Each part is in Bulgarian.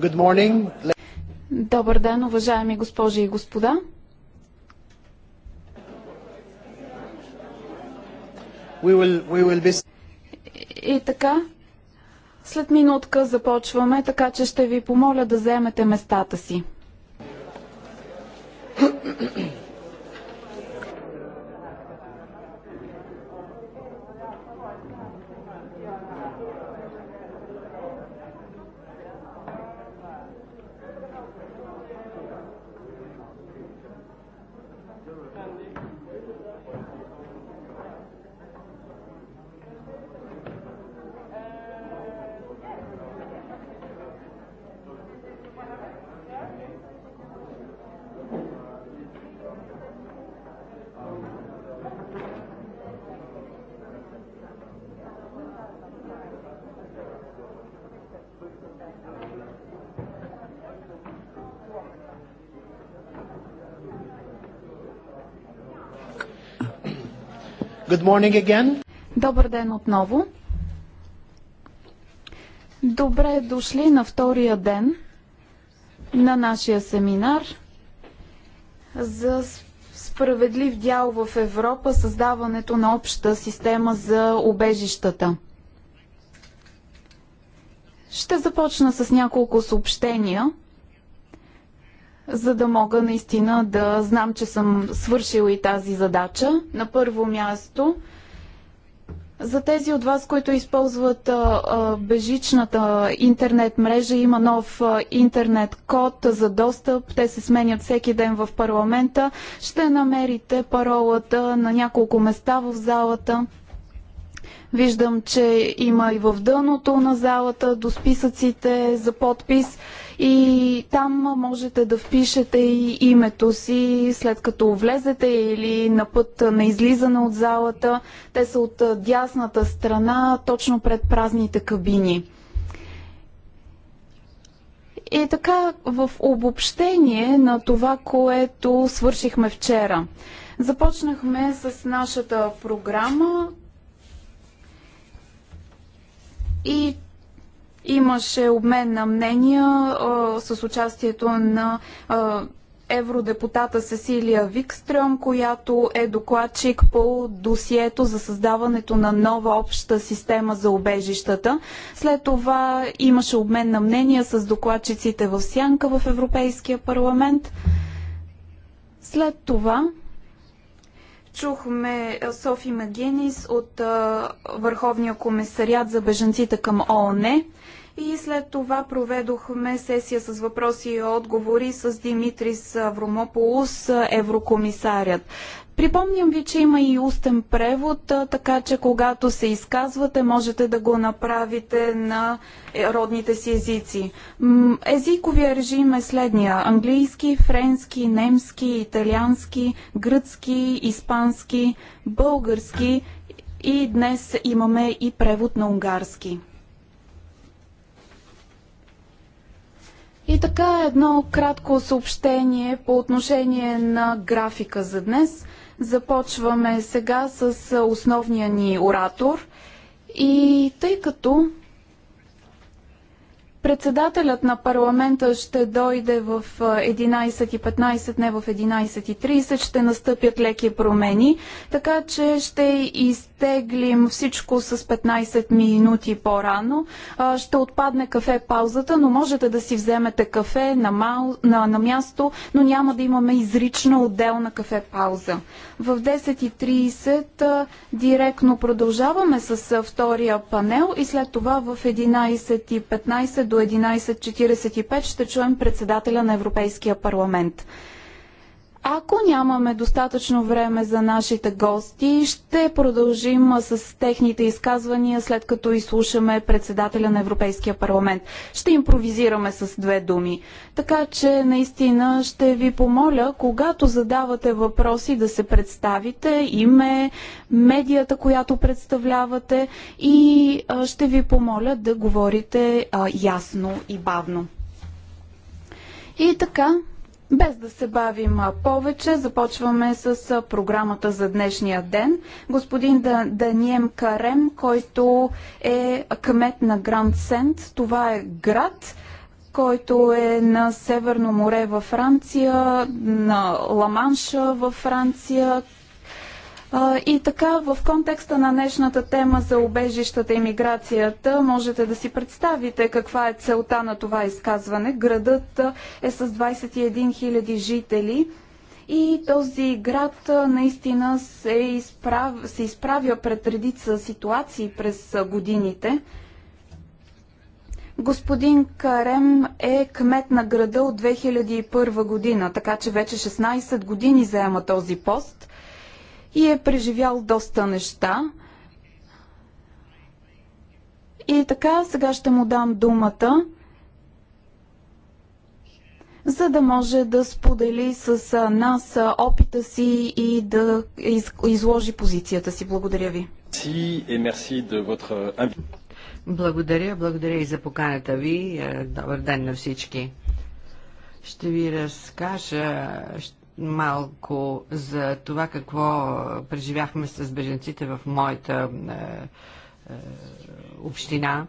Good morning. Добър ден, уважаеми госпожи и господа. We will, we will be... И така, след минутка започваме, така че ще ви помоля да вземете местата си. Добър ден отново. Добре дошли на втория ден на нашия семинар за справедлив дял в Европа, създаването на обща система за обежищата. Ще започна с няколко съобщения – за да мога наистина да знам, че съм свършила и тази задача. На първо място, за тези от вас, които използват а, а, бежичната интернет мрежа, има нов а, интернет код за достъп. Те се сменят всеки ден в парламента. Ще намерите паролата на няколко места в залата. Виждам, че има и в дъното на залата до списъците за подпис и там можете да впишете и името си след като влезете или на път на излизане от залата. Те са от дясната страна, точно пред празните кабини. И така, в обобщение на това, което свършихме вчера. Започнахме с нашата програма и Имаше обмен на мнения а, с участието на а, евродепутата Сесилия Викстрем, която е докладчик по досието за създаването на нова обща система за обежищата. След това имаше обмен на мнения с докладчиците в Сянка в Европейския парламент. След това чухме Софи Магенис от Върховния комисариат за беженците към ООН и след това проведохме сесия с въпроси и отговори с Димитрис Авромополус, еврокомисарят. Припомням ви, че има и устен превод, така че когато се изказвате, можете да го направите на е, родните си езици. Езиковия режим е следния. Английски, френски, немски, италиански, гръцки, испански, български и днес имаме и превод на унгарски. И така едно кратко съобщение по отношение на графика за днес. Започваме сега с основния ни оратор. И тъй като председателят на парламента ще дойде в 11.15, не в 11.30, ще настъпят леки промени, така че ще изпълняваме изтеглим всичко с 15 минути по-рано. Ще отпадне кафе паузата, но можете да си вземете кафе на, мал... на, на място, но няма да имаме изрична отделна кафе пауза. В 10.30 директно продължаваме с втория панел и след това в 11.15 до 11.45 ще чуем председателя на Европейския парламент. Ако нямаме достатъчно време за нашите гости, ще продължим с техните изказвания, след като изслушаме председателя на Европейския парламент. Ще импровизираме с две думи. Така че наистина ще ви помоля, когато задавате въпроси, да се представите име, медията, която представлявате и ще ви помоля да говорите ясно и бавно. И така, без да се бавим повече, започваме с програмата за днешния ден. Господин Данием Карем, който е кмет на Гранд Сент, това е град, който е на Северно море във Франция, на Ламанша във Франция, и така, в контекста на днешната тема за обежищата и миграцията, можете да си представите каква е целта на това изказване. Градът е с 21 000 жители. И този град наистина се, изправ... се изправя пред редица ситуации през годините. Господин Карем е кмет на града от 2001 година, така че вече 16 години заема този пост и е преживял доста неща. И така, сега ще му дам думата, за да може да сподели с нас опита си и да изложи позицията си. Благодаря ви. Благодаря, благодаря и за поканата ви. Е, добър ден на всички. Ще ви разкажа, малко за това какво преживяхме с беженците в моята е, е, община.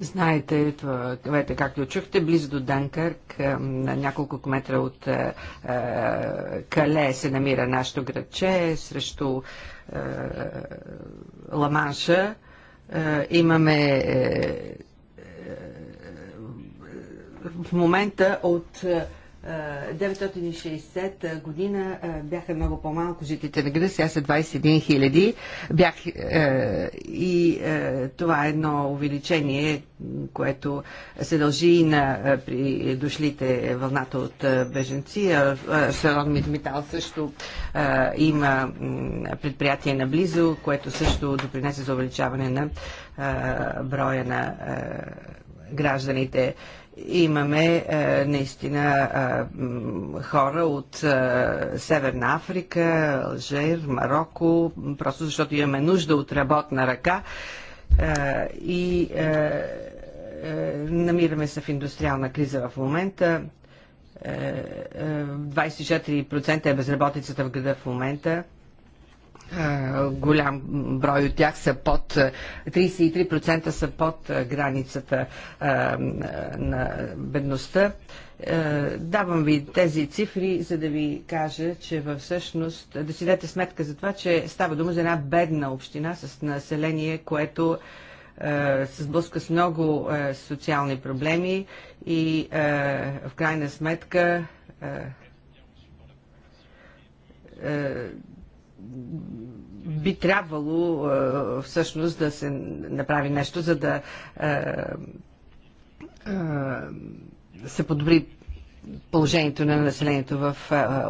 Знаете, това, вете, както чухте, близо до Данкърк, е, на няколко метра от е, е, Кале се намира нашето градче, срещу е, Ламанша. Е, имаме е, е, в момента от е, 960 година бяха много по-малко жителите на града, сега са 21 хиляди. Бях е, и е, това е едно увеличение, което се дължи и на е, при дошлите вълната от е, беженци. Сарон Митмитал също е, има предприятие наблизо, което също допринесе за увеличаване на е, броя на гражданите. Имаме а, е, наистина а, е, хора от а, е, Северна Африка, Алжир, Марокко, просто защото имаме нужда от работна ръка а, и а, а, намираме се в индустриална криза в момента. 24% е безработицата в града в момента голям брой от тях са под 33% са под границата на бедността. Давам ви тези цифри, за да ви кажа, че всъщност да си дадете сметка за това, че става дума за една бедна община с население, което се сблъска с много социални проблеми и в крайна сметка би трябвало е, всъщност да се направи нещо, за да е, е, се подобри положението на населението в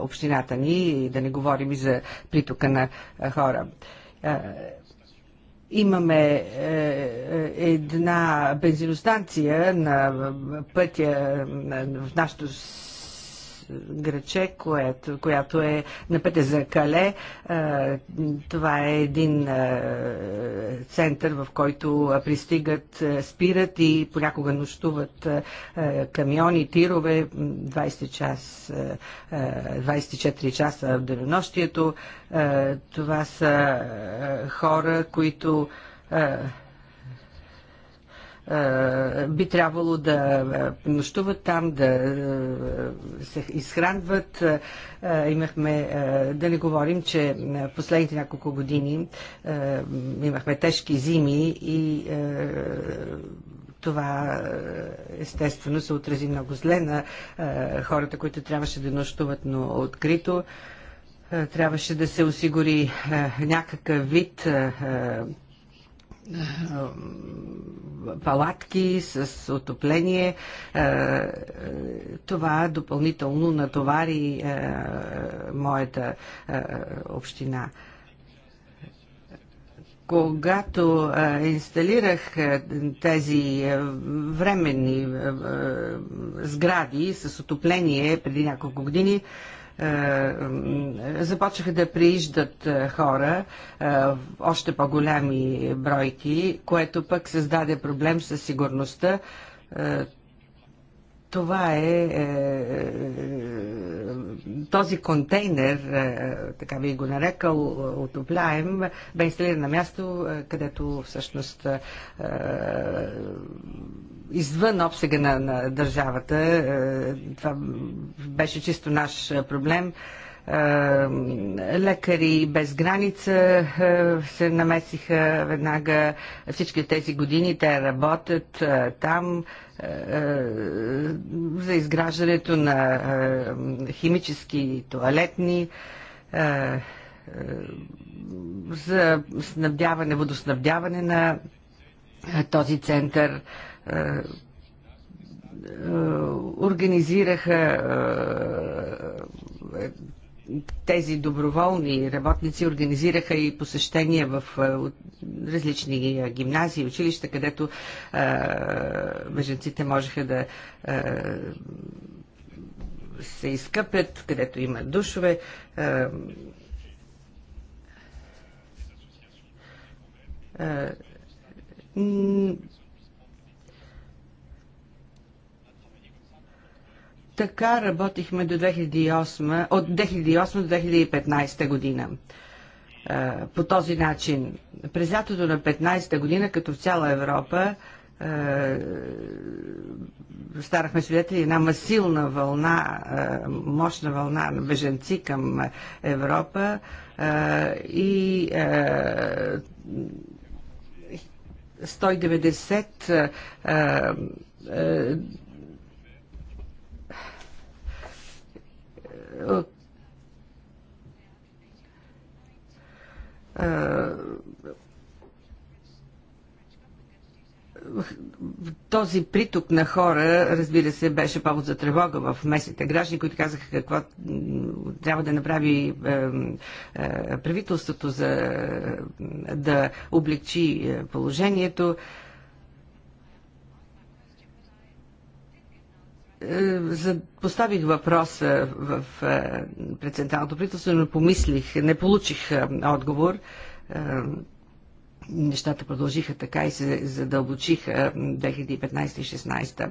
общината ни и да не говорим и за притока на хора. Имаме една бензиностанция на пътя в нашото граче, което, която е на пътя за Кале. Това е един център, в който пристигат, спират и понякога нощуват камиони, тирове 20 час, 24 часа в денонощието. Това са хора, които би трябвало да нощуват там, да се изхранват. Имахме, да не говорим, че последните няколко години имахме тежки зими и това естествено се отрази много зле на хората, които трябваше да нощуват, но открито трябваше да се осигури някакъв вид палатки с отопление. Е, е, това допълнително натовари е, моята община когато инсталирах тези временни сгради с отопление преди няколко години, е, започнаха да прииждат е, хора, е, още по-голями бройки, което пък създаде проблем със сигурността това е, е, е този контейнер, е, така би го нарекал, отопляем, бе инсталиран на място, е, където всъщност е, извън обсега на, на държавата, е, това беше чисто наш проблем, е, лекари без граница е, се намесиха веднага всички тези години. Те работят е, там за изграждането на химически туалетни за снабдяване, водоснабдяване на този център. Организираха тези доброволни работници организираха и посещения в е, различни е, гимназии, училища, където е, беженците можеха да се изкъпят, където има душове. Така работихме до 2008, от 2008 до 2015 година. Е, по този начин. През лятото на 15 година, като в цяла Европа, е, старахме свидетели една масилна вълна, е, мощна вълна на беженци към Европа и 190 този приток на хора, разбира се, беше повод за тревога в местните граждани, които казаха какво трябва да направи е, правителството за е, да облегчи е, положението. Е, поставих въпроса в, е, пред Централното правителство, но помислих, не получих е, отговор. Нещата продължиха така и се задълбочиха 2015 2016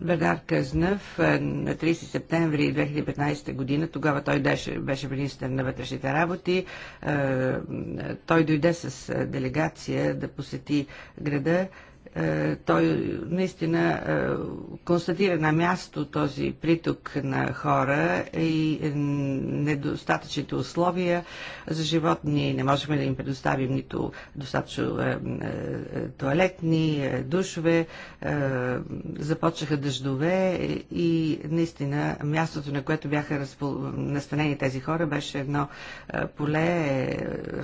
Бердар Къзнев на 30 септември 2015 година, тогава той беше, беше министър на вътрешните работи, той дойде с делегация да посети града е, той наистина е, констатира на място този приток на хора и е, недостатъчните условия за живот. Ние не можем да им предоставим нито достатъчно туалетни, душове, започнаха дъждове и наистина мястото, на което бяха настанени тези хора, беше едно поле,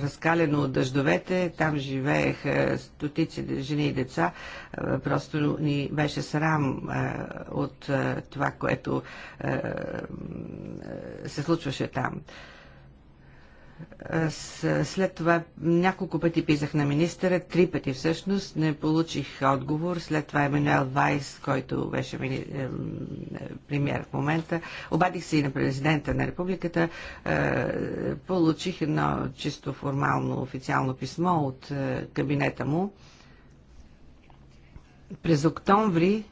разкалено от дъждовете. Там живееха стотици жени и деца е, просто ни беше срам е, от е, това, което се случваше там. след това няколко пъти писах на министъра, три пъти всъщност, не получих отговор. След това Еммануел Вайс, който беше мини... премьер в момента. Обадих се и на президента на републиката. получих едно чисто формално официално писмо от кабинета му през октомври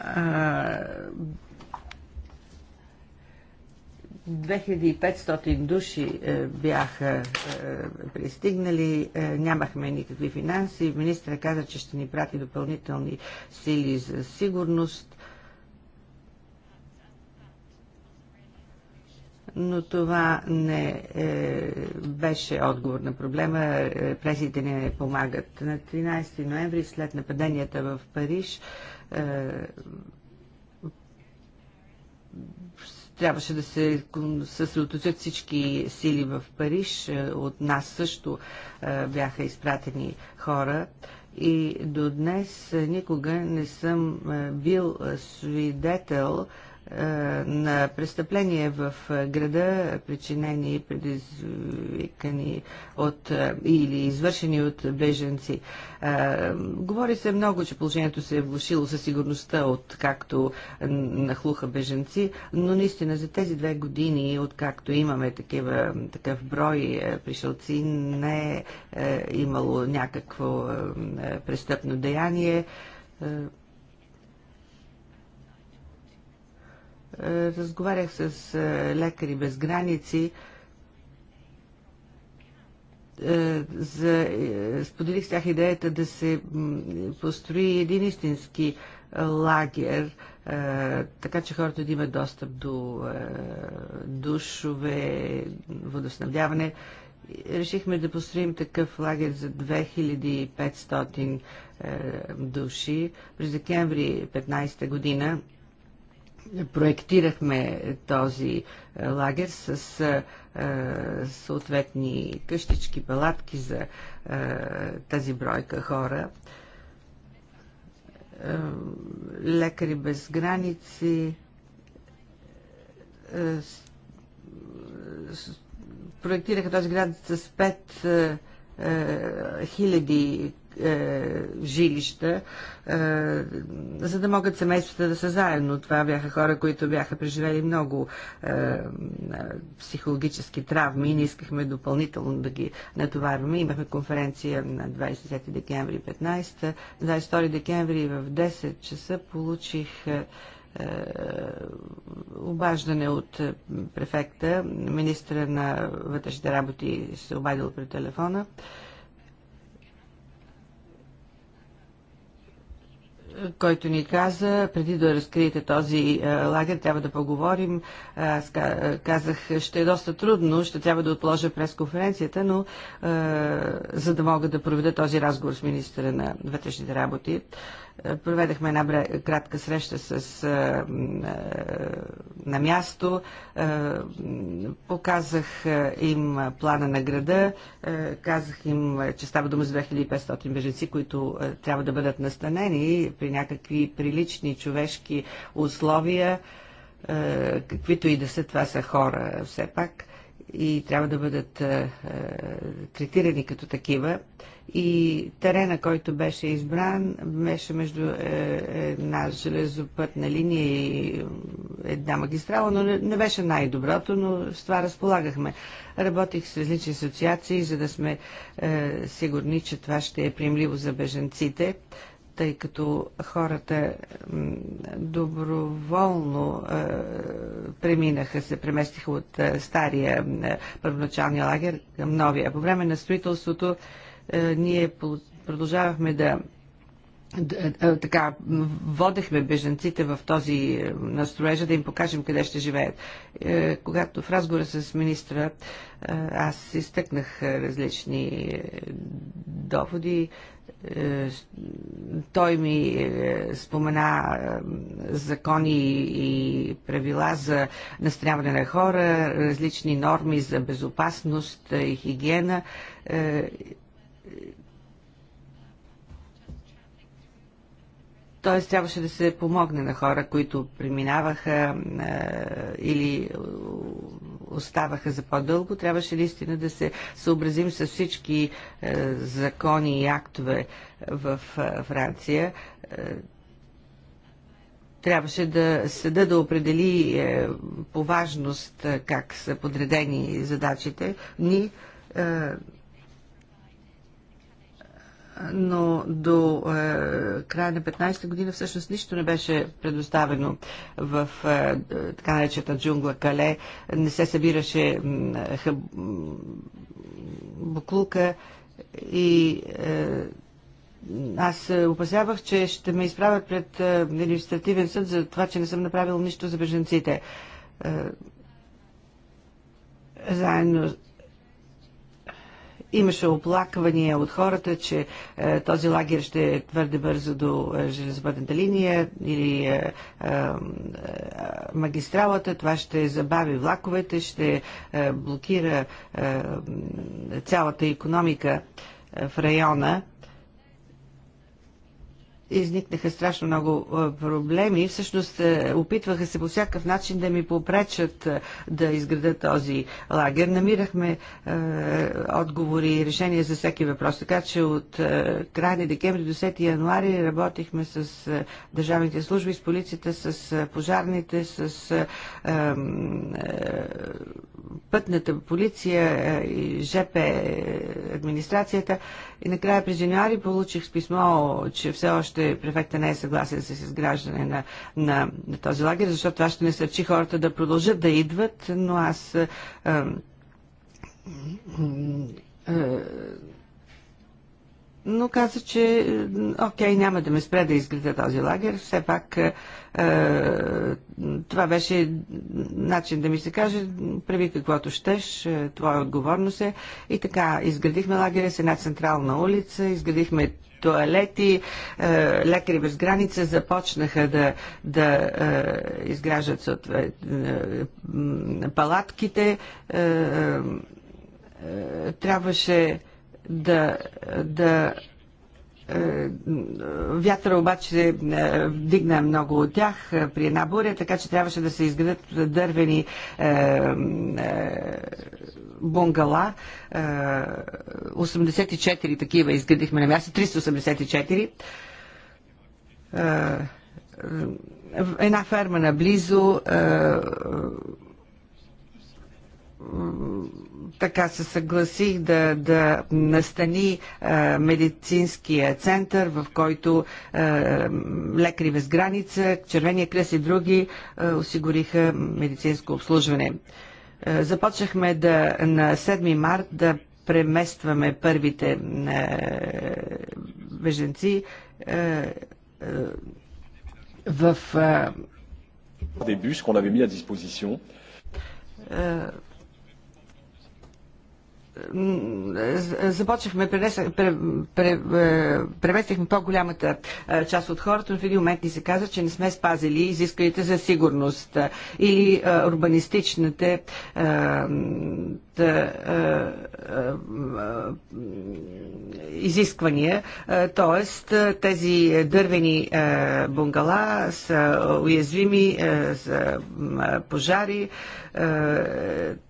а, 2500 души а, е, бяха а, е, пристигнали, а, е, нямахме никакви финанси. Министър каза, че ще ни прати допълнителни сили за сигурност. но това не е, беше отговор на проблема. Е, пресите не помагат. На 13 ноември, след нападенията в Париж, е, трябваше да се съсредоточат всички сили в Париж. Е, от нас също е, бяха изпратени хора. И до днес е, никога не съм бил свидетел е, на престъпления в е, града, причинени и предизвикани от е, или извършени от беженци. Говори се много, че положението се е влушило със сигурността от както нахлуха беженци, но наистина за тези две години, откакто имаме такива, такъв брой пришелци, не е имало някакво престъпно деяние. Разговарях с лекари без граници. За, споделих с тях идеята да се построи един истински лагер, така че хората да имат достъп до душове, водоснабдяване. Решихме да построим такъв лагер за 2500 души. През декември 15 година проектирахме този е, лагер с е, е, съответни къщички, палатки за тази бройка хора. лекари без граници проектираха този град с 5 хиляди е, жилища, е, за да могат семействата да са заедно. Това бяха хора, които бяха преживели много е, психологически травми и не искахме допълнително да ги натоварваме. Имахме конференция на 20 декември 15, 22 декември в 10 часа получих обаждане от префекта, министра на вътрешните работи се обадил при телефона. който ни каза, преди да разкриете този е, лагер, трябва да поговорим. Е, Аз е, казах, ще е доста трудно, ще трябва да отложа пресконференцията, но за да мога да проведа този разговор с министра на вътрешните работи. Проведахме една кратка среща с, на място. Показах им плана на града. Казах им, че става дума за 2500 беженци, които трябва да бъдат настанени при някакви прилични човешки условия, каквито и да са, това са хора все пак и трябва да бъдат третирани като такива и терена, който беше избран, беше между е, една железопътна линия и една магистрала, но не беше най-доброто, но с това разполагахме. Работих с различни асоциации, за да сме е, сигурни, че това ще е приемливо за беженците тъй като хората доброволно е, преминаха, се преместиха от е, стария е, първоначалния лагер към новия. По време на строителството е, ние продължавахме да е, е, така, водехме беженците в този настроежа да им покажем къде ще живеят. Когато в разговора с министра аз изтъкнах различни доводи, той ми спомена закони и правила за настаняване на хора, различни норми за безопасност и хигиена т.е. трябваше да се помогне на хора, които преминаваха е, или оставаха за по-дълго. Трябваше наистина да се съобразим с всички е, закони и актове в е, Франция. Е, трябваше да съда да определи е, по важност е, как са подредени задачите ни. Е, но до е, края на 15-та година всъщност нищо не беше предоставено в е, така наречената джунгла Кале. Не се събираше е, хъб, буклука и е, аз опасявах, че ще ме изправят пред е, административен съд за това, че не съм направил нищо за беженците. Е, заедно Имаше оплаквания от хората, че е, този лагер ще е твърде бързо до е, железопътната линия или е, е, магистралата. Това ще забави влаковете, ще е, блокира е, цялата економика е, в района изникнаха страшно много проблеми. Всъщност опитваха се по всякакъв начин да ми попречат да изграда този лагер. Намирахме отговори и решения за всеки въпрос. Така че от края на декември до 10 януари работихме с държавните служби, с полицията, с пожарните, с пътната полиция и ЖП администрацията и накрая през януари получих писмо, че все още префекта не е съгласен с изграждане на, на, на този лагер, защото това ще насърчи хората да продължат да идват, но аз. Е, е, но каза, че окей, няма да ме спре да изгледа този лагер. Все пак е, е това беше начин да ми се каже, прави каквото щеш, е, твоя отговорност е. И така, изградихме лагеря с една централна улица, изградихме туалети, е, лекари без граница започнаха да, да е, изграждат е, палатките. Е, трябваше да, да е, Вятъра обаче е, вдигна много от тях е, при една буря, така че трябваше да се изградят дървени е, е, бунгала. Е, 84 такива изградихме на място, 384 една ферма наблизо, така се съгласих да, да настани а, медицинския център, в който а, лекари без граница, Червения кръст и други а, осигуриха медицинско обслужване. А, започнахме да, на 7 март да преместваме първите а, беженци а, а, в. А, des е, започнахме, е, преместихме по-голямата е, част от хората, но в един момент ни се каза, че не сме спазили изисканите за сигурност или урбанистичните изисквания, т.е. тези дървени бунгала са уязвими за пожари,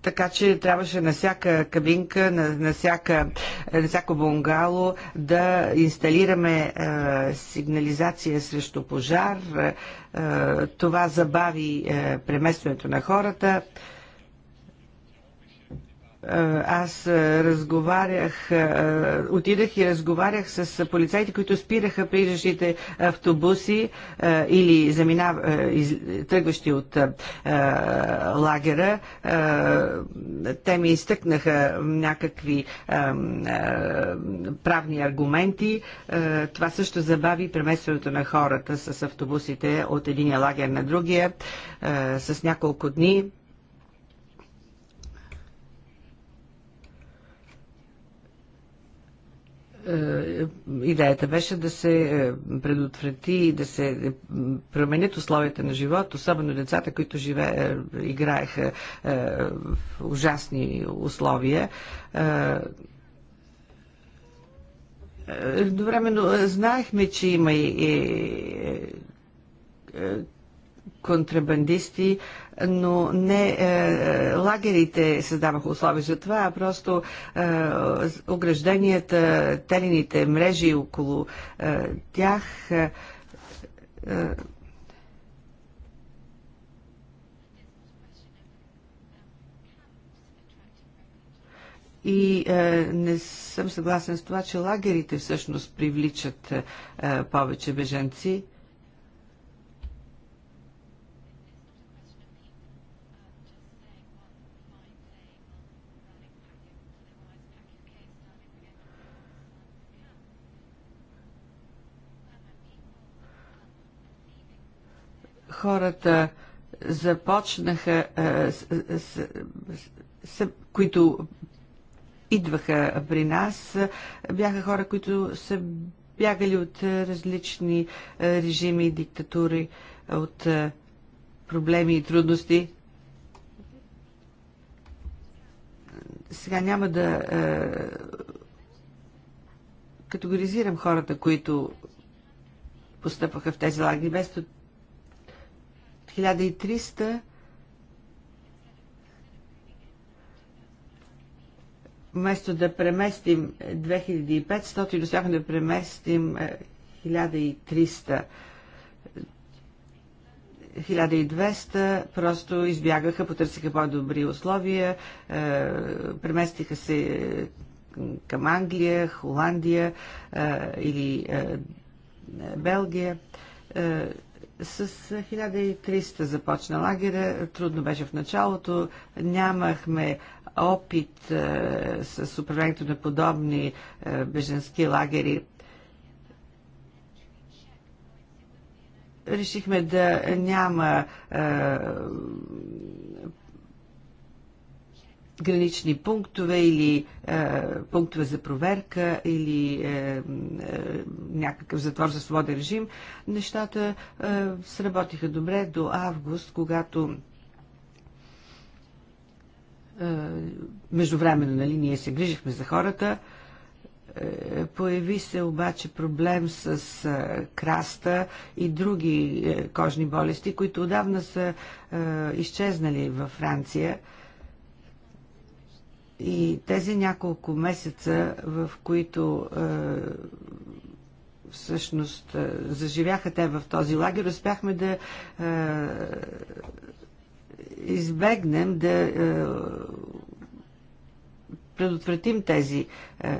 така че трябваше на всяка кабинка, на, на, всяка, на всяко бунгало да инсталираме сигнализация срещу пожар. Това забави преместването на хората. Е, аз е, разговарях, е, отидах и разговарях с полицайите, които спираха прижащите автобуси или заминав... тръгващи от лагера. Те ми изтъкнаха някакви правни аргументи. Това също забави преместването на хората с автобусите от единия лагер на другия с няколко дни Е, е, идеята беше да се е, предотврати и да се променят условията на живот, особено децата, които живе, играеха в ужасни условия. Едновременно знаехме, че има и контрабандисти, но не е, лагерите създаваха условия за това, а просто е, огражденията, телените мрежи около е, тях. Е, е, И е, не съм съгласен с това, че лагерите всъщност привличат е, повече беженци. хората започнаха, с, с, които идваха при нас, бяха хора, които са бягали от различни режими и диктатури, от проблеми и трудности. Сега няма да категоризирам хората, които постъпваха в тези лагери, без 1300 вместо да преместим 2500, успяхме да преместим 1300. Е, 1200 просто избягаха, потърсиха по-добри условия, е, преместиха се е, към Англия, Холандия или Белгия. С 1300 започна лагера, трудно беше в началото, нямахме опит е, с управлението на подобни е, беженски лагери. Решихме да няма е, гранични пунктове или е, пунктове за проверка или е, е, някакъв затвор за свободен режим, нещата е, сработиха добре до август, когато е, междувременно нали, ние се грижихме за хората. Е, появи се обаче проблем с е, краста и други е, кожни болести, които отдавна са изчезнали във Франция и тези няколко месеца, в които е, всъщност е, заживяха те в този лагер, успяхме да е, избегнем, да е, предотвратим тези е,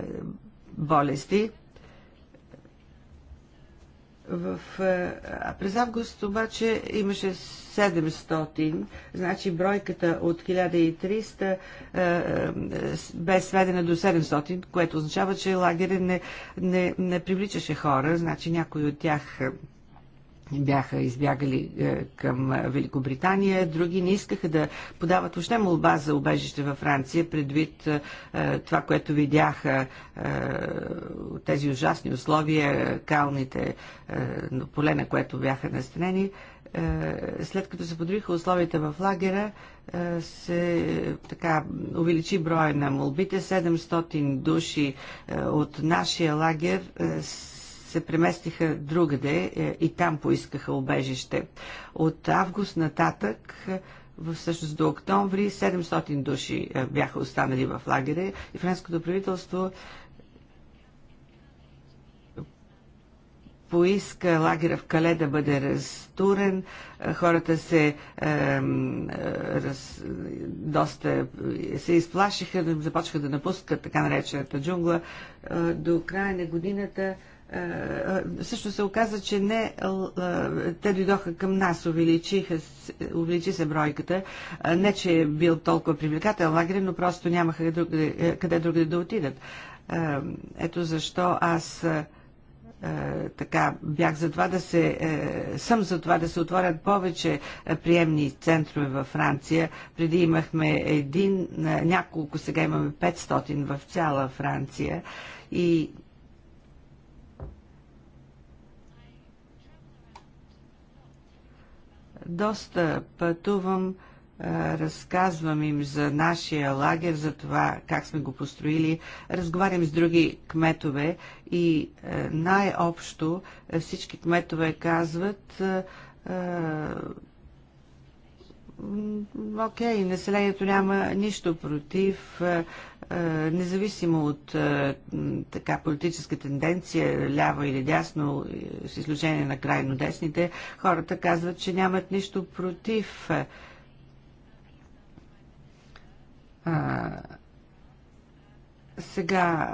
болести. В, е, а през август обаче имаше 700, значи бройката от 1300 а, е, е, бе сведена до 700, което означава, че лагерът не, не, не привличаше хора, значи някои от тях бяха избягали е, към Великобритания, други не искаха да подават още молба за убежище във Франция, предвид е, това, което видяха е, тези ужасни условия, калните поле, на което бяха настанени след като се подриха условията в лагера, се така увеличи броя на молбите. 700 души от нашия лагер се преместиха другаде е, и там поискаха обежище. От август нататък е, всъщност до октомври 700 души е, бяха останали в лагере и френското правителство поиска лагера в Кале да бъде разтурен. Хората се е, е, раз, доста се изплашиха, започнаха да напускат така наречената джунгла. До края на годината е, е, също се оказа, че не е, те дойдоха към нас, увеличиха, увеличи се бройката. Не, че е бил толкова привлекателен лагер, но просто нямаха къде другаде да отидат. Ето защо аз така бях за това да се, съм за това да се отворят повече приемни центрове във Франция. Преди имахме един, няколко, сега имаме 500 в цяла Франция. И Доста пътувам, разказвам им за нашия лагер, за това как сме го построили, разговарям с други кметове и най-общо всички кметове казват Окей, okay, населението няма нищо против, независимо от така политическа тенденция, ляво или дясно, с изключение на крайно десните, хората казват, че нямат нищо против. сега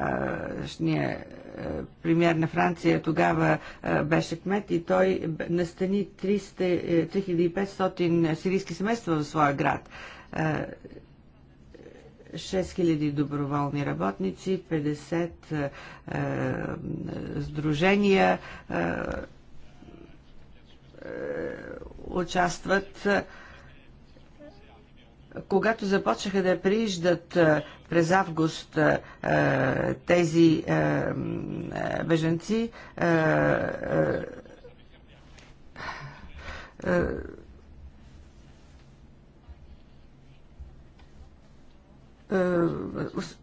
ние е, премьер на Франция тогава е, беше кмет и той настани 300, 3500 е, сирийски семейства в своя град. 6000 доброволни работници, 50 сдружения участват когато започнаха да прииждат през август тези беженци,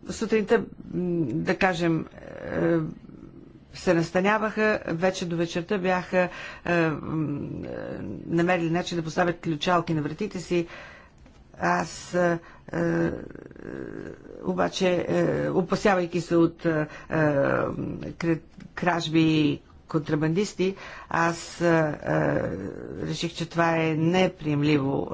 сутринта, да кажем, се настаняваха, вече до вечерта бяха намерили начин да поставят ключалки на вратите си аз е, е, обаче, е, опасявайки се от кражби и контрабандисти, аз реших, че това е неприемливо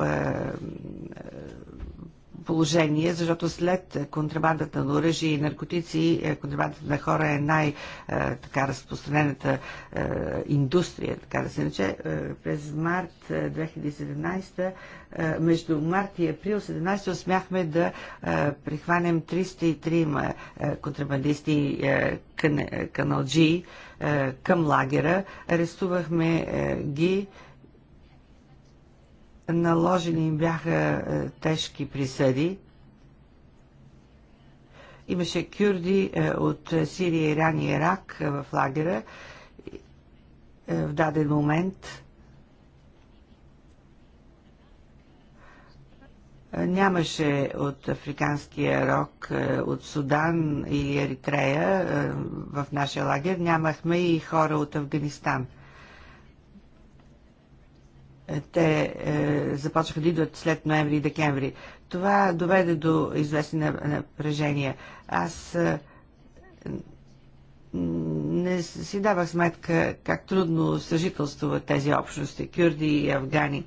положение, защото след контрабандата на оръжие и наркотици, е, контрабандата на хора е най-така е, разпространената е, индустрия, така да се наче. През март 2017, между март и април 2017 смяхме да прихванем 303 контрабандисти каналджи към лагера. Арестувахме ги наложени им бяха е, тежки присъди. Имаше кюрди е, от Сирия, Иран и Ирак е, в лагера. В даден момент нямаше от африканския рок, от Судан или Еритрея в нашия лагер. Нямахме и хора от Афганистан – те е, започнаха да идват след ноември и декември. Това доведе до известни напрежения. Аз е, не си давах сметка как трудно съжителствуват тези общности, кюрди и афгани.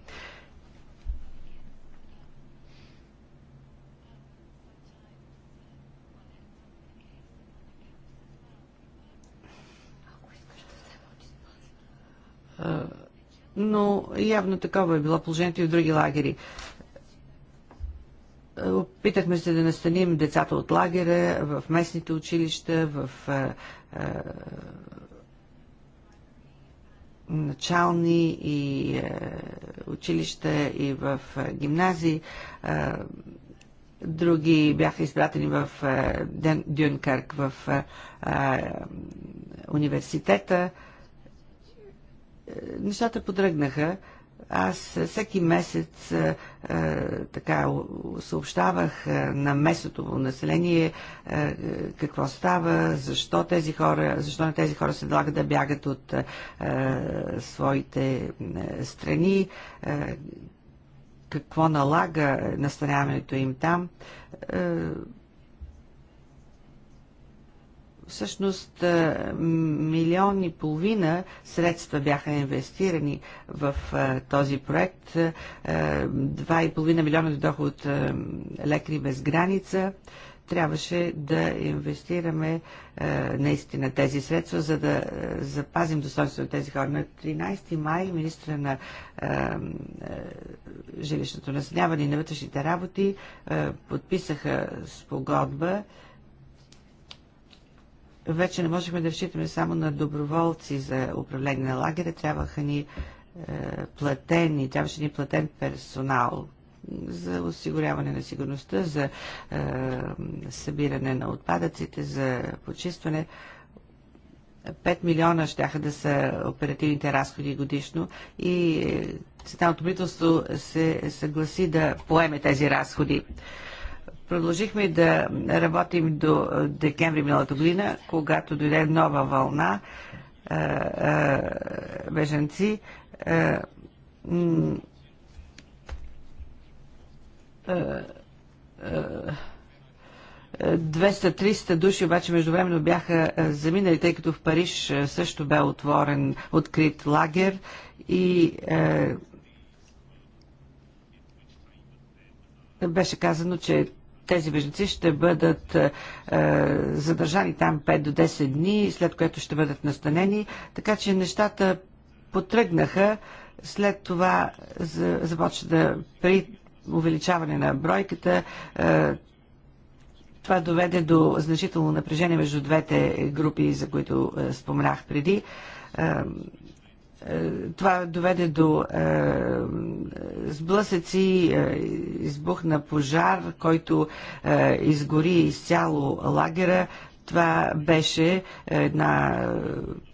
Uh но явно такова е било положението и в други лагери. Опитахме се да настаним децата от лагера в местните училища, в начални и е, училища и в е, гимназии. Е, други бяха изпратени в е, Дюнкърк, в е, университета. Е, нещата подръгнаха. Аз е, всеки месец а, е, така съобщавах на местното население а, какво става, защо тези хора, защо на тези хора се налага да бягат от а, своите страни, а, какво налага настаняването им там. А, Всъщност е, милион и половина средства бяха инвестирани в е, този проект. 2,5 е, милиона дойдоха от Лекари без граница. Трябваше да инвестираме наистина тези средства, за да запазим достоинството на тези хора. На 13 май министра на жилищното настаняване и на вътрешните работи подписаха спогодба вече не можехме да разчитаме само на доброволци за управление на лагеря, трябваха ни е, платени, трябваше ни платен персонал за осигуряване на сигурността, за е, събиране на отпадъците, за почистване. 5 милиона ще да са оперативните разходи годишно и е, Централното правителство се съгласи да поеме тези разходи. Продължихме да работим до декември миналата година, когато дойде нова вълна беженци. Е, 200-300 души обаче междувременно бяха заминали, тъй като в Париж също бе отворен, открит лагер и е, беше казано, че тези бежанци ще бъдат е, е задържани там 5 до 10 дни, след което ще бъдат настанени. Така че нещата потръгнаха. След това за, започна да при увеличаване на бройката. Е, това доведе до значително напрежение между двете групи, за които е, споменах преди. Е, това доведе до е, сблъсъци, е, избухна пожар, който е, изгори изцяло лагера. Това беше е, една е,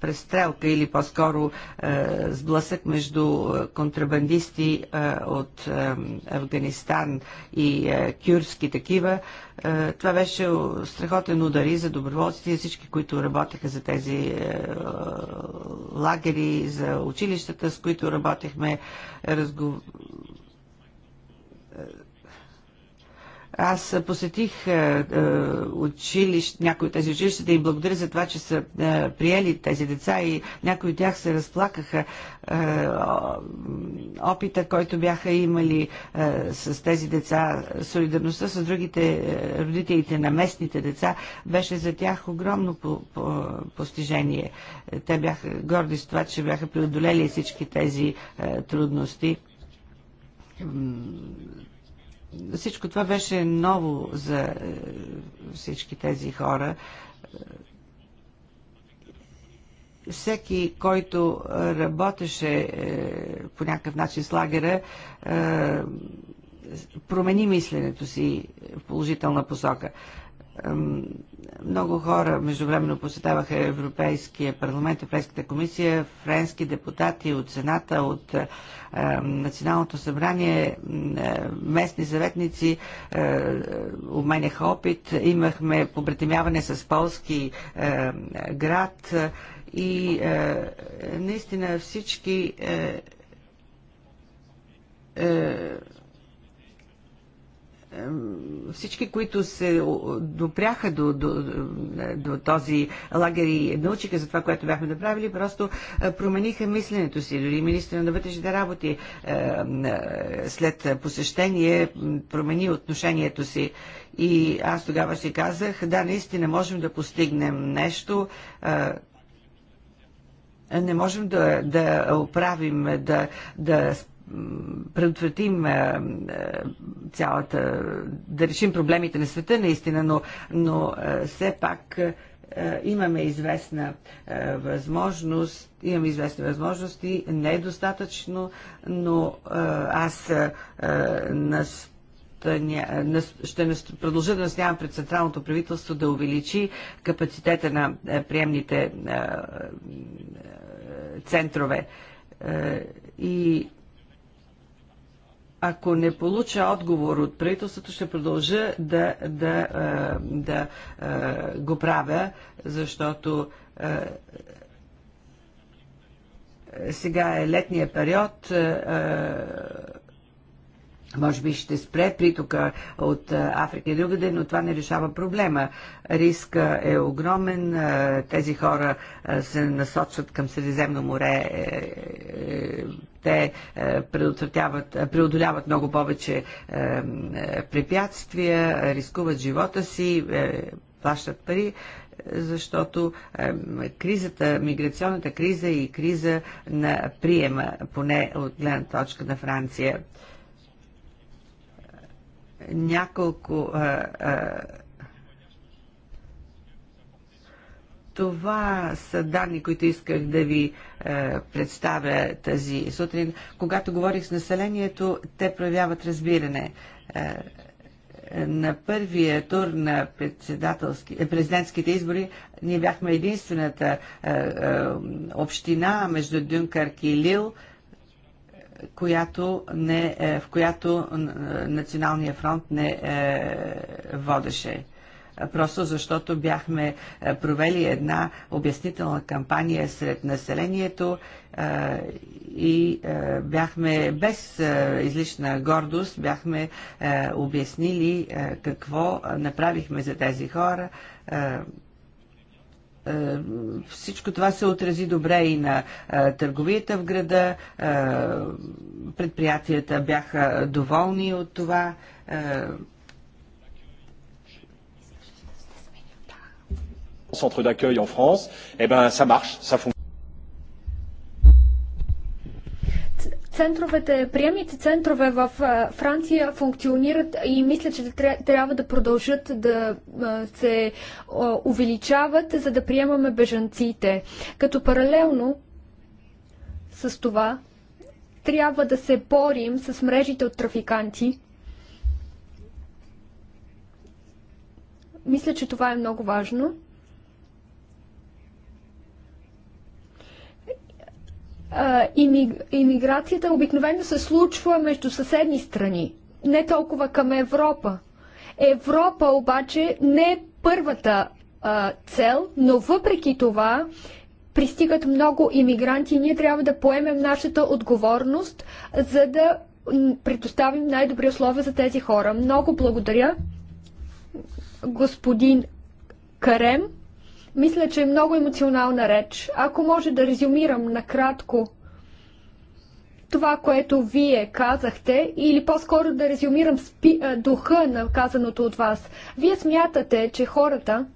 престрелка или по-скоро е, сблъсък между контрабандисти от Афганистан и кюрски такива. Това беше страхотен удар и за доброволците и всички, които работеха за тези лагери, за училищата, с които работехме. Аз посетих е, е, училищ, някои от тези училища да им благодаря за това, че са е, приели тези деца и някои от тях се разплакаха е, опита, който бяха имали е, с тези деца, солидарността с другите е, родителите на местните деца беше за тях огромно по, по, постижение. Те бяха горди с това, че бяха преодолели всички тези е, трудности всичко това беше ново за е, всички тези хора. Всеки, който работеше е, по някакъв начин с лагера, е, промени мисленето си в положителна посока. Много хора междувременно посетаваха Европейския парламент, Европейската комисия, френски депутати от Сената, от е, Националното събрание, е, местни заветници е, обменяха опит. Имахме побратимяване с полски град и наистина всички всички, които се допряха до, до, е, до този лагер и научиха за това, което бяхме направили, просто е, промениха мисленето си. Дори министра на вътрешните работи е, след посещение промени отношението си. И аз тогава си казах, да, наистина можем да постигнем нещо, не можем да, да оправим, да, да предотвратим е, е, цялата, да решим проблемите на света наистина, но, но е, все пак имаме известна възможност, имаме известни възможности, не е достатъчно, но аз нас ще продължа да настоявам пред Централното правителство да увеличи капацитета на приемните центрове. И ако не получа отговор от правителството, ще продължа да, да, да, да го правя, защото сега е летния период. Може би ще спре притока от Африка и другаде, но това не решава проблема. Риска е огромен. Тези хора се насочват към Средиземно море е, е, те е, предотвратяват, е, преодоляват много повече е, препятствия, рискуват живота си, плащат пари, защото кризата, миграционната криза и криза на приема, поне от гледна точка на Франция. Няколко Това са данни, които исках да ви е, представя тази сутрин. Когато говорих с населението, те проявяват разбиране. Е, на първия тур на е, президентските избори ние бяхме единствената е, е, община между Дюнкърк и Лил, която не, е, в която е, Националния фронт не е, водеше просто защото бяхме е, провели една обяснителна кампания сред населението е, и е, бяхме без излишна гордост, бяхме обяснили какво направихме за тези хора всичко това се отрази добре и на търговията в града. Предприятията бяха доволни от това. centres d'accueil en France, eh ben ça marche, ça fonctionne. Центровете, приемните центрове в Франция функционират и мисля, че трябва да продължат да се увеличават, за да приемаме бежанците. Като паралелно с това трябва да се борим с мрежите от трафиканти. Мисля, че това е много важно. имиграцията обикновено се случва между съседни страни, не толкова към Европа. Европа обаче не е първата а, цел, но въпреки това пристигат много иммигранти и ние трябва да поемем нашата отговорност, за да предоставим най-добри условия за тези хора. Много благодаря, господин Карем. Мисля, че е много емоционална реч. Ако може да резюмирам накратко това, което вие казахте, или по-скоро да резюмирам спи, духа на казаното от вас. Вие смятате, че хората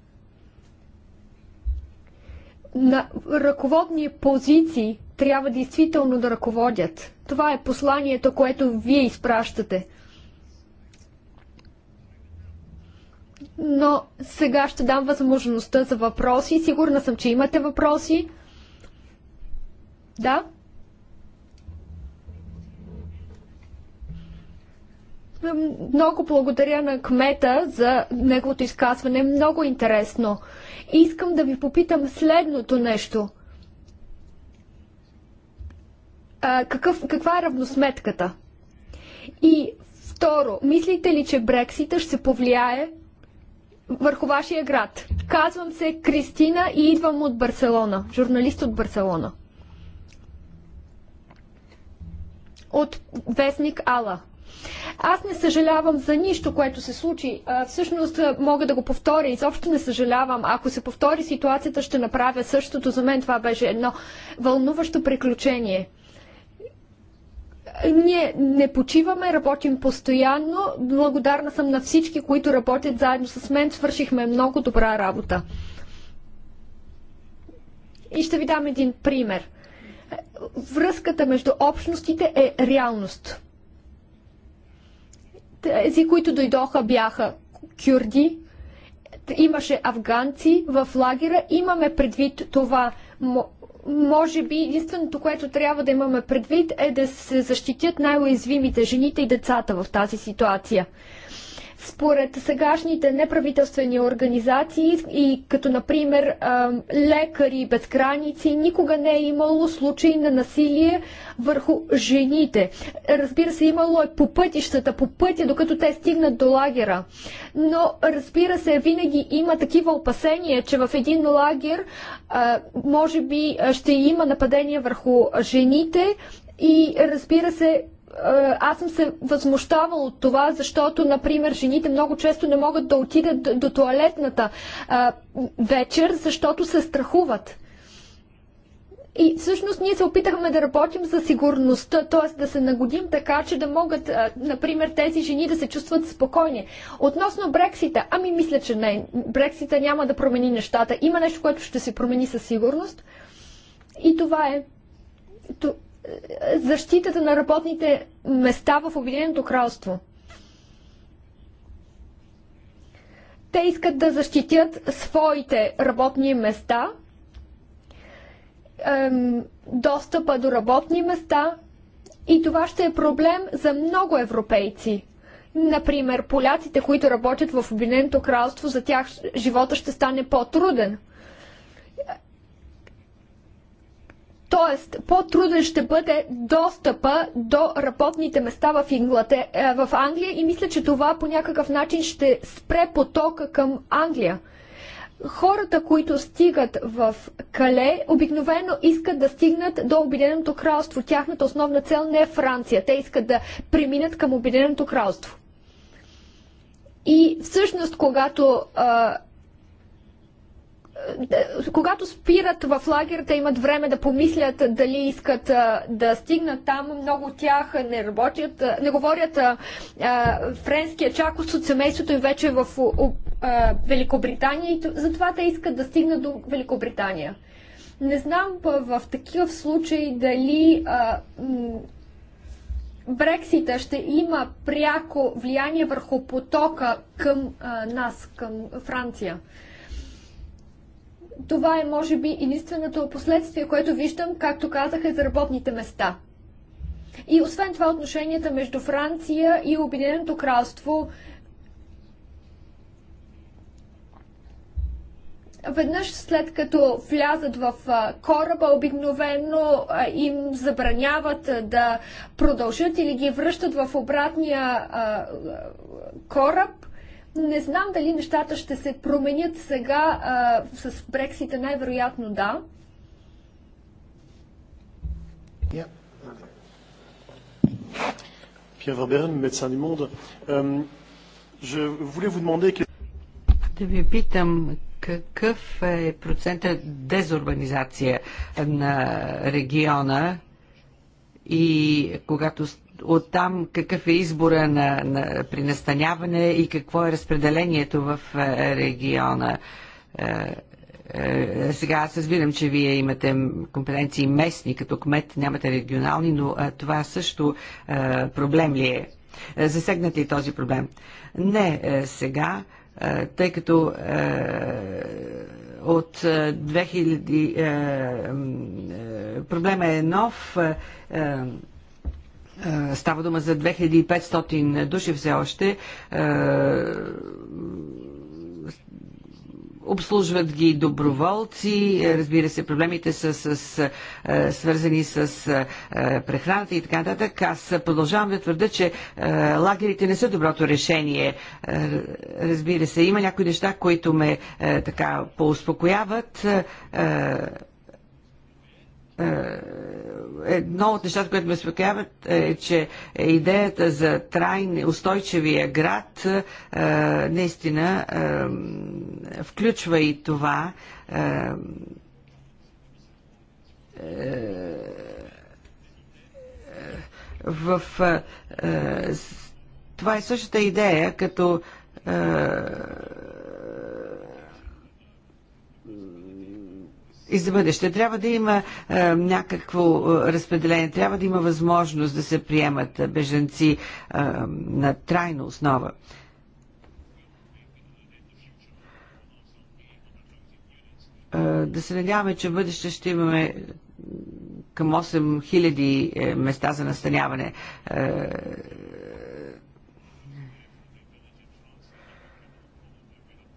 на ръководни позиции трябва действително да ръководят. Това е посланието, което вие изпращате – но сега ще дам възможността за въпроси. Сигурна съм, че имате въпроси. Да? Много благодаря на кмета за неговото изказване. Много интересно. Искам да ви попитам следното нещо. А, какъв, каква е равносметката? И второ, мислите ли, че Брексита ще повлияе върху вашия град. Казвам се Кристина и идвам от Барселона. Журналист от Барселона. От вестник Ала. Аз не съжалявам за нищо, което се случи. Всъщност мога да го повторя. Изобщо не съжалявам. Ако се повтори ситуацията, ще направя същото. За мен това беше едно вълнуващо приключение. Ние не почиваме, работим постоянно. Благодарна съм на всички, които работят заедно с мен. Свършихме много добра работа. И ще ви дам един пример. Връзката между общностите е реалност. Тези, които дойдоха, бяха кюрди, имаше афганци в лагера. Имаме предвид това може би единственото, което трябва да имаме предвид е да се защитят най-уязвимите жените и децата в тази ситуация. Според сегашните неправителствени организации и като например лекари без граници, никога не е имало случаи на насилие върху жените. Разбира се, имало е по пътищата, по пътя, докато те стигнат до лагера. Но разбира се, винаги има такива опасения, че в един лагер може би ще има нападение върху жените и разбира се, е, аз съм се възмущавал от това, защото, например, жените много често не могат да отидат до туалетната а, вечер, защото се страхуват. И всъщност ние се опитахме да работим за сигурността, т.е. да се нагодим така, че да могат, а, например, тези жени да се чувстват спокойни. Относно Брексита, ами мисля, че не. Брексита няма да промени нещата. Има нещо, което ще се промени със сигурност. И това е защитата на работните места в Обединеното кралство. Те искат да защитят своите работни места, достъпа до работни места и това ще е проблем за много европейци. Например, поляците, които работят в Обединеното кралство, за тях живота ще стане по-труден – Тоест, по-труден ще бъде достъпа до работните места в, Инглате, е, в Англия и мисля, че това по някакъв начин ще спре потока към Англия. Хората, които стигат в Кале, обикновено искат да стигнат до Обединеното кралство. Тяхната основна цел не е Франция. Те искат да преминат към Обединеното кралство. И всъщност, когато а, когато спират в лагерта, имат време да помислят дали искат да стигнат там. Много от тях не работят, не говорят френския чакост от семейството им вече е в Великобритания и затова те искат да стигнат до Великобритания. Не знам в такива случаи дали Брексита ще има пряко влияние върху потока към нас, към Франция това е, може би, единственото последствие, което виждам, както казах, е за работните места. И освен това, отношенията между Франция и Обединеното кралство веднъж след като влязат в кораба, обикновено им забраняват да продължат или ги връщат в обратния кораб – не знам дали нещата ще се променят сега а, с Брексита, най-вероятно да. Пьер Верберен, Медсан и Монда. Да ви питам какъв е процентът дезурбанизация на региона и когато от там какъв е избора на, на, при настаняване и какво е разпределението в е, региона. Е, е, сега аз разбирам, че вие имате компетенции местни като кмет, нямате регионални, но това също проблем ли е? Засегнат ли този проблем? Не сега, тъй като от 2000 проблема е нов е, става дума за 2500 души все още. Е, обслужват ги доброволци, е, разбира се, проблемите са с, с, свързани с прехраната и така нататък. Аз продължавам да твърда, че лагерите не са доброто решение. Разбира се, има някои неща, които ме така поуспокояват е, едно от нещата, което ме спокояват е, че идеята за трайни, устойчивия град е, наистина е, включва и това е, е в е, това е същата идея, като и за бъдеще. Трябва да има е, някакво е, разпределение, трябва да има възможност да се приемат е, беженци е, на трайна основа. Е, да се надяваме, че в бъдеще ще имаме към 8000 е, места за настаняване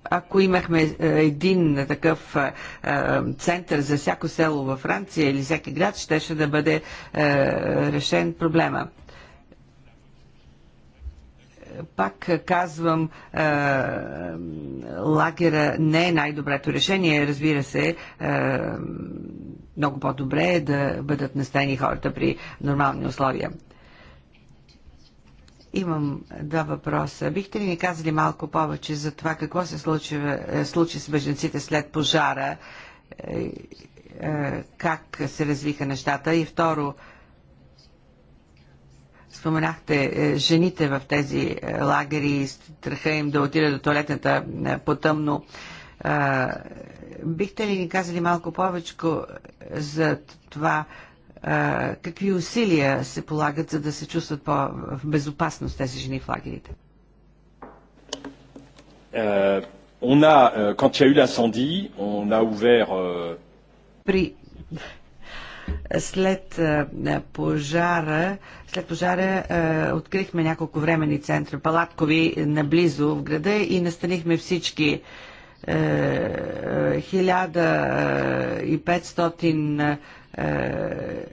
ако имахме е, един такъв е, е, център за всяко село във Франция или всеки град, щеше да бъде решен проблема пак казвам, лагера не е най-доброто решение. Разбира се, много по-добре е да бъдат настани хората при нормални условия. Имам два въпроса. Бихте ли ни казали малко повече за това какво се случи, е, случи с беженците след пожара? Е, е, как се развиха нещата? И второ, споменахте жените в тези лагери и страха им да отида до туалетната потъмно. Бихте ли ни казали малко повече за това, какви усилия се полагат, за да се чувстват по-в безопасност тези жени в лагерите? Uh, on a, uh, quand il y a eu l'incendie, on a ouvert... Uh... При след е, пожара, след пожара е, открихме няколко времени центра, палаткови наблизо в града и настанихме всички 1500 е,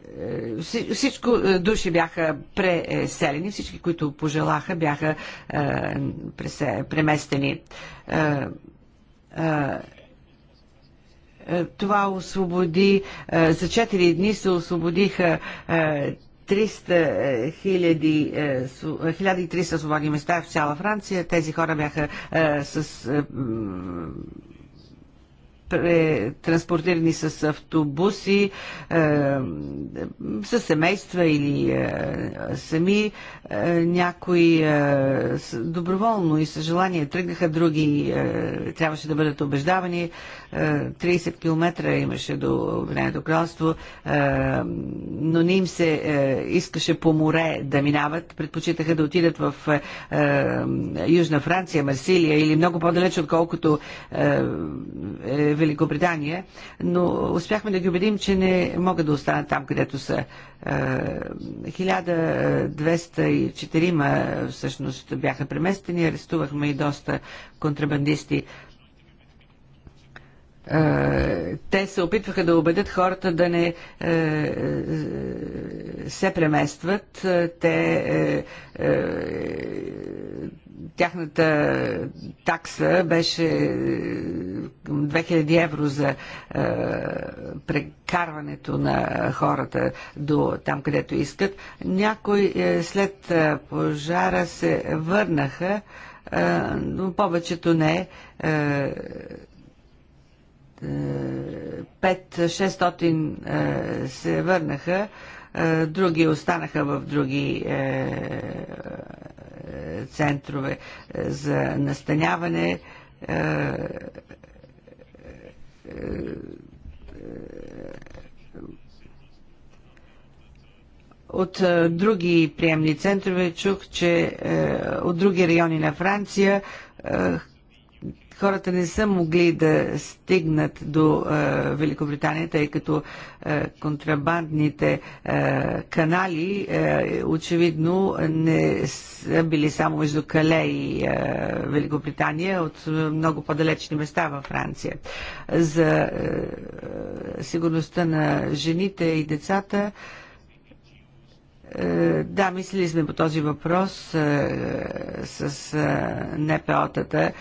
всичко е, души бяха преселени, всички, които пожелаха, бяха е, преместени. Това освободи, за 4 дни се освободиха 300 хиляди, 1300 свободни места в цяла Франция. Тези хора бяха с транспортирани с автобуси, е, с семейства или е, сами. Е, някои доброволно и съжелание тръгнаха, други трябваше да бъдат убеждавани. 30 км имаше до Обединеното кралство, но не им се искаше по море да минават. Предпочитаха да отидат в Южна Франция, Марсилия или много по-далеч, отколкото е Великобритания, но успяхме да ги убедим, че не могат да останат там, където са. 1204 е, всъщност бяха преместени, арестувахме и доста контрабандисти е, те се опитваха да убедят хората да не е, се преместват. Те тяхната такса беше е, към 2000 евро за е, прекарването на хората до там, където искат. Някои е, след е, пожара се върнаха, е, но повечето не. Е, 5-600 е, се върнаха, други останаха в други центрове е, за настаняване е, е, от други приемни центрове чух, че от други райони на Франция хората не са могли да стигнат до е, Великобритания, тъй като е, контрабандните е, канали е, очевидно не са били само между Кале и е, Великобритания, от много по-далечни места във Франция. За е, сигурността на жените и децата е, да, мислили сме по този въпрос е, с е, НПО-тата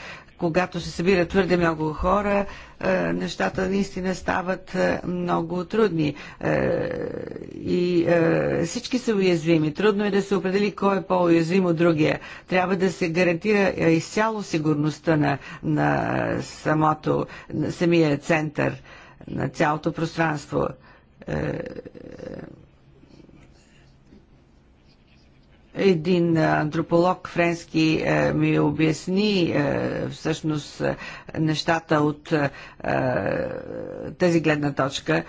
когато се събира твърде много хора, е, нещата наистина стават е, много трудни. Е, и всички са уязвими. Трудно е да се определи кой е по-уязвим от другия. Трябва да се гарантира изцяло сигурността на, на самото, на самия център, на цялото пространство Един антрополог френски е, ми обясни е, всъщност е, нещата от тази гледна точка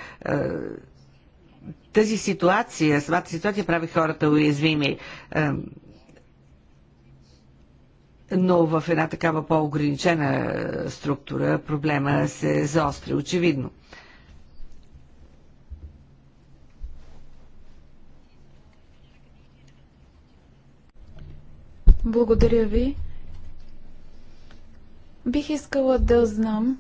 тази ситуация, самата ситуация прави хората уязвими. Но в една такава по-ограничена структура проблема се заостри, очевидно. Благодаря ви. Бих искала да знам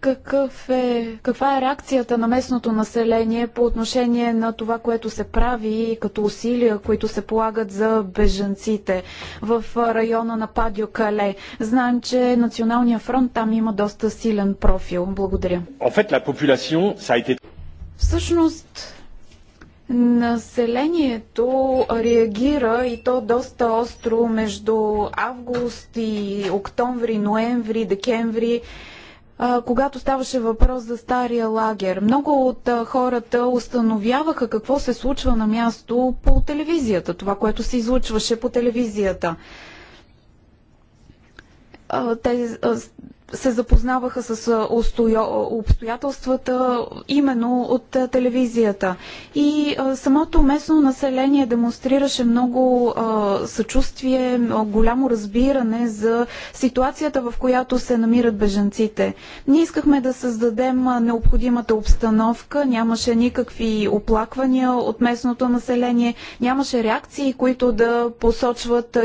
какъв е, каква е реакцията на местното население по отношение на това, което се прави като усилия, които се полагат за бежанците в района на Падио Кале. Знаем, че Националния фронт там има доста силен профил. Благодаря. Всъщност, Населението реагира и то доста остро между август и октомври, ноември, декември когато ставаше въпрос за стария лагер. Много от хората установяваха какво се случва на място по телевизията, това, което се излучваше по телевизията. Те се запознаваха с обстоятелствата именно от телевизията. И самото местно население демонстрираше много съчувствие, голямо разбиране за ситуацията, в която се намират бежанците. Ние искахме да създадем необходимата обстановка, нямаше никакви оплаквания от местното население, нямаше реакции, които да посочват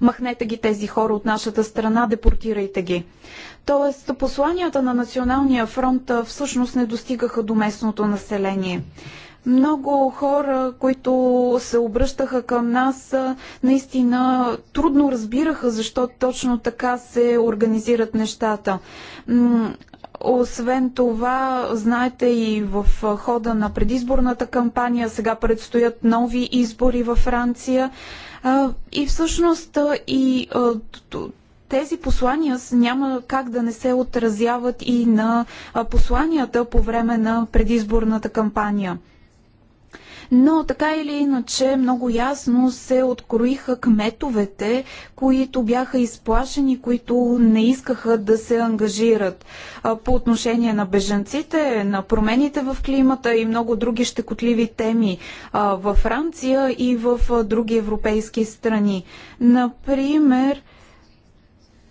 махнете ги тези хора от нашата страна, депортирайте ги. Тоест, посланията на Националния фронт всъщност не достигаха до местното население много хора, които се обръщаха към нас, наистина трудно разбираха защо точно така се организират нещата. Освен това, знаете и в хода на предизборната кампания, сега предстоят нови избори във Франция. И всъщност и тези послания няма как да не се отразяват и на посланията по време на предизборната кампания. Но така или иначе много ясно се откроиха кметовете, които бяха изплашени, които не искаха да се ангажират по отношение на бежанците, на промените в климата и много други щекотливи теми във Франция и в други европейски страни. Например,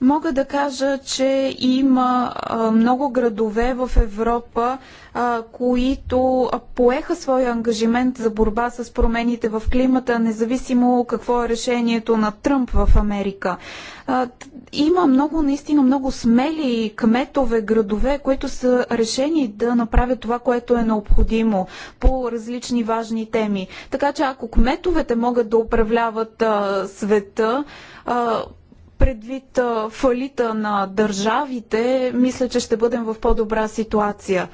Мога да кажа, че има много градове в Европа, които поеха своя ангажимент за борба с промените в климата, независимо какво е решението на Тръмп в Америка. Има много, наистина много смели кметове, градове, които са решени да направят това, което е необходимо по различни важни теми. Така че ако кметовете могат да управляват света, предвид фалита на държавите, мисля, че ще бъдем в по-добра ситуация.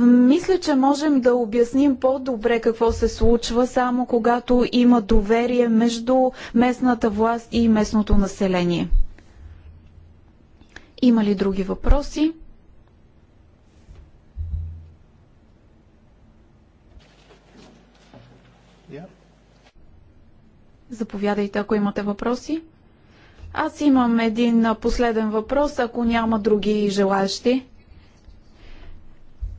Мисля, че можем да обясним по-добре какво се случва, само когато има доверие между местната власт и местното население. Има ли други въпроси? Заповядайте, ако имате въпроси. Аз имам един последен въпрос, ако няма други желащи.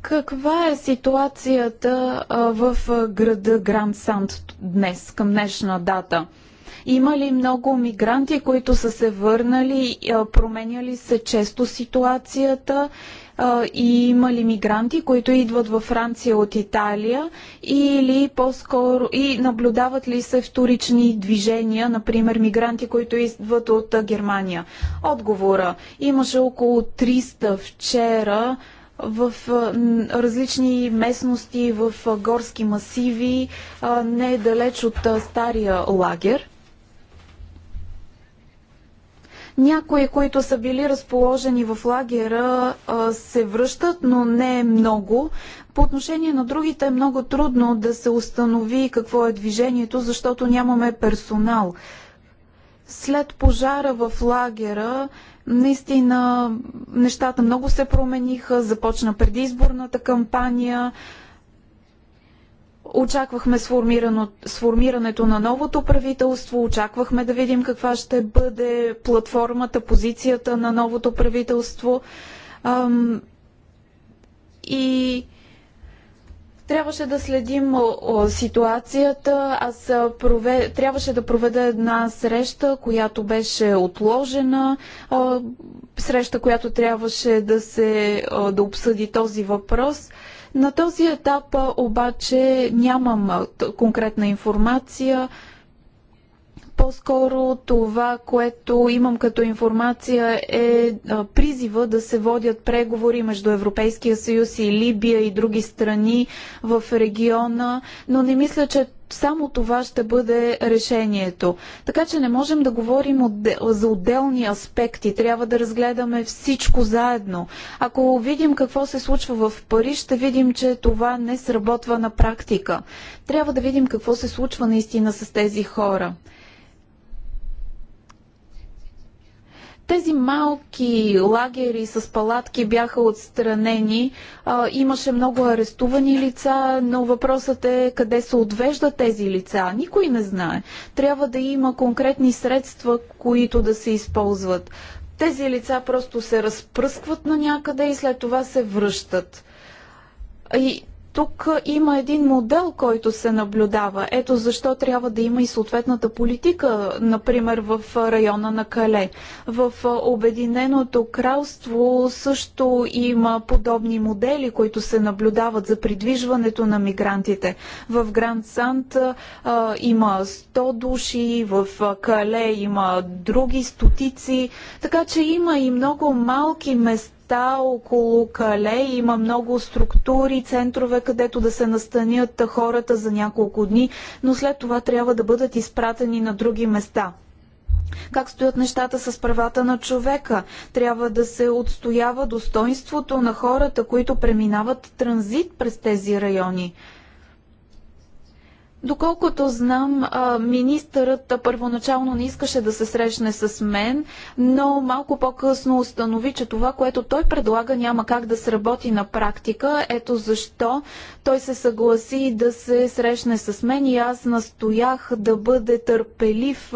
Каква е ситуацията в града Гранд Санд днес, към днешна дата? Има ли много мигранти, които са се върнали? Променяли се често ситуацията? и има ли мигранти, които идват във Франция от Италия или по-скоро и наблюдават ли се вторични движения, например мигранти, които идват от Германия? Отговора. Имаше около 300 вчера в различни местности, в горски масиви, недалеч от стария лагер. Някои, които са били разположени в лагера, се връщат, но не много. По отношение на другите е много трудно да се установи какво е движението, защото нямаме персонал. След пожара в лагера, наистина нещата много се промениха, започна предизборната кампания, Очаквахме сформирането на новото правителство, очаквахме да видим каква ще бъде платформата, позицията на новото правителство. И трябваше да следим ситуацията. Аз прове... трябваше да проведа една среща, която беше отложена. Среща, която трябваше да се да обсъди този въпрос – на този етап обаче нямам конкретна информация по-скоро това, което имам като информация е призива да се водят преговори между Европейския съюз и Либия и други страни в региона, но не мисля, че само това ще бъде решението. Така че не можем да говорим за отделни аспекти. Трябва да разгледаме всичко заедно. Ако видим какво се случва в Париж, ще видим, че това не сработва на практика. Трябва да видим какво се случва наистина с тези хора. Тези малки лагери с палатки бяха отстранени. А, имаше много арестувани лица, но въпросът е къде се отвеждат тези лица. Никой не знае. Трябва да има конкретни средства, които да се използват. Тези лица просто се разпръскват на някъде и след това се връщат. И тук има един модел, който се наблюдава. Ето защо трябва да има и съответната политика, например в района на Кале. В Обединеното кралство също има подобни модели, които се наблюдават за придвижването на мигрантите. В Гранд Сант а, има 100 души, в Кале има други стотици, така че има и много малки места, места около Кале. Има много структури, центрове, където да се настанят хората за няколко дни, но след това трябва да бъдат изпратени на други места. Как стоят нещата с правата на човека? Трябва да се отстоява достоинството на хората, които преминават транзит през тези райони. Доколкото знам, министърът първоначално не искаше да се срещне с мен, но малко по-късно установи, че това, което той предлага, няма как да сработи на практика. Ето защо той се съгласи да се срещне с мен и аз настоях да бъде търпелив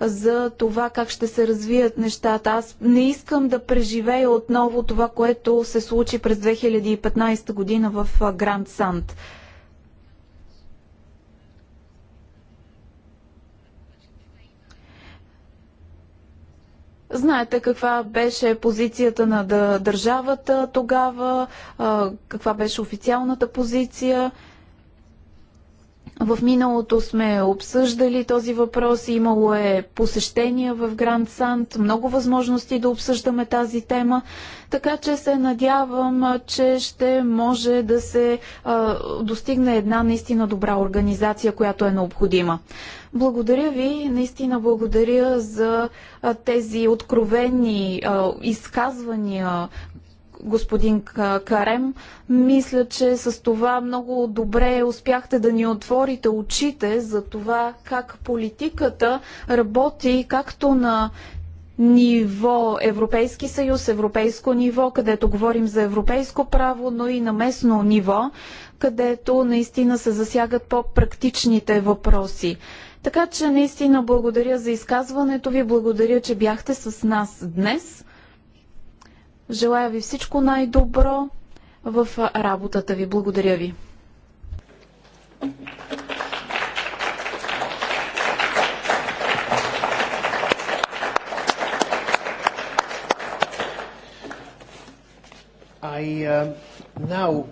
за това как ще се развият нещата. Аз не искам да преживея отново това, което се случи през 2015 година в Гранд Санд. Знаете каква беше позицията на държавата тогава, каква беше официалната позиция. В миналото сме обсъждали този въпрос, имало е посещения в Гранд Санд, много възможности да обсъждаме тази тема, така че се надявам, че ще може да се а, достигне една наистина добра организация, която е необходима. Благодаря ви, наистина благодаря за а, тези откровени а, изказвания, господин Карем. Мисля, че с това много добре успяхте да ни отворите очите за това как политиката работи както на ниво Европейски съюз, европейско ниво, където говорим за европейско право, но и на местно ниво, където наистина се засягат по-практичните въпроси. Така че наистина благодаря за изказването ви, благодаря, че бяхте с нас днес. Желая ви всичко най-добро в работата ви. Благодаря ви. I, uh, now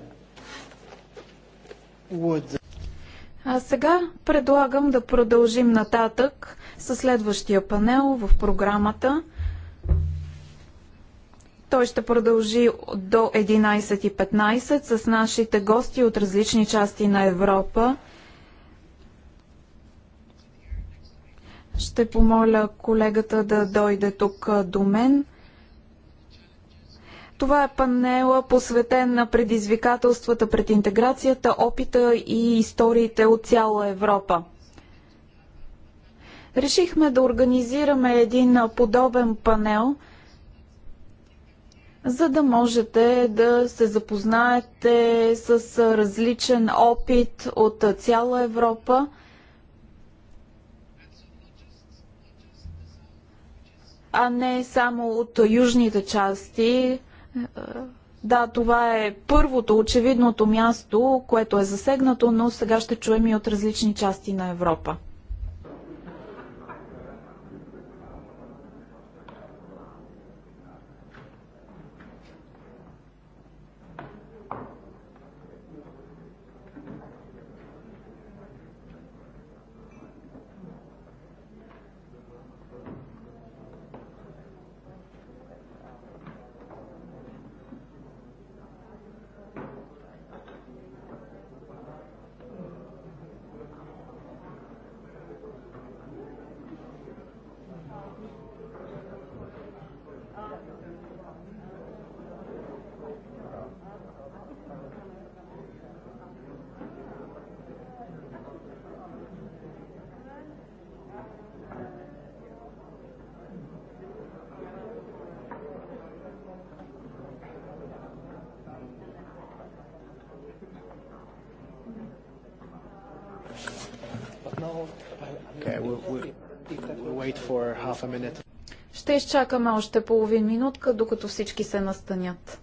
would... А сега предлагам да продължим нататък със следващия панел в програмата – той ще продължи до 11.15 с нашите гости от различни части на Европа. Ще помоля колегата да дойде тук до мен. Това е панела посветен на предизвикателствата пред интеграцията, опита и историите от цяла Европа. Решихме да организираме един подобен панел – за да можете да се запознаете с различен опит от цяла Европа. а не само от южните части. Да, това е първото, очевидното място, което е засегнато, но сега ще чуем и от различни части на Европа. Ще изчакаме още половин минутка, докато всички се настанят.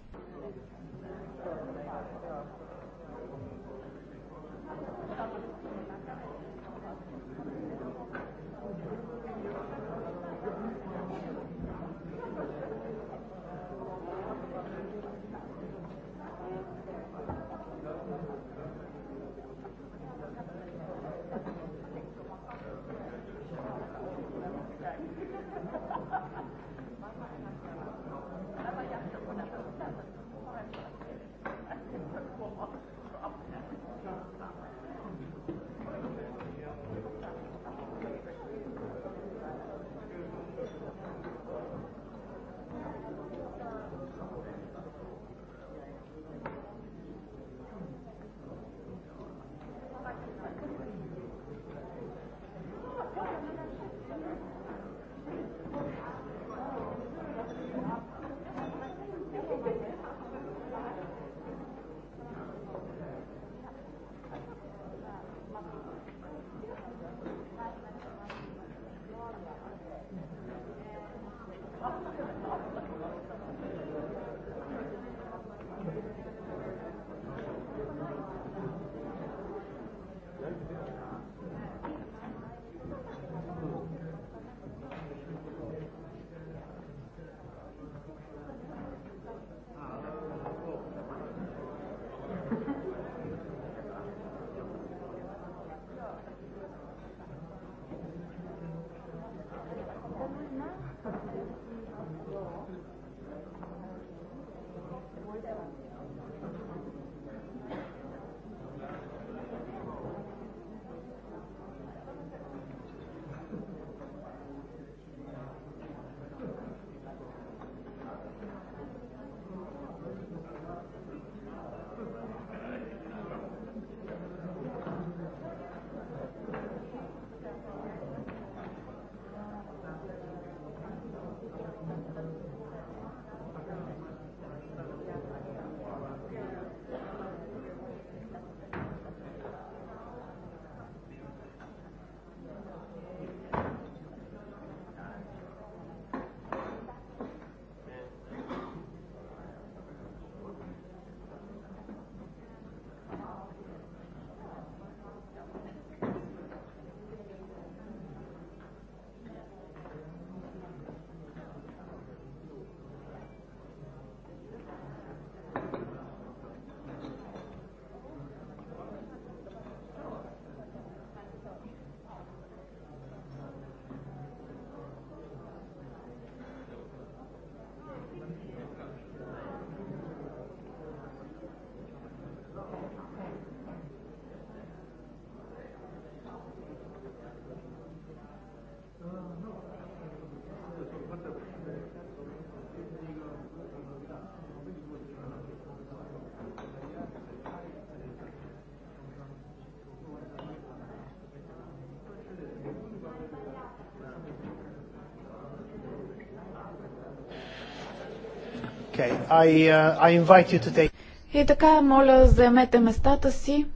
Okay. I, uh, I take... И така, моля, заемете местата си.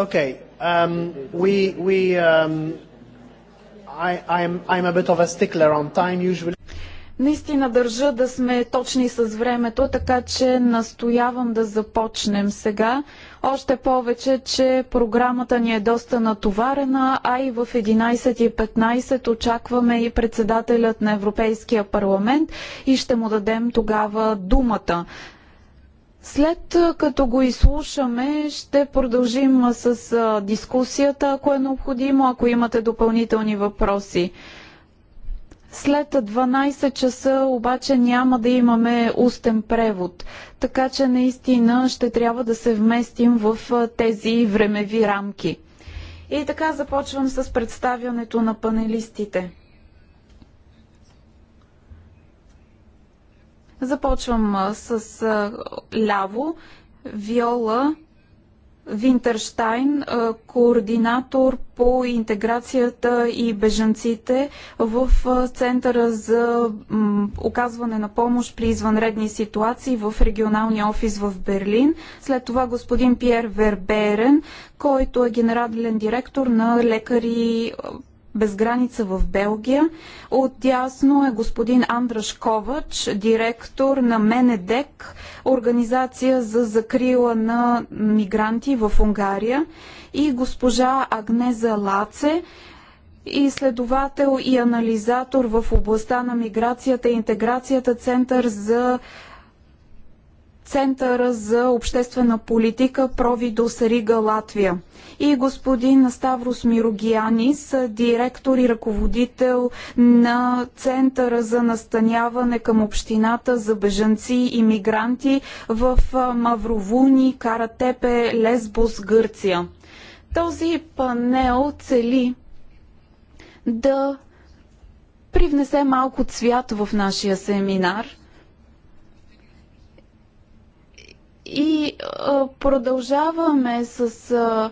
Okay. Um, we, we, um, I, I'm, I'm a bit of a stickler on time usually. Наистина държа да сме точни с времето, така че настоявам да започнем сега. Още повече, че програмата ни е доста натоварена, а и в 11.15 очакваме и председателят на Европейския парламент и ще му дадем тогава думата. След като го изслушаме, ще продължим с дискусията, ако е необходимо, ако имате допълнителни въпроси. След 12 часа обаче няма да имаме устен превод, така че наистина ще трябва да се вместим в тези времеви рамки. И така започвам с представянето на панелистите. Започвам с ляво. Виола Винтерштайн, координатор по интеграцията и бежанците в Центъра за оказване на помощ при извънредни ситуации в регионалния офис в Берлин. След това господин Пьер Верберен, който е генерален директор на лекари без граница в Белгия. Отясно е господин Андраш Ковач, директор на Менедек, организация за закрила на мигранти в Унгария и госпожа Агнеза Лаце, изследовател и анализатор в областта на миграцията и интеграцията Център за Центъра за обществена политика Провидос Рига Латвия и господин Ставрос Мирогианис, директор и ръководител на Центъра за настаняване към общината за бежанци и мигранти в Мавровуни, Каратепе, Лесбос, Гърция. Този панел цели да привнесе малко цвят в нашия семинар – И а, продължаваме с а,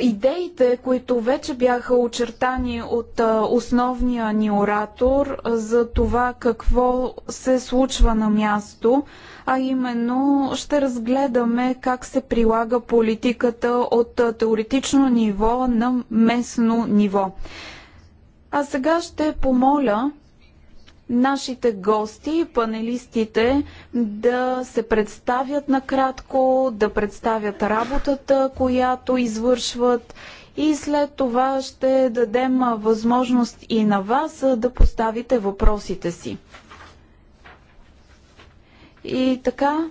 идеите, които вече бяха очертани от а, основния ни оратор а, за това какво се случва на място, а именно ще разгледаме как се прилага политиката от а, теоретично ниво на местно ниво. А сега ще помоля нашите гости и панелистите да се представят накратко, да представят работата, която извършват и след това ще дадем възможност и на вас да поставите въпросите си. И така,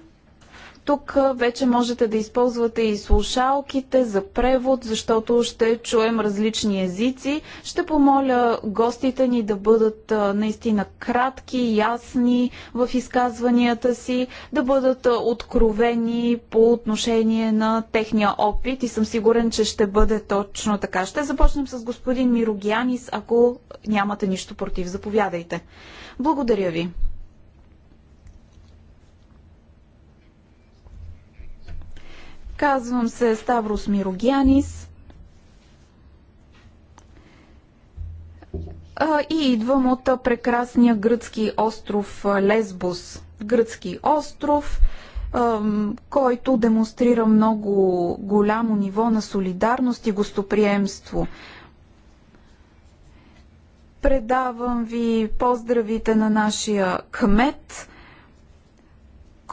тук вече можете да използвате и слушалките за превод, защото ще чуем различни езици. Ще помоля гостите ни да бъдат наистина кратки, ясни в изказванията си, да бъдат откровени по отношение на техния опит и съм сигурен, че ще бъде точно така. Ще започнем с господин Мирогианис, ако нямате нищо против. Заповядайте. Благодаря ви. Казвам се Ставрос Мирогянис. И идвам от прекрасния гръцки остров Лесбос. Гръцки остров, който демонстрира много голямо ниво на солидарност и гостоприемство. Предавам ви поздравите на нашия кмет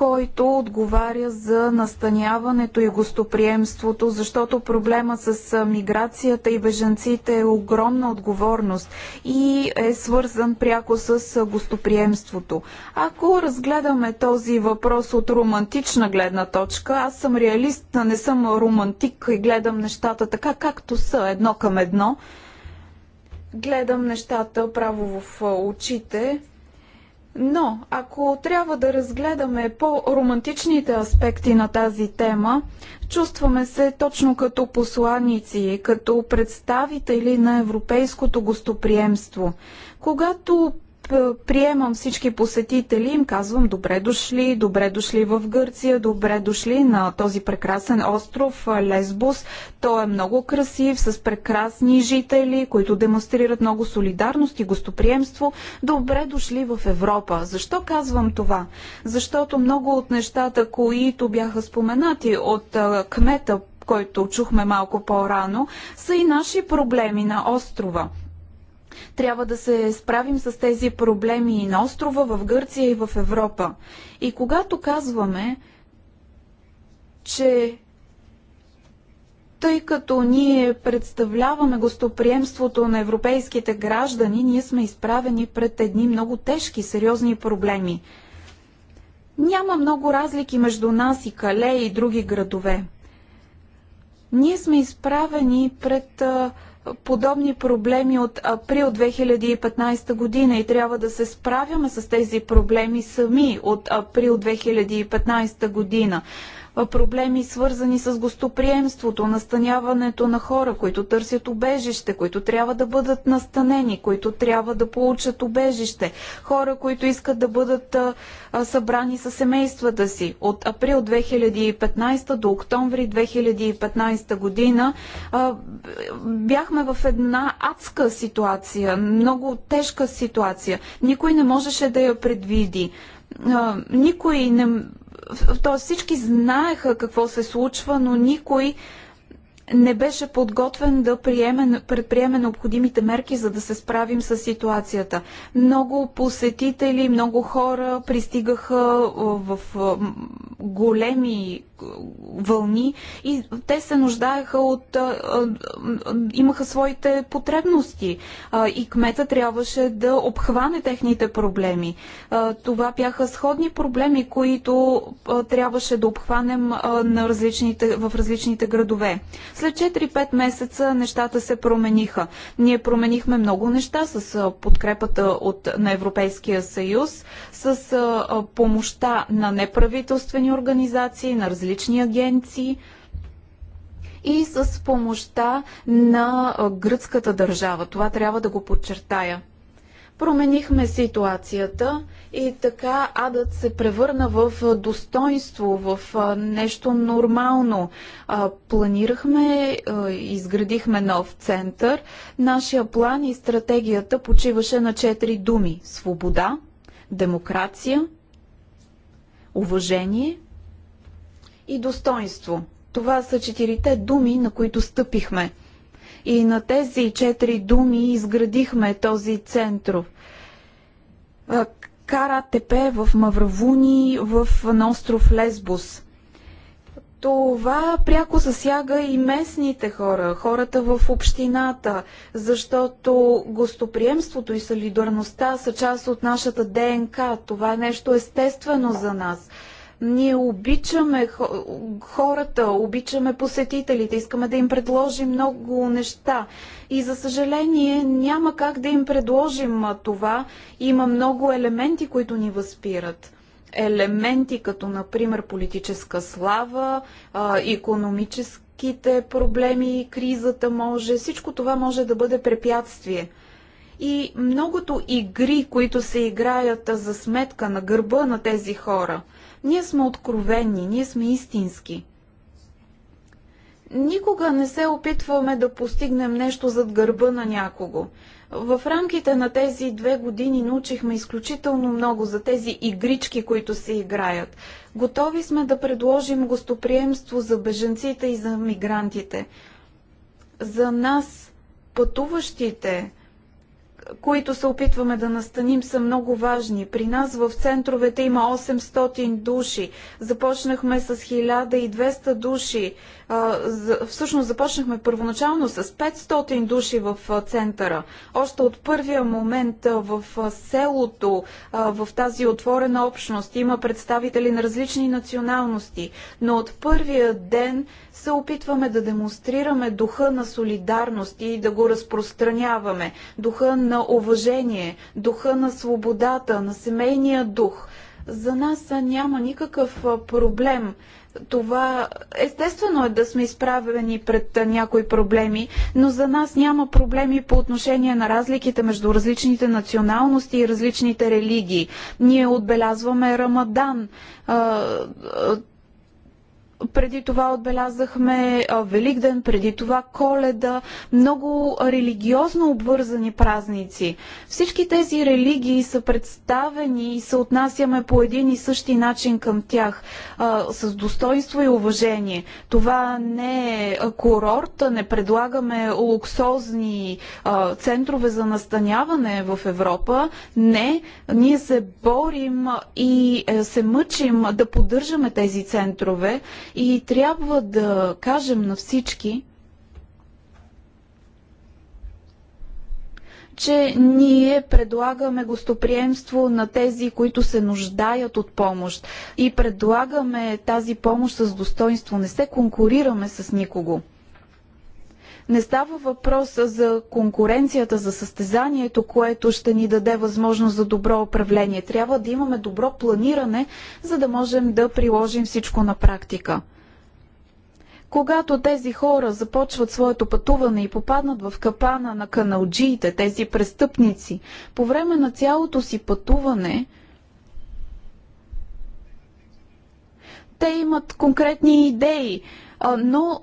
който отговаря за настаняването и гостоприемството, защото проблема с миграцията и беженците е огромна отговорност и е свързан пряко с гостоприемството. Ако разгледаме този въпрос от романтична гледна точка, аз съм реалист, не съм романтик и гледам нещата така както са, едно към едно, гледам нещата право в очите, но, ако трябва да разгледаме по-романтичните аспекти на тази тема, чувстваме се точно като посланици, като представители на европейското гостоприемство. Когато приемам всички посетители, им казвам добре дошли, добре дошли в Гърция, добре дошли на този прекрасен остров Лесбус. Той е много красив, с прекрасни жители, които демонстрират много солидарност и гостоприемство. Добре дошли в Европа. Защо казвам това? Защото много от нещата, които бяха споменати от кмета който чухме малко по-рано, са и наши проблеми на острова. Трябва да се справим с тези проблеми и на острова, в Гърция и в Европа. И когато казваме, че тъй като ние представляваме гостоприемството на европейските граждани, ние сме изправени пред едни много тежки, сериозни проблеми. Няма много разлики между нас и Кале и други градове. Ние сме изправени пред а, подобни проблеми от април 2015 година и трябва да се справяме с тези проблеми сами от април 2015 година проблеми свързани с гостоприемството, настаняването на хора, които търсят убежище, които трябва да бъдат настанени, които трябва да получат убежище, хора, които искат да бъдат събрани със семействата си. От април 2015 до октомври 2015 година бяхме в една адска ситуация, много тежка ситуация. Никой не можеше да я предвиди никой не Тоест всички знаеха какво се случва, но никой не беше подготвен да приеме, предприеме необходимите мерки, за да се справим с ситуацията. Много посетители, много хора пристигаха в големи вълни и те се нуждаеха от. имаха своите потребности и кмета трябваше да обхване техните проблеми. Това бяха сходни проблеми, които трябваше да обхванем на различните, в различните градове. След 4-5 месеца нещата се промениха. Ние променихме много неща с подкрепата от, на Европейския съюз, с помощта на неправителствени организации, на различни различни агенции и с помощта на гръцката държава. Това трябва да го подчертая. Променихме ситуацията и така адът се превърна в достоинство, в нещо нормално. Планирахме, изградихме нов център. Нашия план и стратегията почиваше на четири думи – свобода, демокрация, уважение – и достоинство. Това са четирите думи, на които стъпихме. И на тези четири думи изградихме този Кара КРАТП в Мавравуни, в, на остров Лесбус. Това пряко засяга и местните хора, хората в общината, защото гостоприемството и солидарността са част от нашата ДНК. Това е нещо естествено за нас. Ние обичаме хората, обичаме посетителите, искаме да им предложим много неща. И за съжаление няма как да им предложим това. Има много елементи, които ни възпират елементи, като например политическа слава, економическите проблеми, кризата може, всичко това може да бъде препятствие. И многото игри, които се играят за сметка на гърба на тези хора – ние сме откровени, ние сме истински. Никога не се опитваме да постигнем нещо зад гърба на някого. В рамките на тези две години научихме изключително много за тези игрички, които се играят. Готови сме да предложим гостоприемство за беженците и за мигрантите. За нас, пътуващите, които се опитваме да настаним, са много важни. При нас в центровете има 800 души. Започнахме с 1200 души. Всъщност започнахме първоначално с 500 души в центъра. Още от първия момент в селото, в тази отворена общност, има представители на различни националности. Но от първия ден се опитваме да демонстрираме духа на солидарност и да го разпространяваме, духа на уважение, духа на свободата, на семейния дух. За нас няма никакъв проблем това естествено е да сме изправени пред някои проблеми, но за нас няма проблеми по отношение на разликите между различните националности и различните религии. Ние отбелязваме Рамадан преди това отбелязахме Великден, преди това Коледа, много религиозно обвързани празници. Всички тези религии са представени и се отнасяме по един и същи начин към тях, с достоинство и уважение. Това не е курорт, не предлагаме луксозни центрове за настаняване в Европа. Не, ние се борим и е, се мъчим да поддържаме тези центрове и трябва да кажем на всички, че ние предлагаме гостоприемство на тези, които се нуждаят от помощ и предлагаме тази помощ с достоинство. Не се конкурираме с никого. Не става въпрос за конкуренцията, за състезанието, което ще ни даде възможност за добро управление. Трябва да имаме добро планиране, за да можем да приложим всичко на практика. Когато тези хора започват своето пътуване и попаднат в капана на каналджиите, тези престъпници, по време на цялото си пътуване, те имат конкретни идеи, но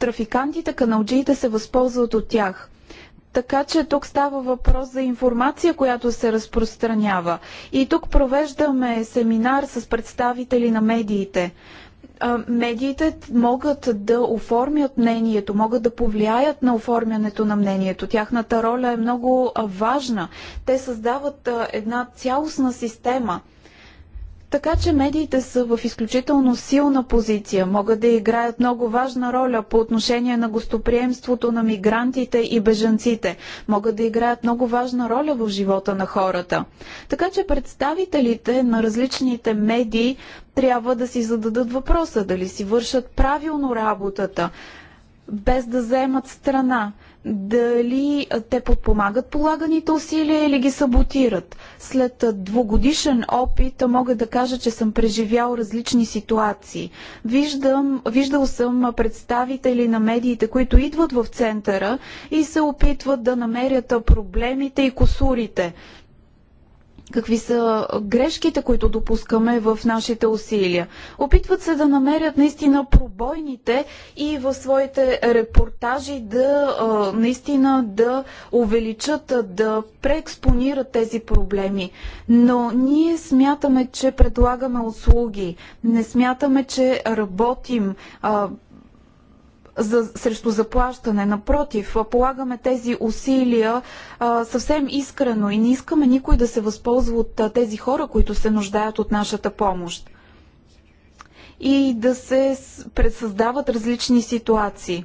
трафикантите, каналджиите се възползват от тях. Така че тук става въпрос за информация, която се разпространява. И тук провеждаме семинар с представители на медиите. Медиите могат да оформят мнението, могат да повлияят на оформянето на мнението. Тяхната роля е много важна. Те създават една цялостна система – така че медиите са в изключително силна позиция, могат да играят много важна роля по отношение на гостоприемството на мигрантите и бежанците, могат да играят много важна роля в живота на хората. Така че представителите на различните медии трябва да си зададат въпроса дали си вършат правилно работата, без да заемат страна дали те подпомагат полаганите усилия или ги саботират. След двогодишен опит мога да кажа, че съм преживял различни ситуации. Виждам, виждал съм представители на медиите, които идват в центъра и се опитват да намерят проблемите и косурите какви са грешките, които допускаме в нашите усилия. Опитват се да намерят наистина пробойните и в своите репортажи да наистина да увеличат, да преекспонират тези проблеми. Но ние смятаме, че предлагаме услуги, не смятаме, че работим за, срещу заплащане. Напротив, полагаме тези усилия а, съвсем искрено и не искаме никой да се възползва от а, тези хора, които се нуждаят от нашата помощ. И да се предсъздават различни ситуации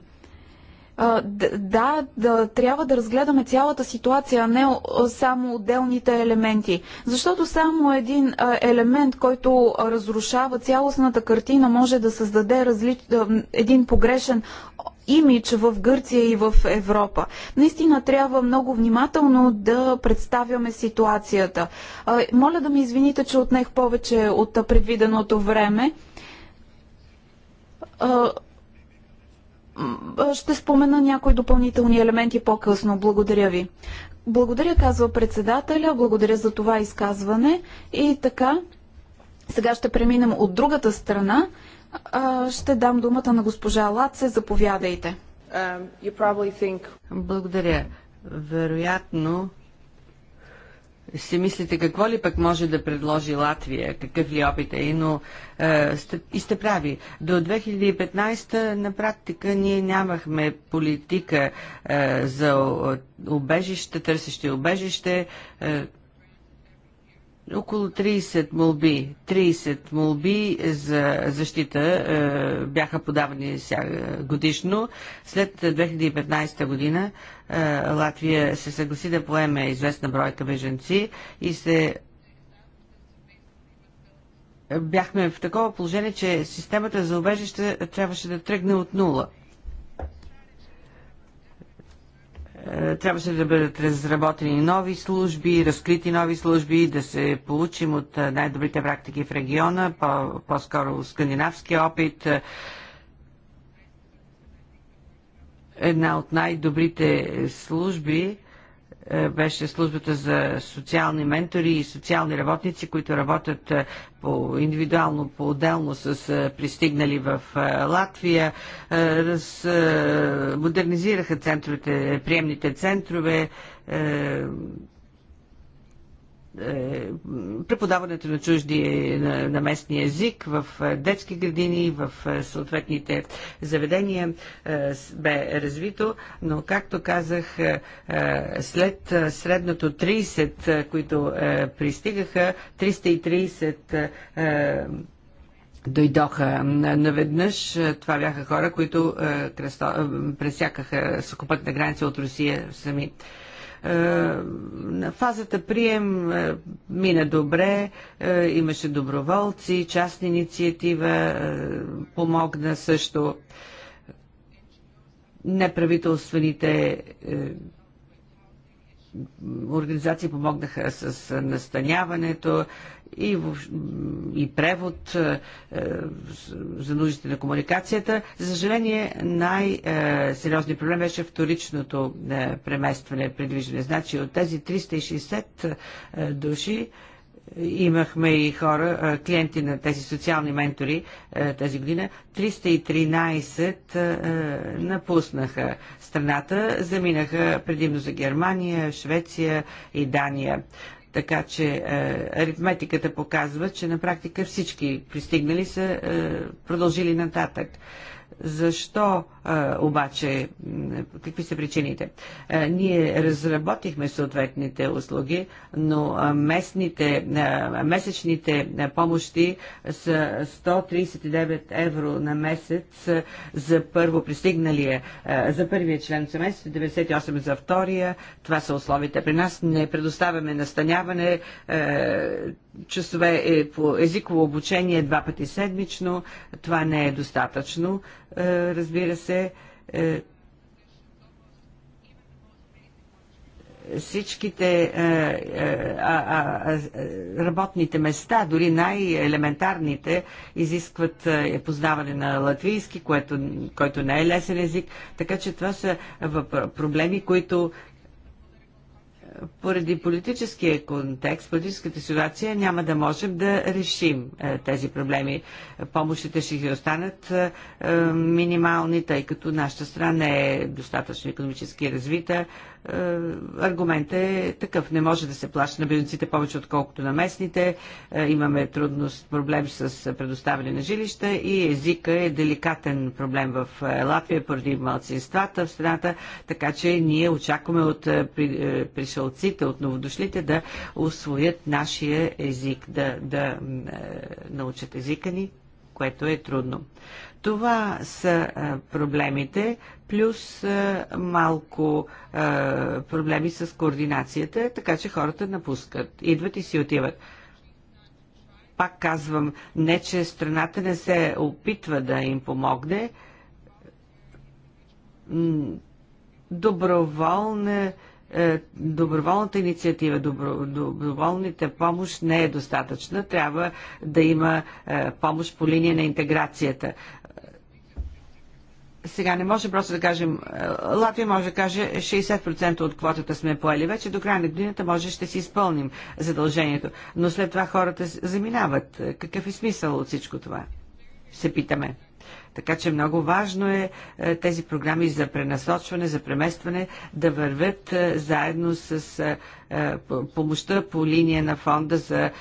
да, да, трябва да разгледаме цялата ситуация, а не само отделните елементи. Защото само един елемент, който разрушава цялостната картина, може да създаде разли... един погрешен имидж в Гърция и в Европа. Наистина трябва много внимателно да представяме ситуацията. Моля да ми извините, че отнех повече от предвиденото време ще спомена някои допълнителни елементи по-късно. Благодаря ви. Благодаря, казва председателя. Благодаря за това изказване. И така, сега ще преминем от другата страна. Ще дам думата на госпожа Лаце. Заповядайте. Um, Благодаря. Вероятно, си мислите какво ли пък може да предложи Латвия, какъв ли опит е, но е, сте, и сте прави. До 2015 на практика ние нямахме политика е, за обежище, търсещи обежище, е, около 30 молби, 30 молби за защита е, бяха подавани е, годишно. След 2015 година е, Латвия се съгласи да поеме известна бройка беженци и се бяхме в такова положение, че системата за убежище трябваше да тръгне от нула. Е, трябваше да бъдат разработени нови служби, разкрити нови служби, да се получим от е, най-добрите практики в региона, по-скоро по скандинавски опит. Е, една от най-добрите служби е, беше службата за социални ментори и социални работници, които работят е, по, индивидуално, по-отделно с е, пристигнали в Латвия. Раз, модернизираха центровете, приемните центрове е, преподаването на чужди е, на, на местния език в е, детски градини, в е, съответните заведения е, бе развито, но както казах, е, след средното 30, които е, пристигаха, 330 е, дойдоха наведнъж. Това бяха хора, които е, кръсто, е, пресякаха сухопътна граница от Русия сами. Е, е, на фазата прием е, мина добре, е, имаше доброволци, частна инициатива помогна също неправителствените организации помогнаха с настаняването и, в, и превод е, е, за нуждите на комуникацията. За съжаление, най-сериозният проблем беше вторичното е, преместване, предвиждане. Значи от тези 360 е, души имахме и хора, е, клиенти на тези социални ментори е, тази година, 313 напуснаха страната, заминаха предимно за Германия, Швеция и Дания. Така че е, аритметиката показва, че на практика всички пристигнали са е, продължили нататък. Защо а, обаче, какви са причините? А, ние разработихме съответните услуги, но а, местните, а, месечните помощи са 139 евро на месец за първо пристигналия, а, за първия член за месец, 98 за втория. Това са условията при нас. Не предоставяме настаняване, а, часове е, по езиково обучение два пъти седмично. Това не е достатъчно. Е, разбира се, е, всичките е, работните места, дори най-елементарните, изискват познаване на латвийски, което, който не е лесен език. Така че това са проблеми, които поради политическия контекст, политическата ситуация, няма да можем да решим е, тези проблеми. Помощите ще ги останат е, е минимални, тъй като нашата страна не е достатъчно економически развита. Е, аргумент е такъв. Не може да се плаща на бежанците повече, отколкото на местните. Е, имаме трудност, проблем с предоставяне на жилища и езика е деликатен проблем в е, Латвия поради малцинствата в страната, така че ние очакваме от пришелците, от новодошлите да освоят нашия език, да, да научат езика ни, което е трудно. Това са проблемите, плюс малко проблеми с координацията, така че хората напускат, идват и си отиват пак казвам, не че страната не се опитва да им помогне, доброволна, е, доброволната инициатива, добро, доброволните помощ не е достатъчна. Трябва да има е, помощ по линия на интеграцията. Сега не може просто да кажем, е, Латвия може да каже 60% от квотата сме поели вече, до края на годината може ще си изпълним задължението. Но след това хората заминават. Какъв е смисъл от всичко това? Се питаме. Така че много важно е, е тези програми за пренасочване, за преместване да вървят е, заедно с помощта по линия на фонда за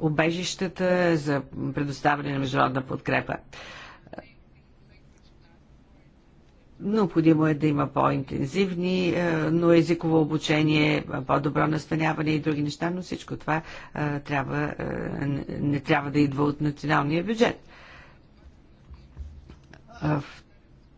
обежищата, за предоставяне на международна подкрепа. Необходимо е да има по-интензивни, е, но езиково обучение, по-добро настаняване и други неща, но всичко това е, трябва, е, не трябва да идва от националния бюджет.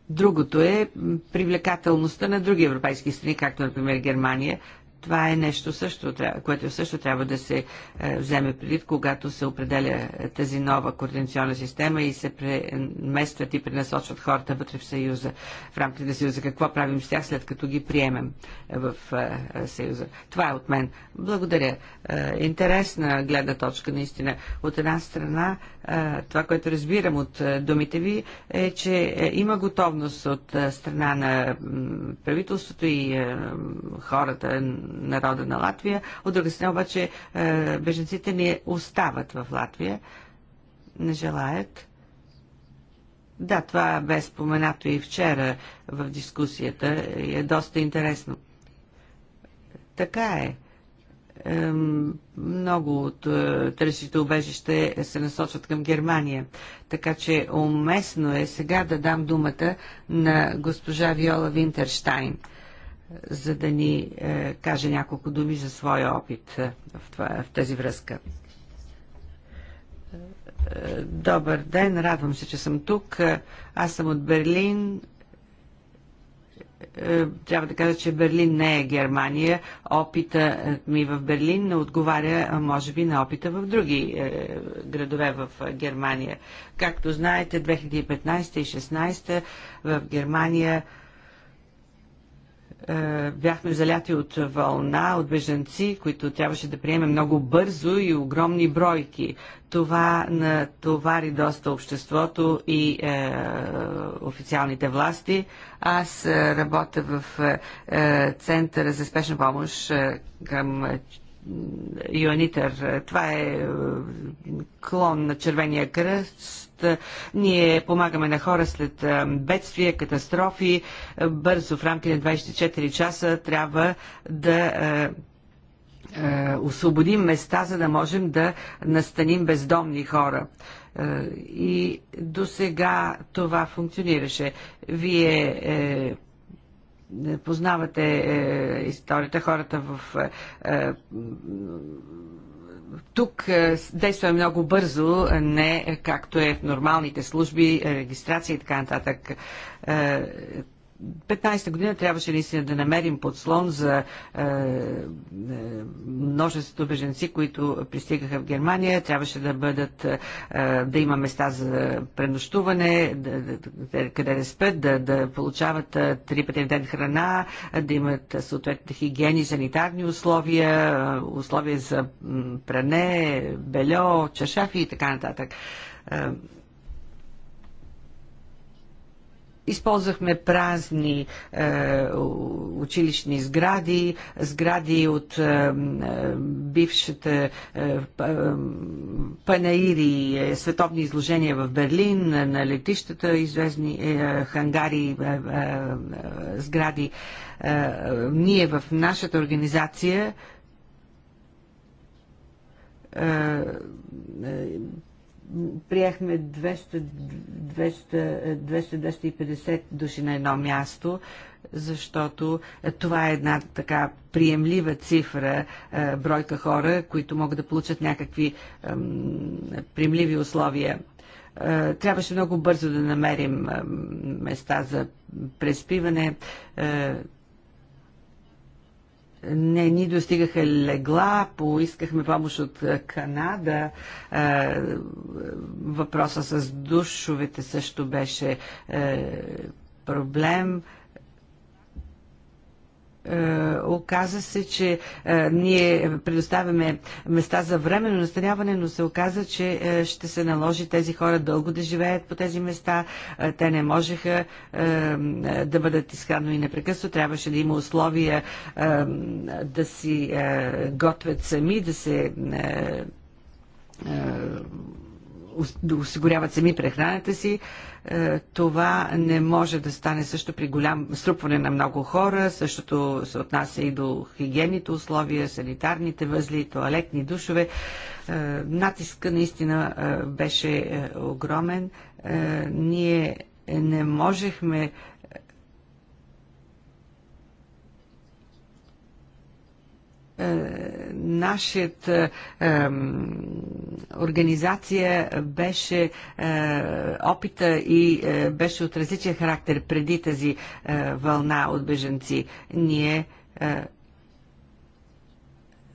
Другото е привлекателността на други европейски страни, както например Германия, това е нещо, също, което също трябва да се е, вземе предвид, когато се определя е, тази нова координационна система и се преместват и пренасочват хората вътре в Съюза, в рамките на Съюза. Какво правим с тях след като ги приемем е, в Съюза? Това е от мен. Благодаря. Интересна гледна точка, наистина. От една страна това, което разбирам от думите ви, е, че е, има готовност от страна на правителството и хората, народа на Латвия. От друга страна обаче беженците не остават в Латвия, не желаят. Да, това бе споменато и вчера в дискусията и е доста интересно. Така е много от е, търсите убежище се насочват към Германия. Така че уместно е сега да дам думата на госпожа Виола Винтерштайн, за да ни е, каже няколко думи за своя опит е, в тази връзка. Добър ден, радвам се, че съм тук. Аз съм от Берлин, е, трябва да кажа, че Берлин не е Германия. Опита е, ми в Берлин не отговаря, е, може би, на опита в други градове в Германия. Както знаете, 2015 и 2016 в Германия е, бяхме заляти от вълна, от бежанци, които трябваше да приемем много бързо и огромни бройки. Това натовари доста обществото и е, официалните власти. Аз е, работя в е, е, Центъра за спешна помощ е, към Юанитър. Това е клон на Червения кръст ние помагаме на хора след бедствия, катастрофи. Бързо, в рамките на 24 часа, трябва да освободим места, за да можем да настаним бездомни хора. И до сега това функционираше. Вие е, познавате е, историята, хората в е, тук е, действаме много бързо, е, не е както е в нормалните служби, регистрация и така нататък. 15-та година трябваше наистина да намерим подслон за е, е, множеството беженци, които пристигаха в Германия. Трябваше да бъдат, е, да има места за пренощуване, да, да, къде да спят, да, да получават е, три пъти на ден храна, да имат съответните хигиени, санитарни условия, е, условия за пране, бельо, чашафи и така нататък. Е, Използвахме празни е, училищни сгради, сгради от е, е бившата е, е панаири, е, световни изложения в Берлин, на летищата, известни е, е, хангари, е, е, сгради. Е, е, ние в нашата организация е, е приехме 200, 250 души на едно място, защото това е една така приемлива цифра, е, бройка хора, които могат да получат някакви приемливи условия. Е, трябваше много бързо да намерим места за преспиване. Е, не ни достигаха легла, поискахме помощ от Канада. Въпроса с душовете също беше проблем. Е, оказа се, че е, ние предоставяме места за временно настаняване, но се оказа, че е, ще се наложи тези хора дълго да живеят по тези места. Те не можеха да бъдат и непрекъснато. Трябваше да има условия да си готвят сами, да се да осигуряват сами прехраната си. Е, това не може да стане също при голям струпване на много хора. Същото се отнася и до хигиените условия, санитарните възли, туалетни душове. Е, натиска наистина е, беше огромен. Ние не можехме нашата е, е организация беше е, опита и е, беше от различен характер преди тази е, вълна от беженци. Ние е,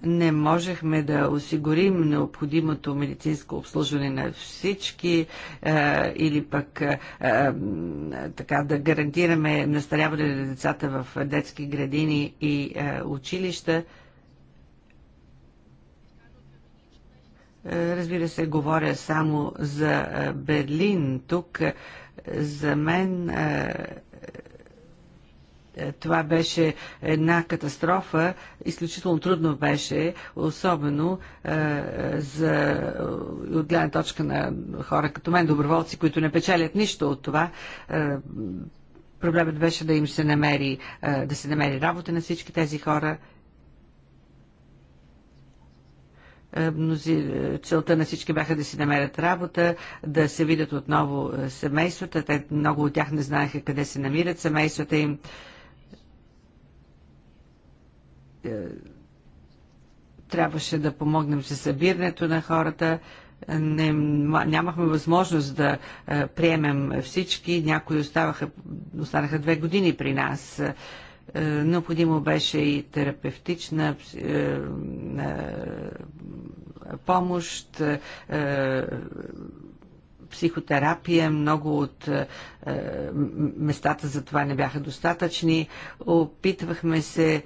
не можехме да осигурим необходимото медицинско обслужване на всички е, или пък е, така да гарантираме настаряване на децата в детски градини и е, училища. Е, разбира се, говоря само за е, Берлин. Тук е, за мен това беше една катастрофа, изключително трудно беше, особено за, от гледна точка на хора като мен, доброволци, които не печелят нищо от това. проблемът беше да им се намери, да се намери работа на всички тези хора Е, е, целта на всички бяха да си намерят работа, да се видят отново е, семействата. Те, много от тях не знаеха къде се намират семействата им трябваше да помогнем с събирането на хората. Не, нямахме възможност да приемем всички. Някои оставаха, останаха две години при нас. Е, необходимо беше и терапевтична е, е, помощ, психотерапия, много от е, местата за това не бяха достатъчни. Опитвахме се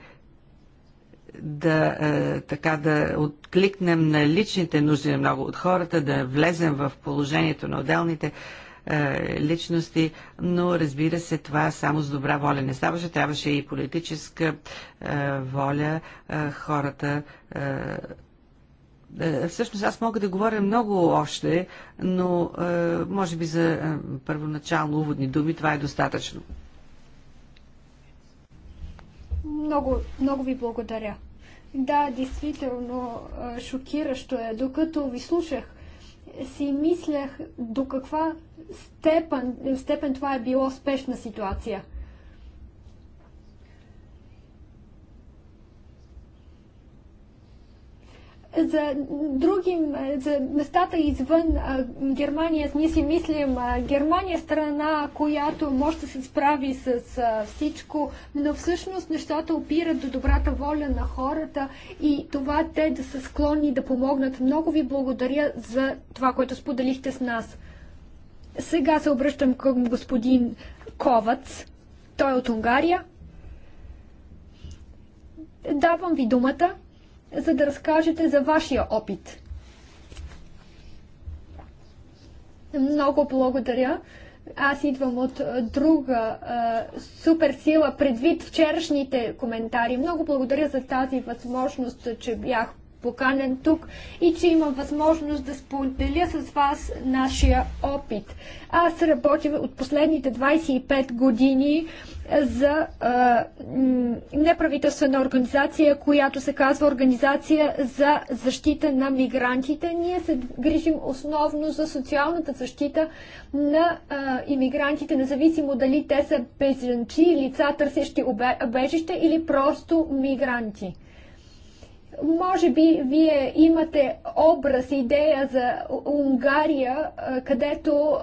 да, е, така, да откликнем на личните нужди на много от хората, да влезем в положението на отделните. Е, е, личности, но разбира се, това само с добра воля не ставаше. Трябваше и политическа е, воля е, хората Всъщност аз мога да говоря много още, но може би за първоначално уводни думи това е достатъчно. Много, много ви благодаря. Да, действително шокиращо е. Докато ви слушах, си мислях до каква степен, степен това е било спешна ситуация. За, други, за местата извън а, Германия ние си мислим, а, Германия е страна, която може да се справи с а, всичко, но всъщност нещата опират до добрата воля на хората и това те да са склонни да помогнат. Много ви благодаря за това, което споделихте с нас. Сега се обръщам към господин Ковац. Той е от Унгария. Давам ви думата за да разкажете за вашия опит. Много благодаря. Аз идвам от друга а, суперсила, предвид вчерашните коментари. Много благодаря за тази възможност, че бях поканен тук и че имам възможност да споделя с вас нашия опит. Аз работя от последните 25 години за а, неправителствена организация, която се казва Организация за защита на мигрантите. Ние се грижим основно за социалната защита на а, иммигрантите, независимо дали те са безенчи, лица търсещи обежище или просто мигранти. Може би вие имате образ, идея за Унгария, където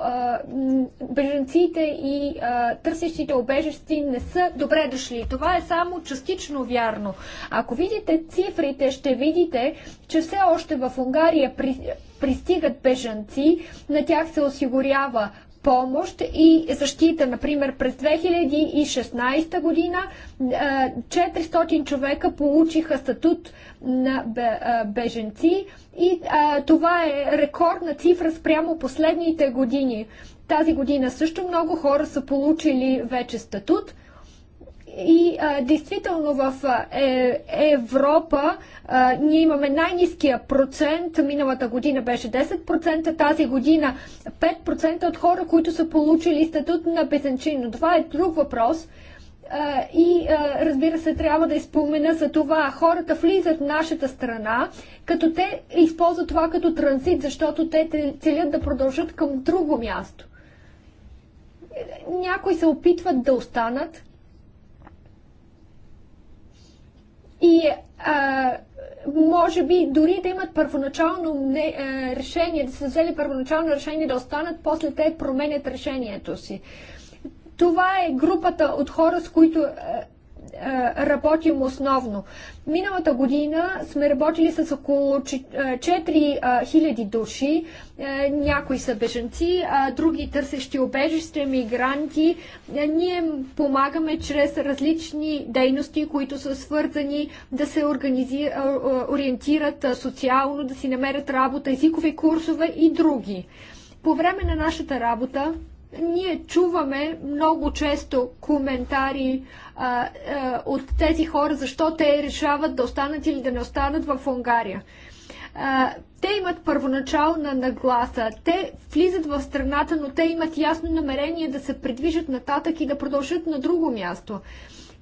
беженците и търсещите обежещи не са добре дошли. Това е само частично вярно. Ако видите цифрите, ще видите, че все още в Унгария пристигат беженци, на тях се осигурява помощ и защита. Например, през 2016 година 400 човека получиха статут на беженци и това е рекордна цифра спрямо последните години. Тази година също много хора са получили вече статут и а, действително в е, Европа а, ние имаме най-низкия процент. Миналата година беше 10%, тази година 5% от хора, които са получили статут на безенчин. Но това е друг въпрос. А, и а, разбира се, трябва да изпомена за това. Хората влизат в нашата страна, като те използват това като транзит, защото те целят да продължат към друго място. Някои се опитват да останат, и а, може би дори да имат първоначално не, а, решение, да са взели първоначално решение да останат, после те променят решението си. Това е групата от хора, с които а, е, работим основно. Миналата година сме работили с около 4000 е, е, души. Някои са беженци, други търсещи обежище, мигранти. Ние помагаме чрез различни дейности, които са свързани да се организи... ориентират социално, да си намерят работа, езикови курсове и други. По време на нашата работа ние чуваме много често коментари а, а, от тези хора, защо те решават да останат или да не останат в Унгария. А, те имат първоначална нагласа, те влизат в страната, но те имат ясно намерение да се придвижат нататък и да продължат на друго място.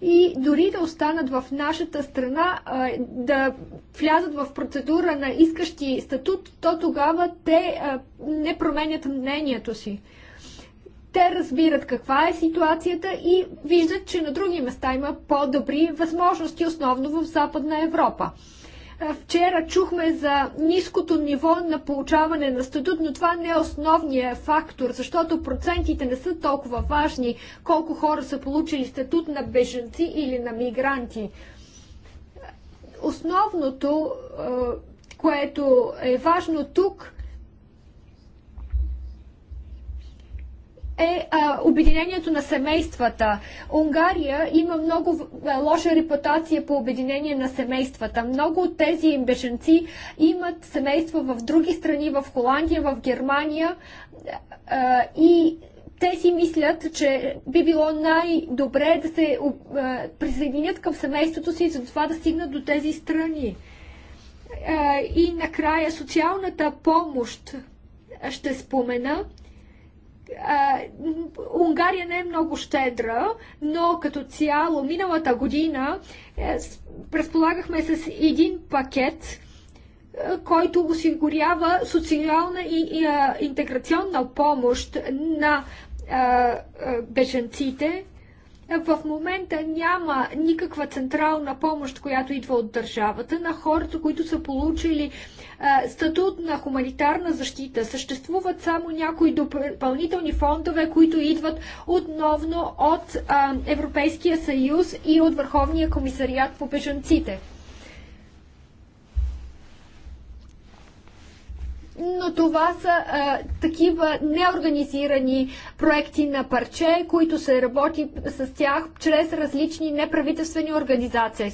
И дори да останат в нашата страна, а, да влязат в процедура на искащи статут, то тогава те а, не променят мнението си. Те разбират каква е ситуацията и виждат, че на други места има по-добри възможности, основно в Западна Европа. Е, вчера чухме за ниското ниво на получаване на статут, но това не е основният фактор, защото процентите не са толкова важни, колко хора са получили статут на беженци или на мигранти. Основното, е, което е важно тук, е а, обединението на семействата. Унгария има много а, лоша репутация по обединение на семействата. Много от тези беженци имат семейства в други страни, в Холандия, в Германия а, и те си мислят, че би било най-добре да се а, присъединят към семейството си, за това да стигнат до тези страни. А, и накрая социалната помощ ще спомена Унгария не е много щедра, но като цяло миналата година е, с, разполагахме с един пакет, е, който осигурява социална и, интеграционна помощ на беженците. В момента няма никаква централна помощ, която идва от държавата на хората, които са получили статут на хуманитарна защита. Съществуват само някои допълнителни фондове, които идват отново от Европейския съюз и от Върховния комисариат по бежанците. но това са а, такива неорганизирани проекти на парче, които се работи с тях чрез различни неправителствени организации.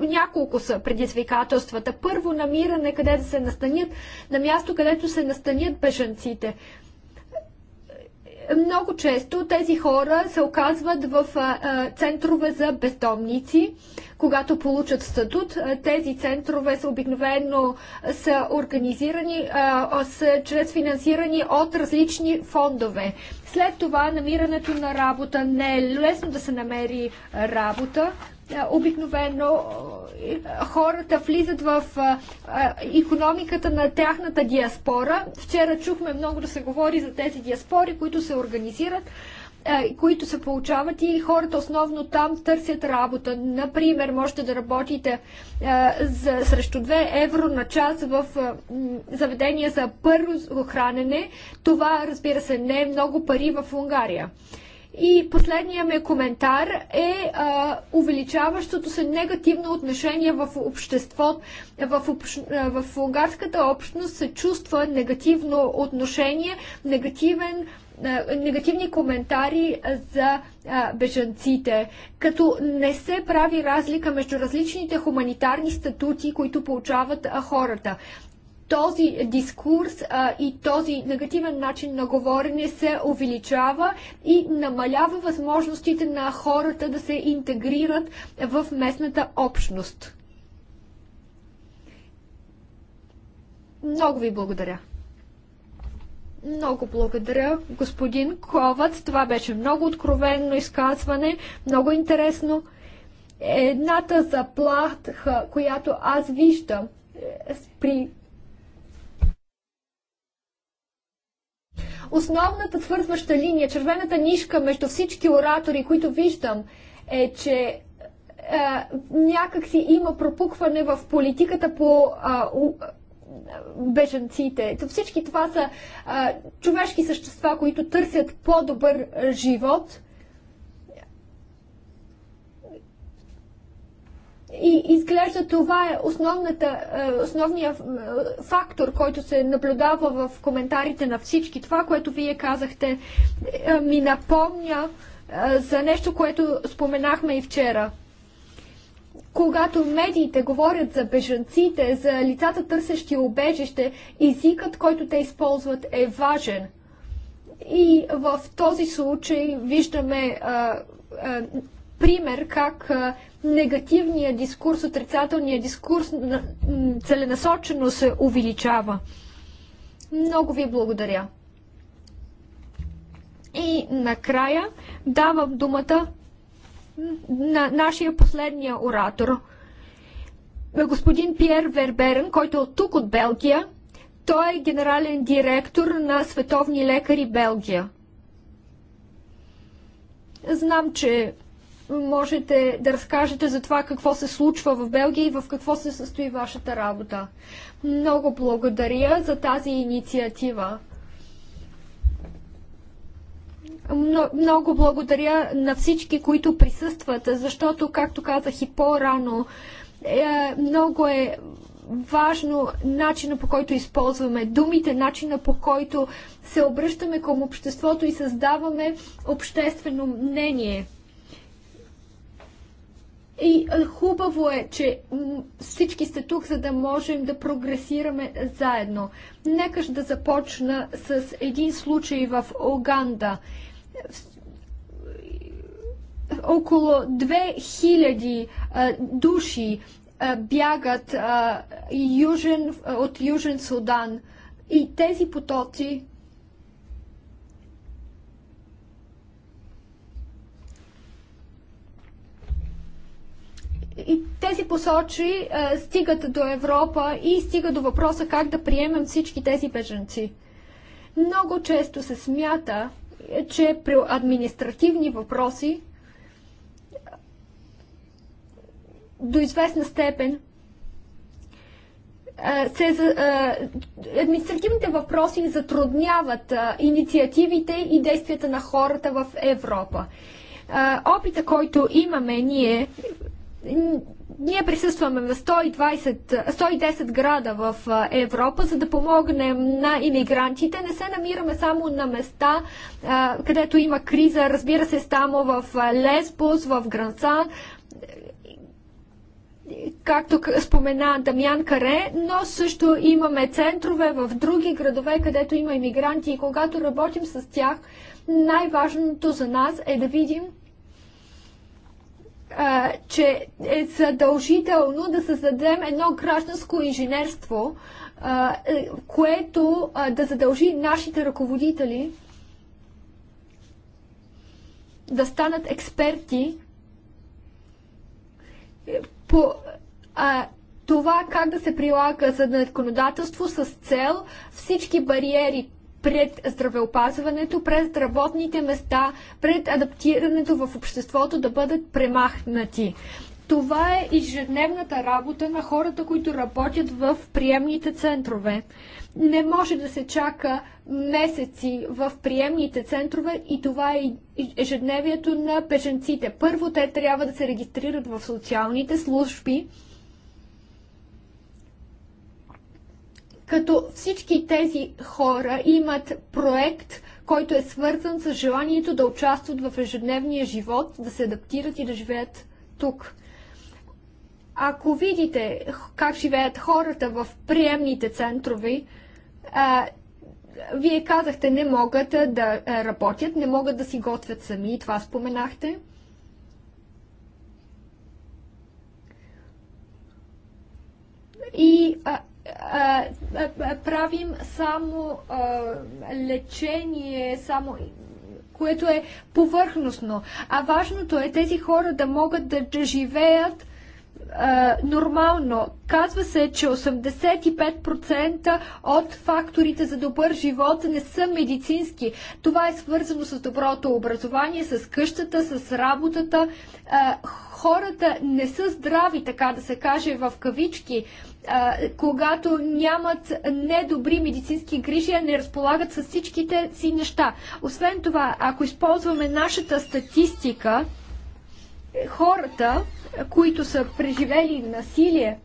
Няколко са предизвикателствата. Първо, намиране къде да се настанят, на място, където се настанят бежанците. Много често тези хора се оказват в центрове за бездомници. Когато получат статут, тези центрове са обикновено са организирани са чрез финансирани от различни фондове. След това намирането на работа не е лесно да се намери работа обикновено хората влизат в економиката на тяхната диаспора. Вчера чухме много да се говори за тези диаспори, които се организират които се получават и хората основно там търсят работа. Например, можете да работите за, срещу 2 евро на час в заведения за първо хранене. Това, разбира се, не е много пари в Унгария. И последният ми коментар е а, увеличаващото се негативно отношение в обществото. В, общ... в унгарската общност се чувства негативно отношение, негативен негативни коментари за бежанците, като не се прави разлика между различните хуманитарни статути, които получават хората този дискурс а, и този негативен начин на говорене се увеличава и намалява възможностите на хората да се интегрират в местната общност. Много ви благодаря. Много благодаря, господин Ковац. Това беше много откровенно изказване, много интересно. Едната заплаха, която аз виждам е, при Основната твърдваща линия, червената нишка между всички оратори, които виждам, е, че а, е, някакси има пропукване в политиката по а, у, бежанците. Всички това са а, човешки същества, които търсят по-добър живот И изглежда това е основната, е, основният е, фактор, който се наблюдава в коментарите на всички. Това, което вие казахте, е, ми напомня за нещо, което споменахме и вчера. Когато медиите говорят за бежанците, за лицата търсещи обежище, езикът, който те използват е важен. И в този случай виждаме пример как негативният дискурс, отрицателният дискурс целенасочено се увеличава. Много ви благодаря. И накрая давам думата на нашия последния оратор, господин Пьер Верберен, който е от тук от Белгия. Той е генерален директор на Световни лекари Белгия. Знам, че можете да разкажете за това какво се случва в Белгия и в какво се състои вашата работа. Много благодаря за тази инициатива. Много благодаря на всички, които присъстват, защото, както казах и по-рано, е, много е важно начина по който използваме думите, начина по който се обръщаме към обществото и създаваме обществено мнение. И е, хубаво е, че всички сте тук, за да можем да прогресираме заедно. Нека да започна с един случай в Оганда. Около 2000 е, души е, бягат от Южен Судан. И тези потоци и тези посочи а, е, стигат до Европа и стига до въпроса как да приемем всички тези беженци. Много често се смята, е, че при административни въпроси е, до известна степен се, административните въпроси затрудняват инициативите и действията на хората в Европа. Опита, който имаме ние ние присъстваме в 120, 110 града в Европа, за да помогнем на иммигрантите. Не се намираме само на места, където има криза, разбира се, само в Лесбос, в Грансан, както спомена Дамян Каре, но също имаме центрове в други градове, където има иммигранти и когато работим с тях, най-важното за нас е да видим че е задължително да създадем едно гражданско инженерство, е, което да задължи нашите ръководители да станат експерти по това как да се прилага за законодателство с цел всички бариери пред здравеопазването, пред работните места, пред адаптирането в обществото да бъдат премахнати. Това е ежедневната работа на хората, които работят в приемните центрове. Не може да се чака месеци в приемните центрове и това е ежедневието на беженците. Първо те трябва да се регистрират в социалните служби, като всички тези хора имат проект, който е свързан с желанието да участват в ежедневния живот, да се адаптират и да живеят тук. Ако видите как живеят хората в приемните центрови, а, вие казахте, не могат да работят, не могат да си готвят сами, това споменахте. И правим само лечение, само което е повърхностно. А важното е тези хора да могат да живеят нормално. Казва се, че 85% от факторите за добър живот не са медицински. Това е свързано с доброто образование, с къщата, с работата. хората не са здрави, така да се каже, в кавички когато нямат недобри медицински грижи, а не разполагат с всичките си неща. Освен това, ако използваме нашата статистика, хората, които са преживели насилие,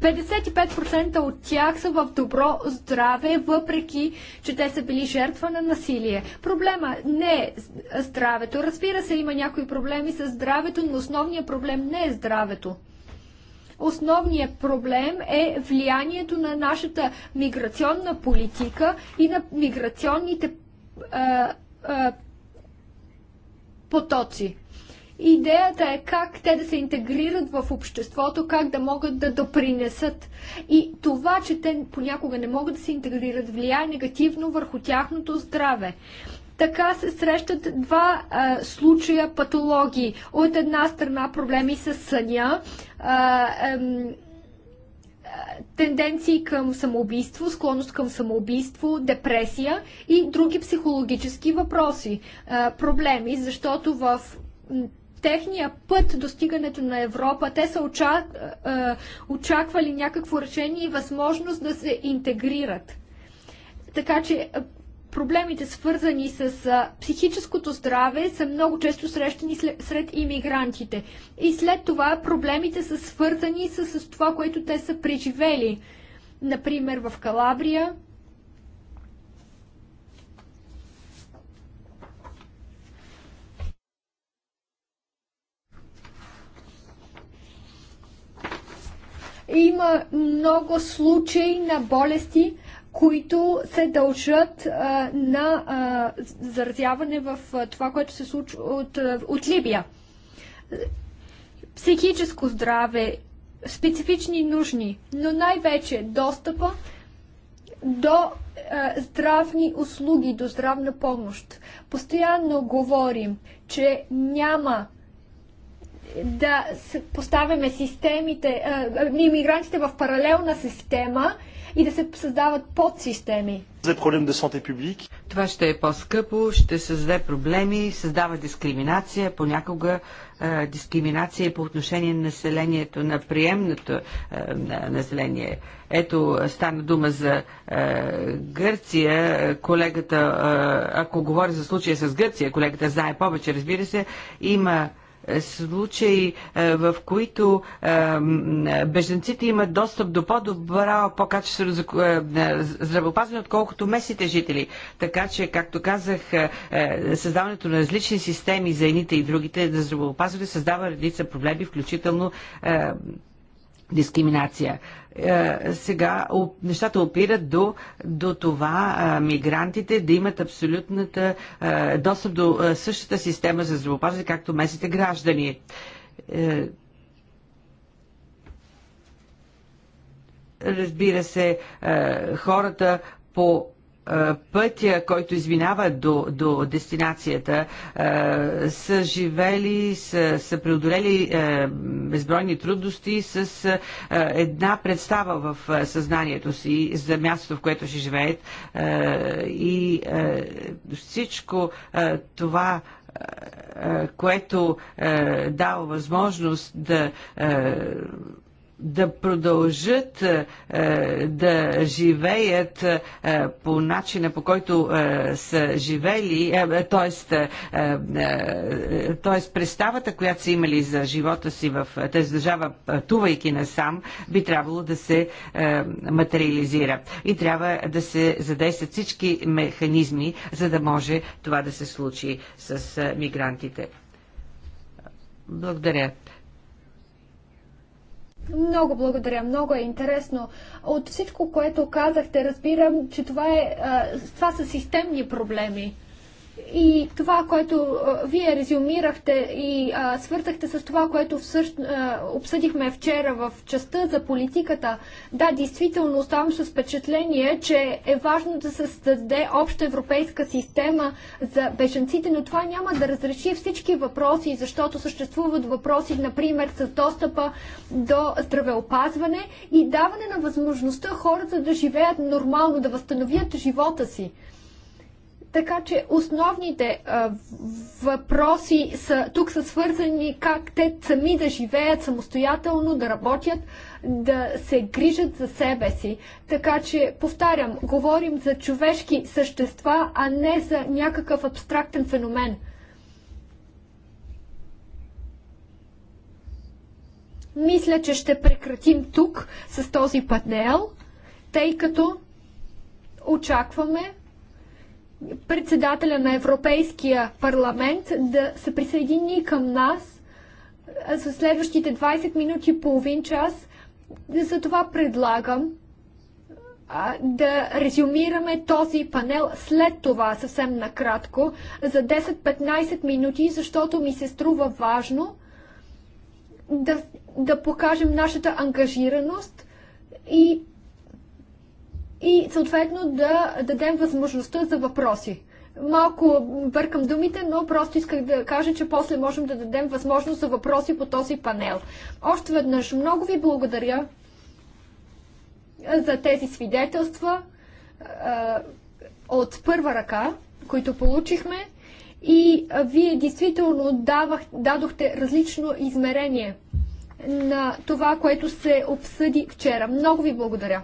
55% от тях са в добро здраве, въпреки, че те са били жертва на насилие. Проблема не е здравето. Разбира се, има някои проблеми с здравето, но основният проблем не е здравето. Основният проблем е влиянието на нашата миграционна политика и на миграционните а, потоци. Идеята е как те да се интегрират в обществото, как да могат да допринесат. И това, че те понякога не могат да се интегрират, влияе негативно върху тяхното здраве. Така се срещат два а, случая патологии. От една страна проблеми с съня, а, ем, тенденции към самоубийство, склонност към самоубийство, депресия и други психологически въпроси, проблеми, защото в техния път достигането на Европа, те са очаквали някакво решение и възможност да се интегрират. Така че проблемите свързани с психическото здраве са много често срещани сред иммигрантите. И след това проблемите са свързани с, с това, което те са преживели. Например, в Калабрия има много случаи на болести, които се дължат а, на а, заразяване в а, това, което се случва от, от Либия. Психическо здраве, специфични нужни, но най-вече достъпа до а, здравни услуги, до здравна помощ. Постоянно говорим, че няма да поставяме системите, а, иммигрантите в паралелна система и да се създават подсистеми. Е Това ще е по-скъпо, ще създаде проблеми, създава дискриминация, понякога е, дискриминация по отношение на населението, на приемното е, на население. Ето, стана дума за Гърция. Колегата, ако говори за случая с Гърция, колегата знае повече, разбира се, има случаи, е, в които е, беженците имат достъп до по-добра, по-качествено е, здравеопазване, отколкото местните жители. Така че, както казах, създаването на различни системи за едните и другите за здравеопазване създава редица проблеми, включително дискриминация. Е, сега нещата опират до, до това е, мигрантите да имат абсолютната е, достъп до същата система за здравеопазване, както местните граждани. Разбира се, хората по пътя, който извинава до, до дестинацията, са живели, са, са преодолели безбройни трудности с една представа в съзнанието си за мястото, в което ще живеят. И всичко това което дава възможност да да продължат е, е, да живеят е, по начина по който са живели, т.е. представата, която са имали за живота си в тази държава, пътувайки насам, би трябвало да се материализира. И трябва да се задействат всички механизми, за да може това да се случи с мигрантите. Благодаря. Много благодаря, много е интересно. От всичко, което казахте, разбирам, че това, е, това са системни проблеми. И това, което а, вие резюмирахте и а, свъртахте с това, което всъщ, а, обсъдихме вчера в частта за политиката, да, действително оставам с впечатление, че е важно да се създаде обща европейска система за беженците, но това няма да разреши всички въпроси, защото съществуват въпроси, например, с достъпа до здравеопазване и даване на възможността хората да живеят нормално, да възстановят живота си. Така че основните а, въпроси са, тук са свързани как те сами да живеят самостоятелно, да работят, да се грижат за себе си. Така че, повтарям, говорим за човешки същества, а не за някакъв абстрактен феномен. Мисля, че ще прекратим тук с този панел, тъй като очакваме председателя на Европейския парламент да се присъедини към нас за следващите 20 минути и половин час. За това предлагам да резюмираме този панел след това съвсем накратко за 10-15 минути, защото ми се струва важно да, да покажем нашата ангажираност и и съответно да дадем възможността за въпроси. Малко бъркам думите, но просто исках да кажа, че после можем да дадем възможност за въпроси по този панел. Още веднъж много ви благодаря за тези свидетелства от първа ръка, които получихме. И вие действително давах, дадохте различно измерение на това, което се обсъди вчера. Много ви благодаря!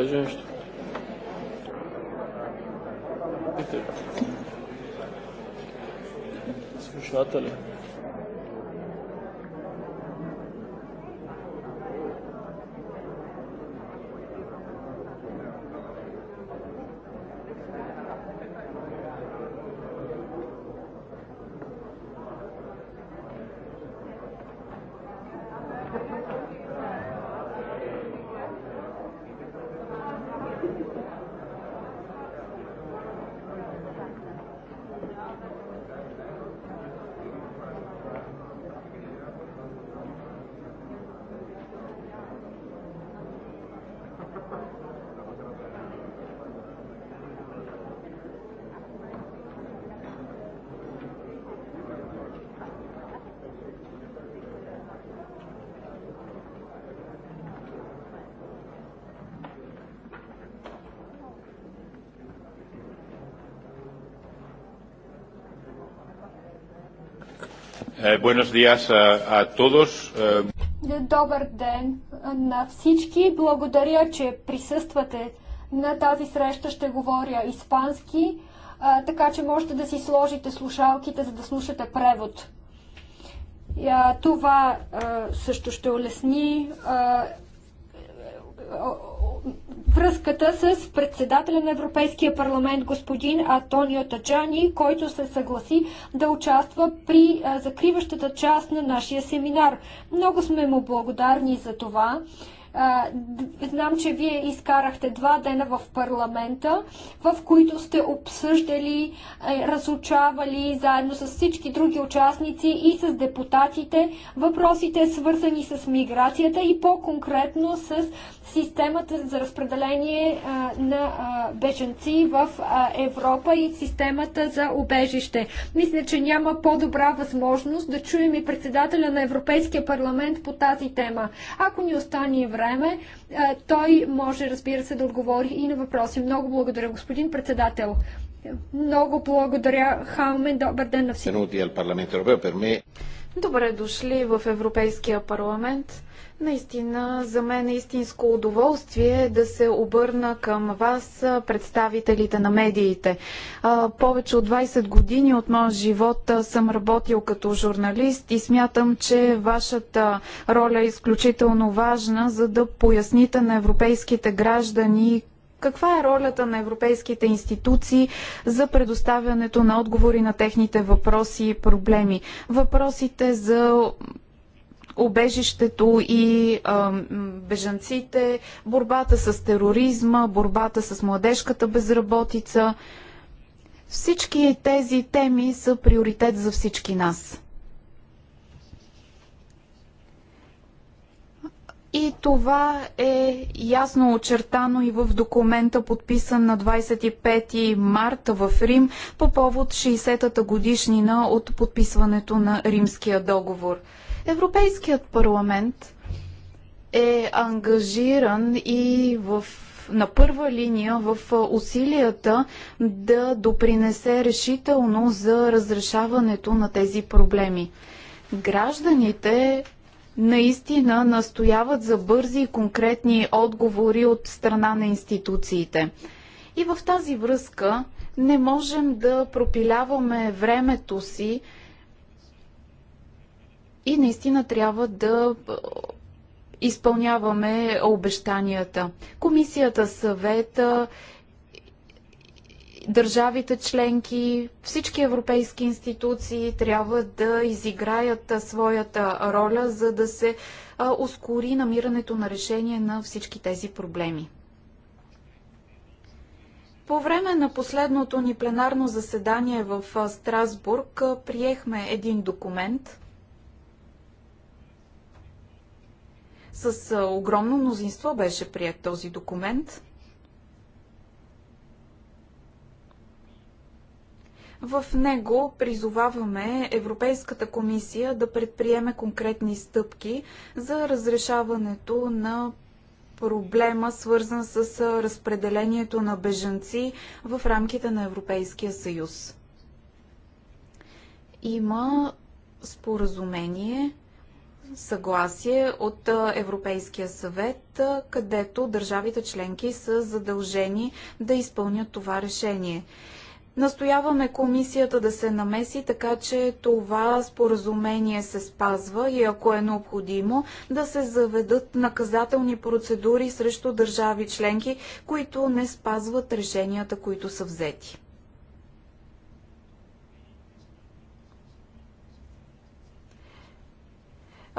каже нещо. Слушателя. Eh, buenos días a, a todos. Eh, Добър ден на всички. Благодаря, че присъствате на тази среща. Ще говоря испански, така че можете да си сложите слушалките, за да слушате превод. Това също ще улесни връзката с председателя на Европейския парламент господин Антонио Таджани, който се съгласи да участва при закриващата част на нашия семинар. Много сме му благодарни за това. Знам, че вие изкарахте два дена в парламента, в които сте обсъждали, е, разучавали заедно с всички други участници и с депутатите въпросите свързани с миграцията и по-конкретно с системата за разпределение е, на е, беженци в Европа и системата за обежище. Мисля, че няма по-добра възможност да чуем и председателя на Европейския парламент по тази тема. Ако ни остане време, време, е, той може, разбира се, да отговори и на въпроси. Много благодаря, господин председател. Много благодаря, Хаумен. Добър ден на всички. Добре дошли в Европейския парламент. Наистина, за мен е истинско удоволствие да се обърна към вас, представителите на медиите. Повече от 20 години от моя живот съм работил като журналист и смятам, че вашата роля е изключително важна, за да поясните на европейските граждани каква е ролята на европейските институции за предоставянето на отговори на техните въпроси и проблеми? Въпросите за обежището и а, бежанците, борбата с тероризма, борбата с младежката безработица. Всички тези теми са приоритет за всички нас. И това е ясно очертано и в документа, подписан на 25 марта в Рим по повод 60-та годишнина от подписването на Римския договор. Европейският парламент е ангажиран и в на първа линия в усилията да допринесе решително за разрешаването на тези проблеми. Гражданите наистина настояват за бързи и конкретни отговори от страна на институциите. И в тази връзка не можем да пропиляваме времето си и наистина трябва да е, изпълняваме обещанията. Комисията, съвета, държавите членки, всички европейски институции трябва да изиграят своята роля, за да се ускори намирането на решение на всички тези проблеми. По време на последното ни пленарно заседание в Страсбург приехме един документ – С огромно мнозинство беше прият този документ. В него призоваваме Европейската комисия да предприеме конкретни стъпки за разрешаването на проблема, свързан с разпределението на бежанци в рамките на Европейския съюз. Има споразумение съгласие от Европейския съвет, където държавите членки са задължени да изпълнят това решение. Настояваме комисията да се намеси, така че това споразумение се спазва и ако е необходимо да се заведат наказателни процедури срещу държави членки, които не спазват решенията, които са взети.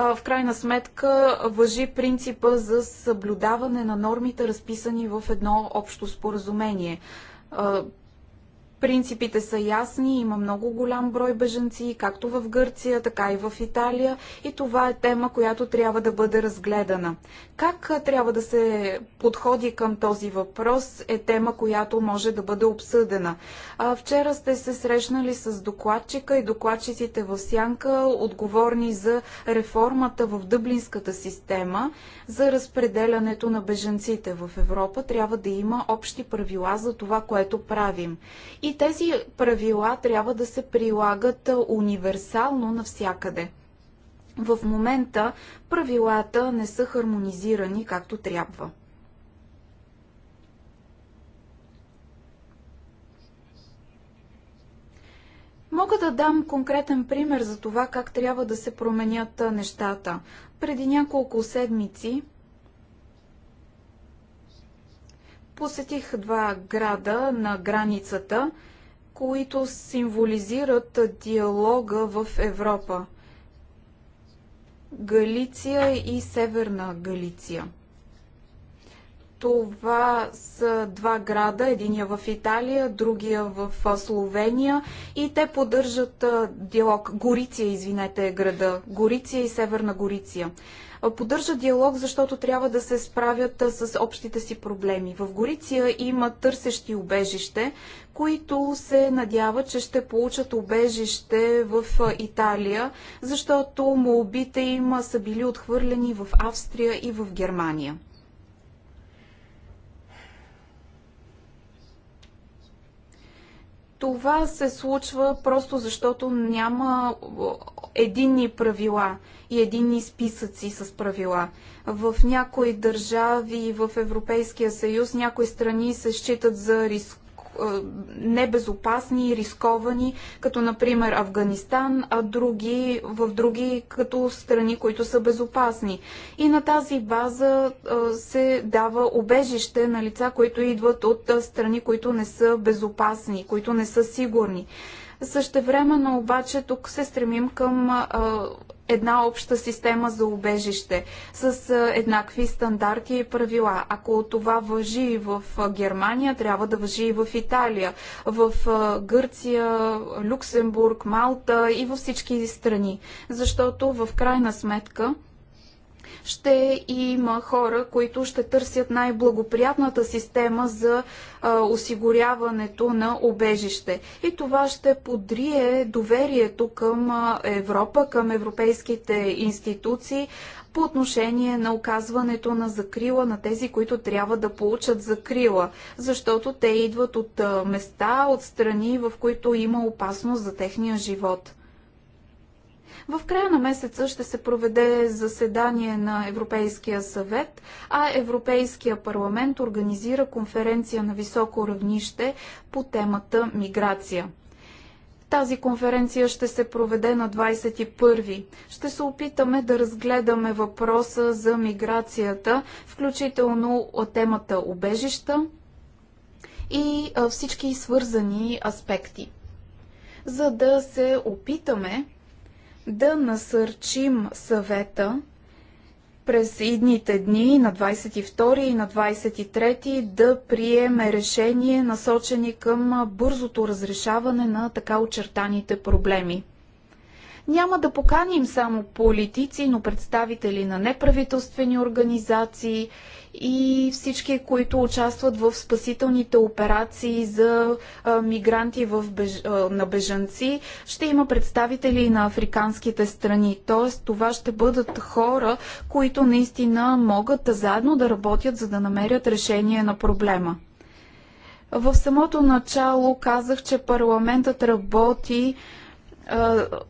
в крайна сметка въжи принципа за съблюдаване на нормите, разписани в едно общо споразумение Принципите са ясни, има много голям брой бежанци, както в Гърция, така и в Италия, и това е тема, която трябва да бъде разгледана. Как трябва да се подходи към този въпрос е тема, която може да бъде обсъдена. А, вчера сте се срещнали с докладчика и докладчиците в Сянка, отговорни за реформата в дъблинската система, за разпределянето на бежанците в Европа. Трябва да има общи правила за това, което правим. И и тези правила трябва да се прилагат универсално навсякъде. В момента правилата не са хармонизирани както трябва. Мога да дам конкретен пример за това как трябва да се променят нещата. Преди няколко седмици Посетих два града на границата, които символизират диалога в Европа. Галиция и Северна Галиция. Това са два града, единия в Италия, другия в Словения и те поддържат диалог. Гориция, извинете, е града. Гориция и Северна Гориция поддържат диалог, защото трябва да се справят с общите си проблеми. В Гориция има търсещи убежище, които се надяват, че ще получат убежище в Италия, защото молбите им са били отхвърлени в Австрия и в Германия. Това се случва просто защото няма единни правила и единни списъци с правила. В някои държави в Европейския съюз някои страни се считат за риск е, небезопасни и рисковани, като например Афганистан, а други, в други като страни, които са безопасни. И на тази база е, се дава обежище на лица, които идват от е, страни, които не са безопасни, които не са сигурни. Същевременно обаче тук се стремим към една обща система за убежище с еднакви стандарти и правила. Ако това въжи и в Германия, трябва да въжи и в Италия, в Гърция, Люксембург, Малта и във всички страни. Защото в крайна сметка ще има хора, които ще търсят най-благоприятната система за а, осигуряването на обежище. И това ще подрие доверието към Европа, към европейските институции по отношение на оказването на закрила на тези, които трябва да получат закрила, защото те идват от места, от страни, в които има опасност за техния живот. В края на месеца ще се проведе заседание на Европейския съвет, а Европейския парламент организира конференция на високо равнище по темата миграция. Тази конференция ще се проведе на 21. Ще се опитаме да разгледаме въпроса за миграцията, включително от темата обежища и всички свързани аспекти. За да се опитаме да насърчим съвета през идните дни на 22 и на 23 да приеме решение насочени към бързото разрешаване на така очертаните проблеми няма да поканим само политици, но представители на неправителствени организации и всички, които участват в спасителните операции за а, мигранти в беж... а, на бежанци. Ще има представители на африканските страни. Тоест, това ще бъдат хора, които наистина могат заедно да работят, за да намерят решение на проблема. В самото начало казах, че парламентът работи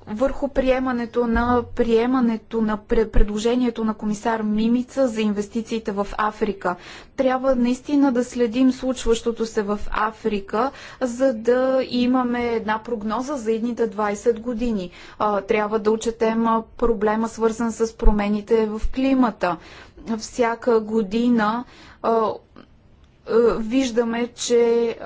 върху приемането на приемането на предложението на комисар Мимица за инвестициите в Африка. Трябва наистина да следим случващото се в Африка, за да имаме една прогноза за едните 20 години. Трябва да учетем проблема свързан с промените в климата. Всяка година виждаме, че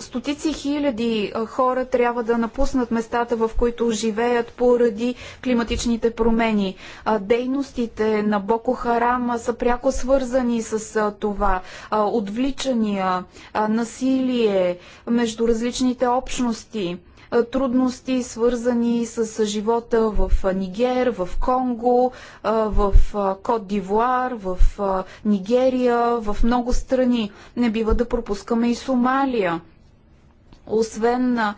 стотици хиляди хора трябва да напуснат местата, в които живеят поради климатичните промени. Дейностите на Боко Харам са пряко свързани с това. Отвличания, насилие между различните общности – трудности, свързани с живота в Нигер, в Конго, в Кот Дивуар, в Нигерия, в много страни. Не бива да пропускаме и Сомалия освен а,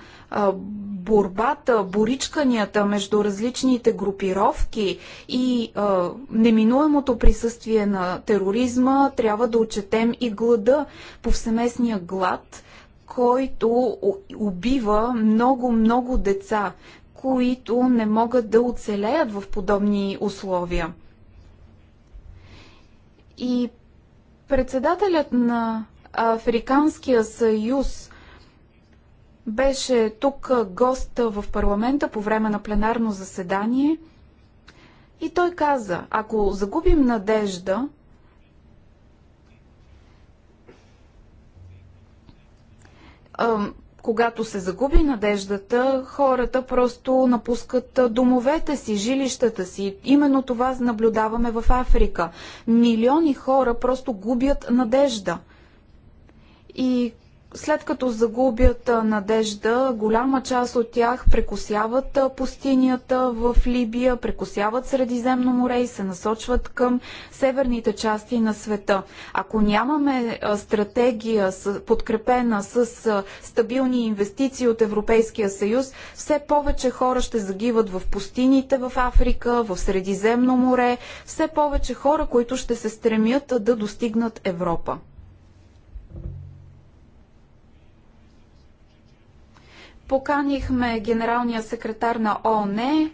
борбата, боричканията между различните групировки и а, неминуемото присъствие на тероризма, трябва да отчетем и глада, повсеместния глад, който убива много-много деца, които не могат да оцелеят в подобни условия. И председателят на Африканския съюз беше тук гост в парламента по време на пленарно заседание и той каза, ако загубим надежда, когато се загуби надеждата, хората просто напускат домовете си, жилищата си. Именно това наблюдаваме в Африка. Милиони хора просто губят надежда. И след като загубят надежда, голяма част от тях прекосяват пустинята в Либия, прекусяват Средиземно море и се насочват към северните части на света. Ако нямаме стратегия подкрепена с стабилни инвестиции от Европейския съюз, все повече хора ще загиват в пустините в Африка, в Средиземно море, все повече хора, които ще се стремят да достигнат Европа. Поканихме генералния секретар на ООН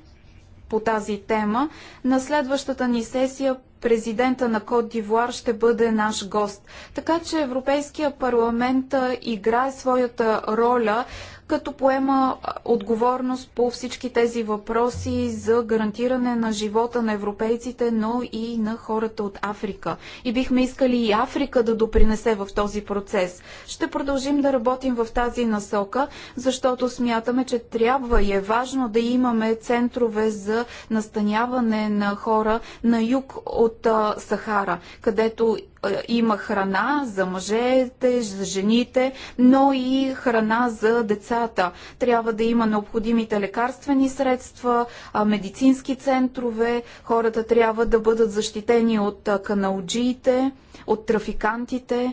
по тази тема. На следващата ни сесия президента на Кот Дивуар ще бъде наш гост. Така че Европейския парламент играе своята роля като поема отговорност по всички тези въпроси за гарантиране на живота на европейците, но и на хората от Африка. И бихме искали и Африка да допринесе в този процес. Ще продължим да работим в тази насока, защото смятаме, че трябва и е важно да имаме центрове за настаняване на хора на юг от Сахара, където е, има храна за мъжете, за жените, но и храна за децата. Трябва да има необходимите лекарствени средства, медицински центрове, хората трябва да бъдат защитени от каналджиите, от трафикантите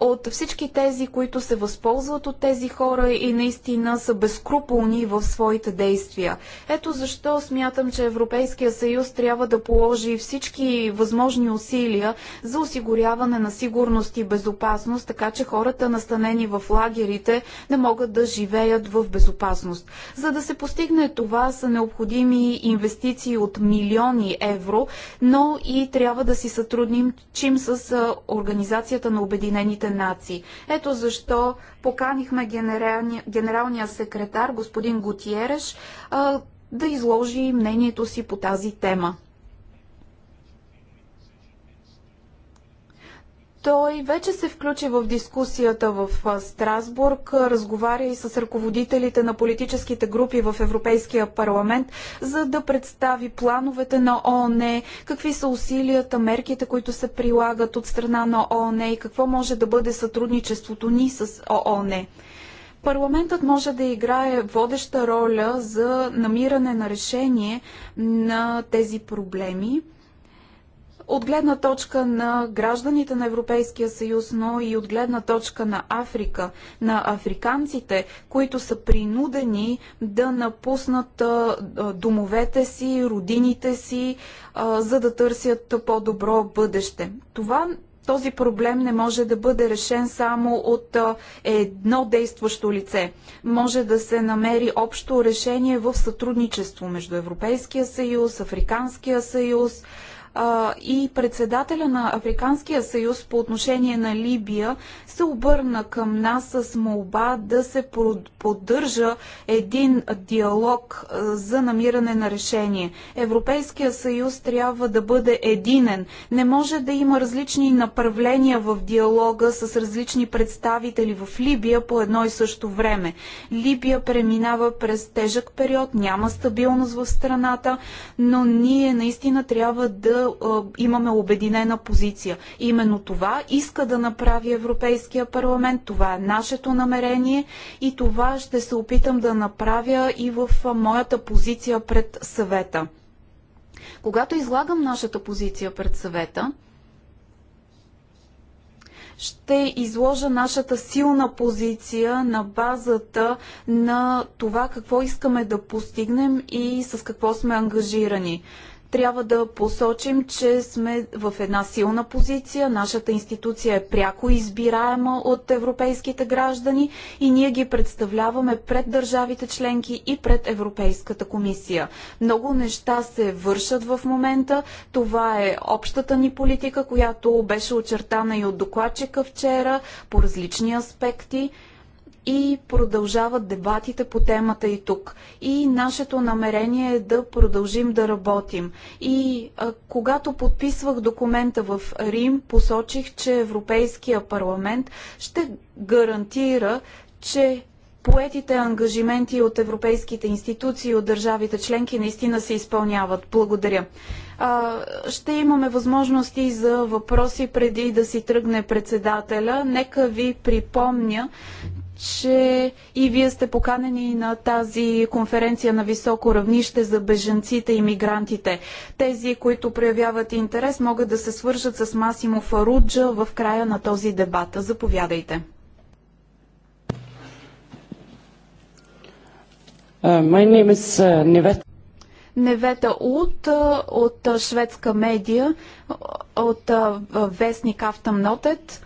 от всички тези, които се възползват от тези хора и наистина са безкруполни в своите действия. Ето защо смятам, че Европейския съюз трябва да положи всички възможни усилия за осигуряване на сигурност и безопасност, така че хората настанени в лагерите не могат да живеят в безопасност. За да се постигне това са необходими инвестиции от милиони евро, но и трябва да си сътрудничим с Организацията на Обединените Обединените нации. Ето защо поканихме генералния, генералния секретар господин Гутиереш да изложи мнението си по тази тема. Той вече се включи в дискусията в Страсбург, разговаря и с ръководителите на политическите групи в Европейския парламент, за да представи плановете на ООН, какви са усилията, мерките, които се прилагат от страна на ООН и какво може да бъде сътрудничеството ни с ООН. Парламентът може да играе водеща роля за намиране на решение на тези проблеми от гледна точка на гражданите на Европейския съюз, но и от гледна точка на Африка, на африканците, които са принудени да напуснат домовете си, родините си, за да търсят по-добро бъдеще. Това този проблем не може да бъде решен само от едно действащо лице. Може да се намери общо решение в сътрудничество между Европейския съюз, Африканския съюз, а, и председателя на Африканския съюз по отношение на Либия се обърна към нас с молба да се поддържа един диалог за намиране на решение. Европейския съюз трябва да бъде единен. Не може да има различни направления в диалога с различни представители в Либия по едно и също време. Либия преминава през тежък период, няма стабилност в страната, но ние наистина трябва да е, имаме обединена позиция. Именно това иска да направи Европейския парламент, това е нашето намерение и това ще се опитам да направя и в моята позиция пред съвета. Когато излагам нашата позиция пред съвета, ще изложа нашата силна позиция на базата на това какво искаме да постигнем и с какво сме ангажирани. Трябва да посочим, че сме в една силна позиция. Нашата институция е пряко избираема от европейските граждани и ние ги представляваме пред държавите членки и пред Европейската комисия. Много неща се вършат в момента. Това е общата ни политика, която беше очертана и от докладчика вчера по различни аспекти и продължават дебатите по темата и тук. И нашето намерение е да продължим да работим. И а, когато подписвах документа в Рим, посочих, че Европейския парламент ще гарантира, че поетите ангажименти от европейските институции и от държавите членки наистина се изпълняват. Благодаря. А, ще имаме възможности за въпроси преди да си тръгне председателя. Нека ви припомня, че и вие сте поканени на тази конференция на високо равнище за беженците и мигрантите. Тези, които проявяват интерес, могат да се свържат с Масимо Фаруджа в края на този дебат. Заповядайте. Uh, uh, Невета Ут uh, от шведска медия, от вестник Автомнотет.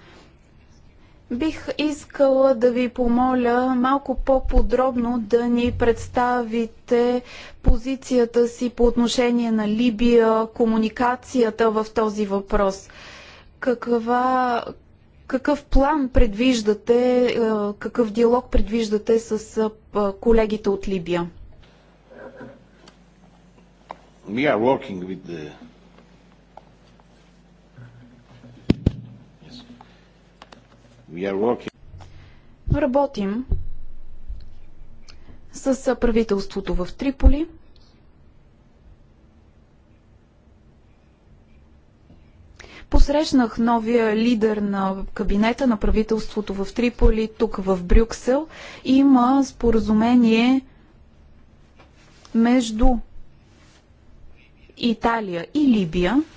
Бих искала да ви помоля малко по-подробно да ни представите позицията си по отношение на Либия, комуникацията в този въпрос. Каква, какъв план предвиждате, е, какъв диалог предвиждате с е, колегите от Либия? We are working with the Работим с правителството в Триполи. Посрещнах новия лидер на кабинета на правителството в Триполи, тук в Брюксел. Има споразумение между Италия и Либия –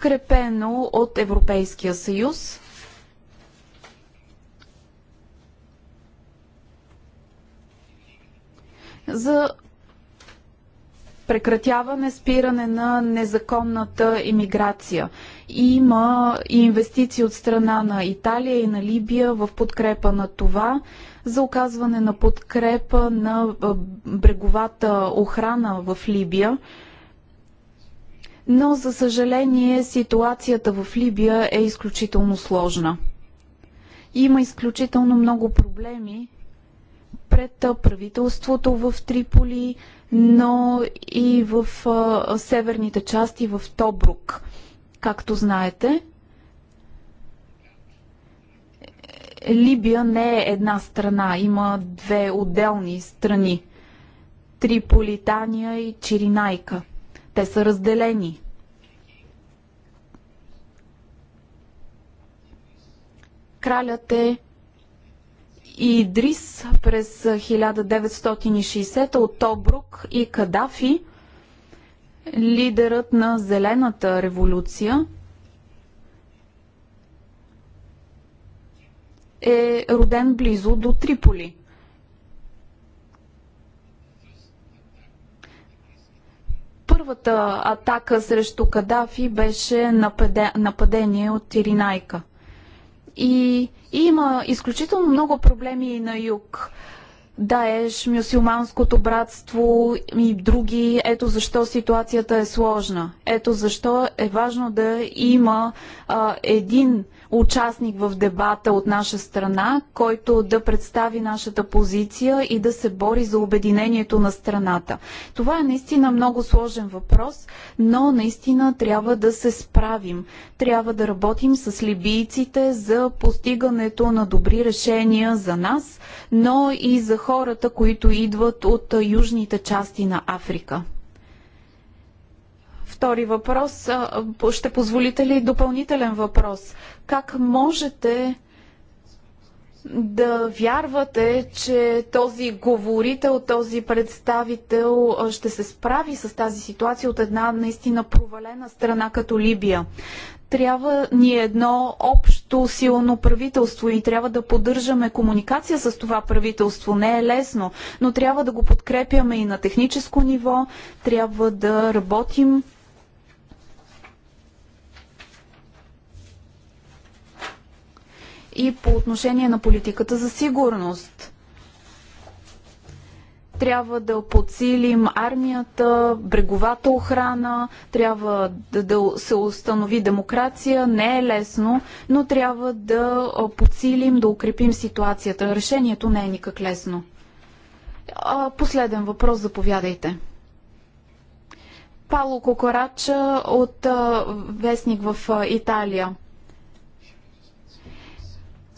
подкрепено от Европейския съюз. за прекратяване, спиране на незаконната иммиграция. Има и инвестиции от страна на Италия и на Либия в подкрепа на това, за оказване на подкрепа на бреговата охрана в Либия но за съжаление ситуацията в Либия е изключително сложна. Има изключително много проблеми пред правителството в Триполи, но и в северните части в Тобрук. Както знаете, Либия не е една страна, има две отделни страни Триполитания и Чиринайка. Те са разделени. Кралят е Идрис през 1960 от Тобрук и Кадафи, лидерът на Зелената революция, е роден близо до Триполи. Първата атака срещу Кадафи беше нападение от Тиринайка. И, и има изключително много проблеми и на юг. Даеш, мюсюлманското братство и други. Ето защо ситуацията е сложна. Ето защо е важно да има а, един участник в дебата от наша страна, който да представи нашата позиция и да се бори за обединението на страната. Това е наистина много сложен въпрос, но наистина трябва да се справим. Трябва да работим с либийците за постигането на добри решения за нас, но и за хората, които идват от южните части на Африка. Втори въпрос. Ще позволите ли допълнителен въпрос? Как можете да вярвате, че този говорител, този представител ще се справи с тази ситуация от една наистина провалена страна като Либия. Трябва ни едно общо силно правителство и трябва да поддържаме комуникация с това правителство. Не е лесно, но трябва да го подкрепяме и на техническо ниво, трябва да работим и по отношение на политиката за сигурност. Трябва да подсилим армията, бреговата охрана, трябва да, да се установи демокрация. Не е лесно, но трябва да подсилим, да укрепим ситуацията. Решението не е никак лесно. Последен въпрос, заповядайте. Пало Кокорача от вестник в Италия.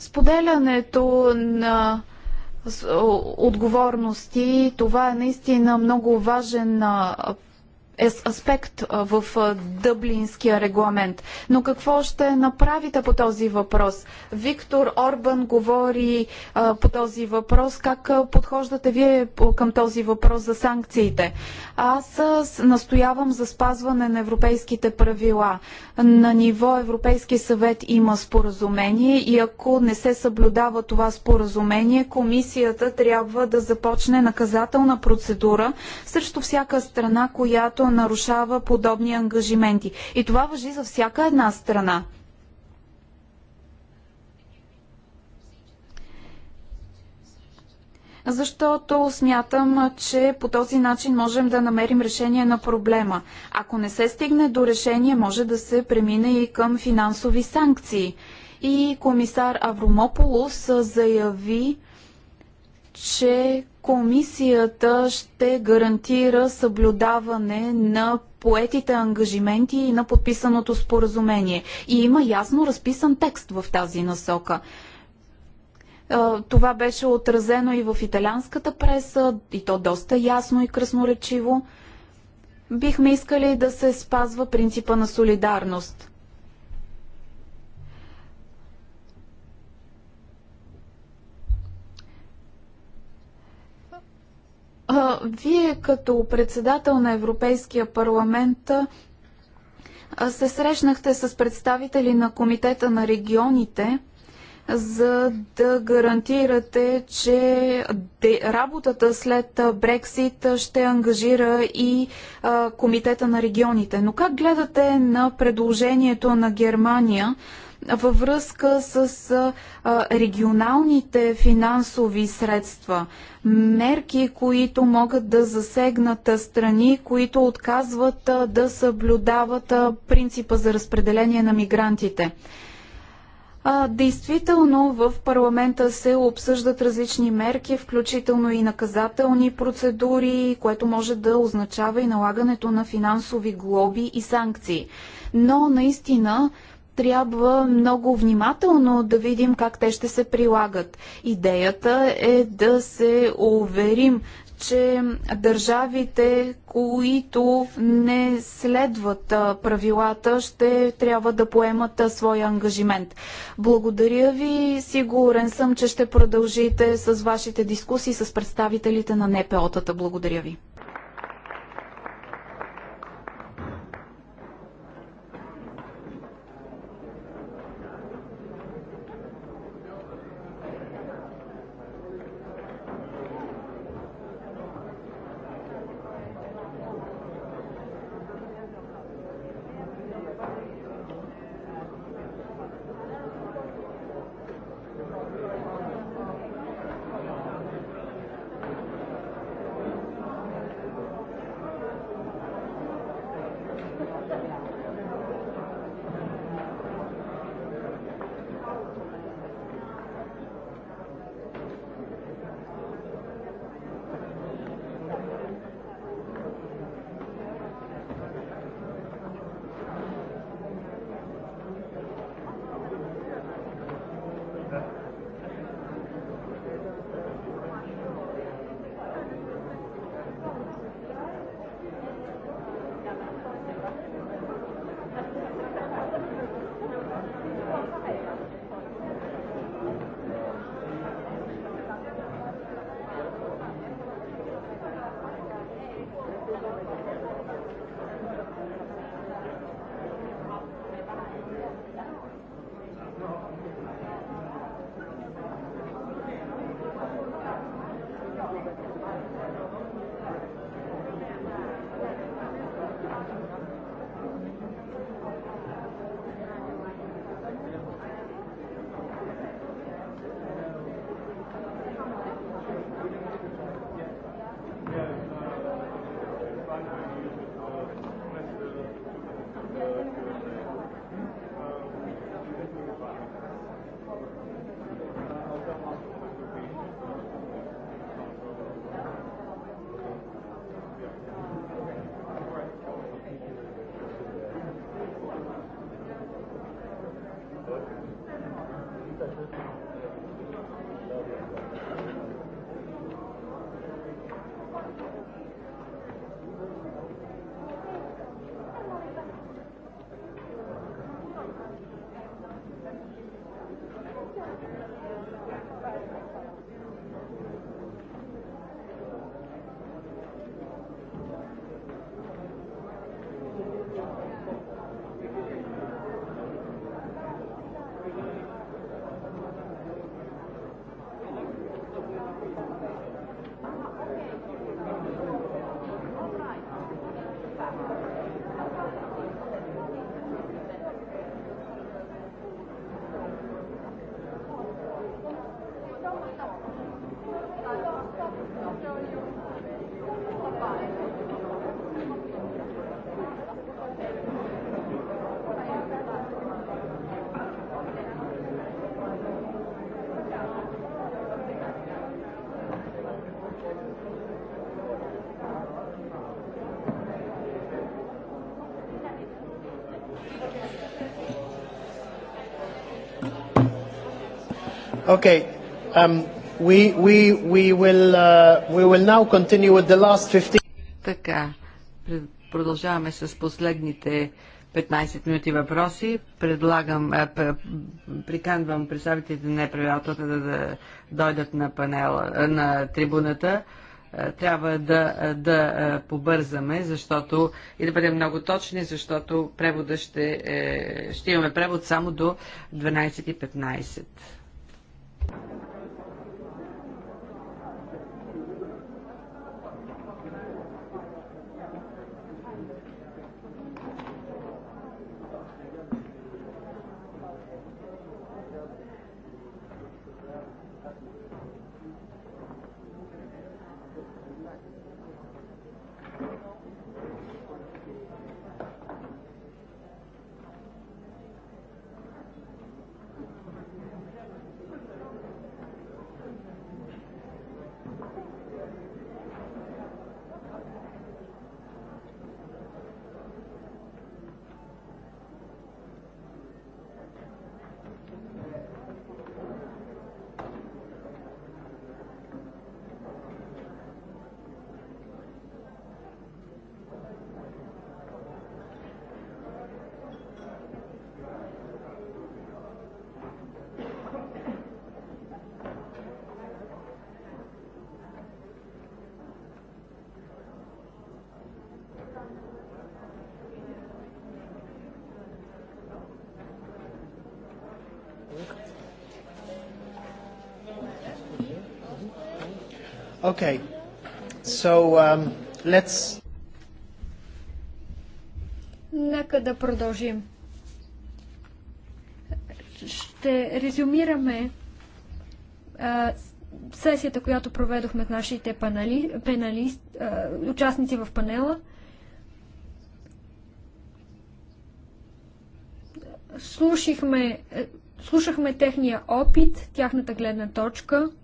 Споделянето на отговорности, това е наистина много важен е аспект в Дъблинския регламент. Но какво ще направите по този въпрос? Виктор Орбан говори по този въпрос. Как подхождате вие към този въпрос за санкциите? Аз настоявам за спазване на европейските правила. На ниво Европейски съвет има споразумение и ако не се съблюдава това споразумение, комисията трябва да започне наказателна процедура срещу всяка страна, която която нарушава подобни ангажименти. И това въжи за всяка една страна. защото смятам, че по този начин можем да намерим решение на проблема. Ако не се стигне до решение, може да се премине и към финансови санкции. И комисар Авромополос заяви, че комисията ще гарантира съблюдаване на поетите ангажименти и на подписаното споразумение. И има ясно разписан текст в тази насока. Това беше отразено и в италианската преса, и то доста ясно и красноречиво. Бихме искали да се спазва принципа на солидарност. А, вие като председател на Европейския парламент а, се срещнахте с представители на Комитета на регионите за да гарантирате, че работата след Брексит ще ангажира и а, Комитета на регионите. Но как гледате на предложението на Германия във връзка с регионалните финансови средства. Мерки, които могат да засегнат страни, които отказват да съблюдават принципа за разпределение на мигрантите. А, действително в парламента се обсъждат различни мерки, включително и наказателни процедури, което може да означава и налагането на финансови глоби и санкции. Но наистина трябва много внимателно да видим как те ще се прилагат. Идеята е да се уверим, че държавите, които не следват правилата, ще трябва да поемат своя ангажимент. Благодаря ви. Сигурен съм, че ще продължите с вашите дискусии с представителите на НПО-тата. Благодаря ви. Okay. Um, we, we, we, will, uh, we will now continue with the last 15... Така, продължаваме с последните 15 минути въпроси. Предлагам, приканвам представителите на неправителствата да, да дойдат на панела, на трибуната. Трябва да, да побързаме, защото и да бъдем много точни, защото превода ще, е, ще имаме превод само до 12.15. Okay. So, um, let's... Нека да продължим. Ще резюмираме а, сесията, която проведохме с нашите панали, пеналист, а, участници в панела. Слушахме, е, слушахме техния опит, тяхната гледна точка –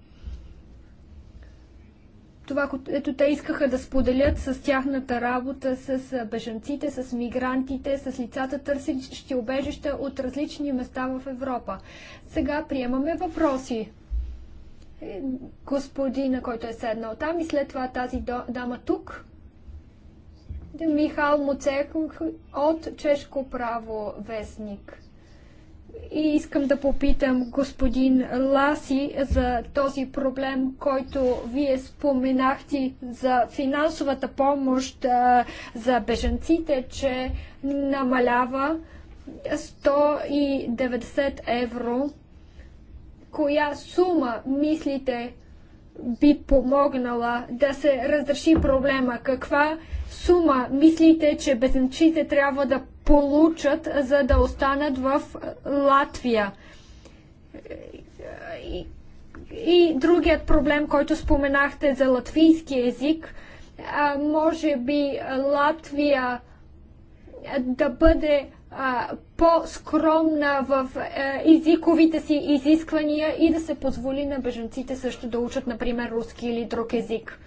това, което те искаха да споделят с тяхната работа, с бежанците, с мигрантите, с лицата търсещи обежища от различни места в Европа. Сега приемаме въпроси. Е, господина, който е седнал там и след това тази дама тук. Михал Муцек от Чешко право вестник. И искам да попитам господин Ласи за този проблем, който вие споменахте за финансовата помощ за беженците, че намалява 190 евро. Коя сума мислите би помогнала да се разреши проблема? Каква сума мислите, че безенците трябва да получат, за да останат в е, Латвия? И, другият проблем, който споменахте за латвийски език, може би Латвия да бъде по-скромна в е, езиковите си изисквания и да се позволи на бежанците също да учат, например, руски или друг език.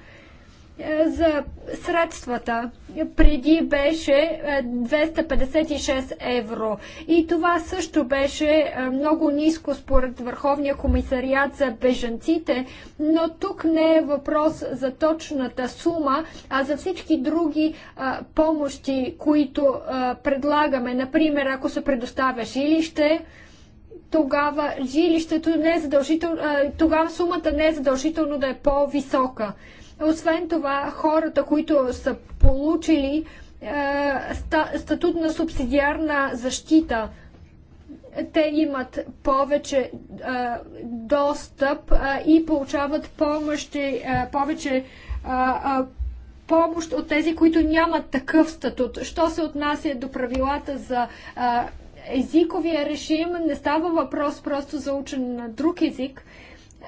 Е, за средствата. Преди беше 256 е, евро. И това също беше е, много ниско според Върховния комисариат за бежанците, но тук не е въпрос за точната сума, а за всички други помощи, които предлагаме. Например, ако се предоставя жилище, тогава жилището не е задължително, тогава сумата не е задължително да е по-висока. Освен това, хората, които са получили е, статут на субсидиарна защита, те имат повече е, достъп е, и получават помощи, повече помощ от тези, които нямат такъв статут. Що се отнася до правилата за езиковия режим, не става въпрос просто за учене на друг език,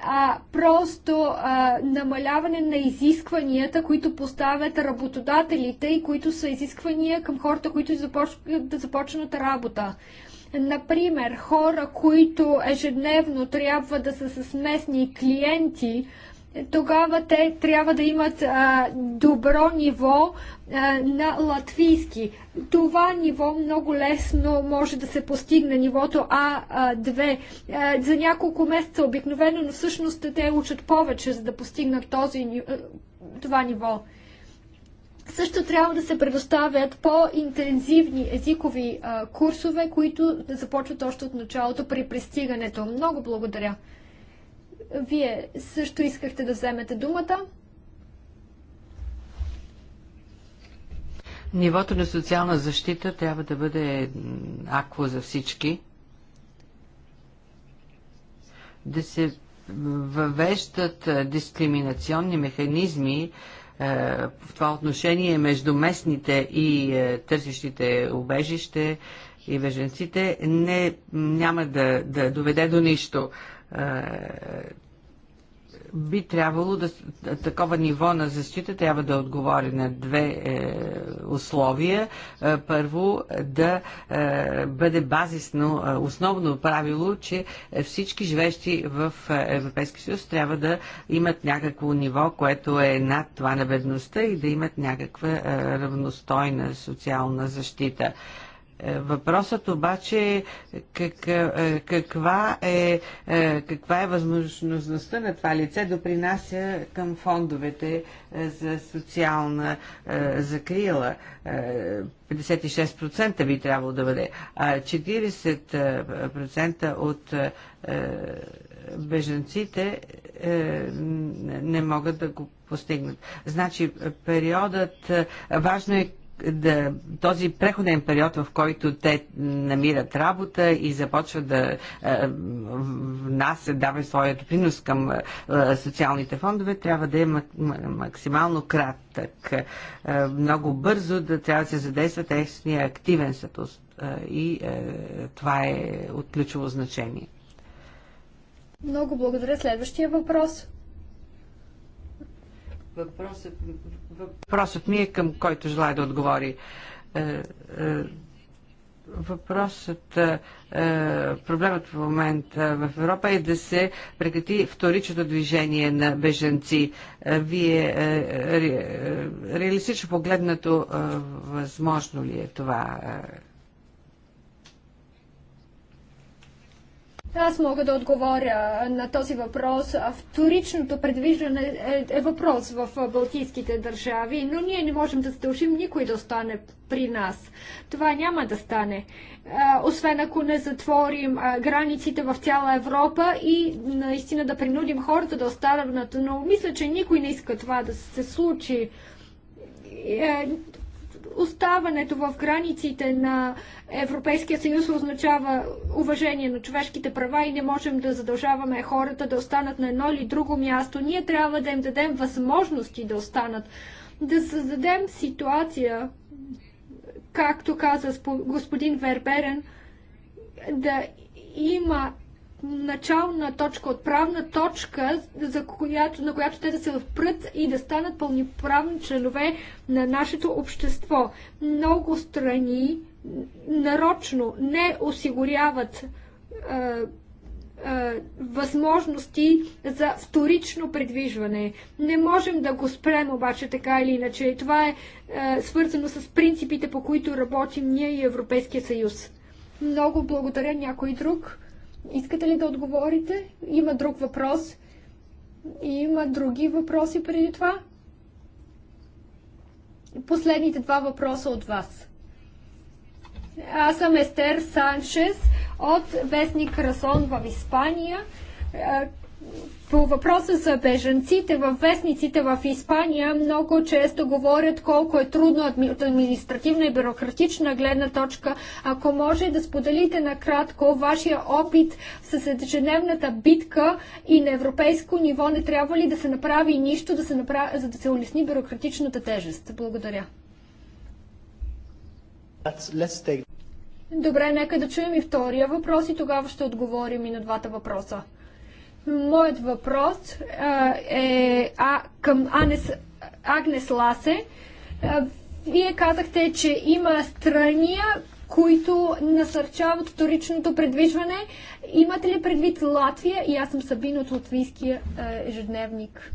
а, просто а, намаляване на изискванията, които поставят работодателите и които са изисквания към хората, които започват да започнат работа. Например, хора, които ежедневно трябва да са с местни клиенти, тогава те трябва да имат а, добро ниво а, на латвийски. Това ниво много лесно може да се постигне, нивото А2. А, за няколко месеца обикновено, но всъщност те учат повече, за да постигнат този, това ниво. Също трябва да се предоставят по-интензивни езикови а, курсове, които започват още от началото при пристигането. Много благодаря. Вие също искахте да вземете думата. Нивото на социална защита трябва да бъде акво за всички. Да се въвеждат дискриминационни механизми в това отношение между местните и търсещите убежище и беженците не, няма да, да доведе до нищо би трябвало да такова ниво на защита трябва да отговори на две е, условия. Е, първо, да е, бъде базисно, е, основно правило, че всички живещи в е, Европейски съюз трябва да имат някакво ниво, което е над това на бедността и да имат някаква е, равностойна социална защита. Е, е, въпросът обаче е, е каква, е, е, каква е възможността на това лице да принася към фондовете за социална закрила. 56% би трябвало да бъде, а 40% от беженците не могат да го постигнат. Значи периодът, важно е да, този преходен период, в който те намират работа и започват да е, внасят, дават своят принос към е, социалните фондове, трябва да е максимално кратък. Е, много бързо да трябва да се задейства техния активен статус. и това е от ключово значение. Много благодаря. Следващия въпрос. Въпросът, въпросът ми е към който желая да отговори. Е, е, въпросът, е, проблемът в момента в Европа е да се прекрати вторичното движение на беженци. Вие реалистично погледнато, възможно ли е това? Аз мога да отговоря на този въпрос. Вторичното предвиждане е, е въпрос в балтийските държави, но ние не можем да задължим никой да остане при нас. Това няма да стане. освен ако не затворим границите в цяла Европа и наистина да принудим хората да останат. Но мисля, че никой не иска това да се случи е, оставането в границите на Европейския съюз означава уважение на човешките права и не можем да задължаваме хората да останат на едно или друго място. Ние трябва да им дадем възможности да останат, да създадем ситуация, както каза господин Верберен, да има начална точка, отправна точка, за която, на която те да се впрат и да станат пълноправни членове на нашето общество. Много страни нарочно не осигуряват възможности за вторично предвижване. Не можем да го спрем обаче така или иначе. И това е е свързано с принципите, по които работим ние и Европейския съюз. Много благодаря някой друг. Искате ли да отговорите? Има друг въпрос. И има други въпроси преди това. Последните два въпроса от вас. Аз съм Естер Санчес от Вестник Расон в Испания, по въпроса за беженците в вестниците в Испания много често говорят колко е трудно от административна и бюрократична гледна точка. Ако може да споделите накратко вашия опит с ежедневната битка и на европейско ниво, не трябва ли да се направи нищо, да се направи, за да се улесни бюрократичната тежест? Благодаря. Добре, нека да чуем и втория въпрос и тогава ще отговорим и на двата въпроса. Моят въпрос а, е а, към Анес, Агнес Ласе. А, вие казахте, че има страни, които насърчават вторичното предвижване. Имате ли предвид Латвия? И аз съм Сабин от Латвийския ежедневник.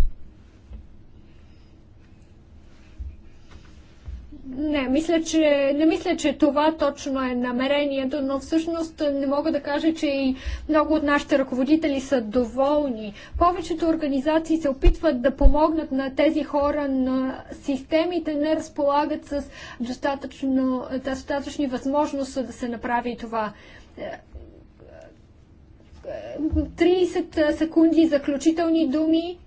Не, мисля, че, не мисля, че това точно е намерението, но всъщност не мога да кажа, че и много от нашите ръководители са доволни. Повечето организации се опитват да помогнат на тези хора, на системите не разполагат с достатъчно, достатъчни възможности да се направи това. 30 секунди заключителни думи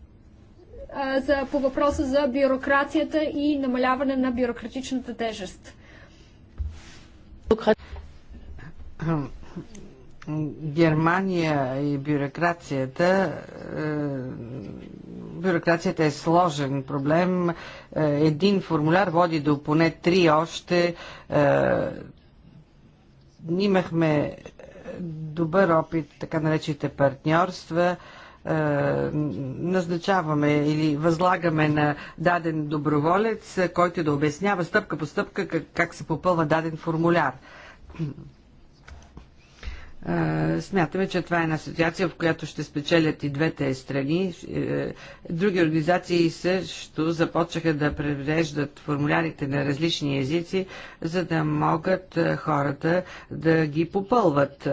за, по въпроса за бюрокрацията и намаляване на бюрократичната тежест. Германия и бюрокрацията. Е, бюрокрацията е сложен проблем. Е, един формуляр води до поне три още. Е, имахме добър опит, така наречените партньорства. Е, назначаваме или възлагаме на даден доброволец, който да обяснява стъпка по стъпка как, как се попълва даден формуляр. Е, смятаме, че това е една ситуация, в която ще спечелят и двете страни. Е, други организации също започнаха да превреждат формулярите на различни езици, за да могат хората да ги попълват.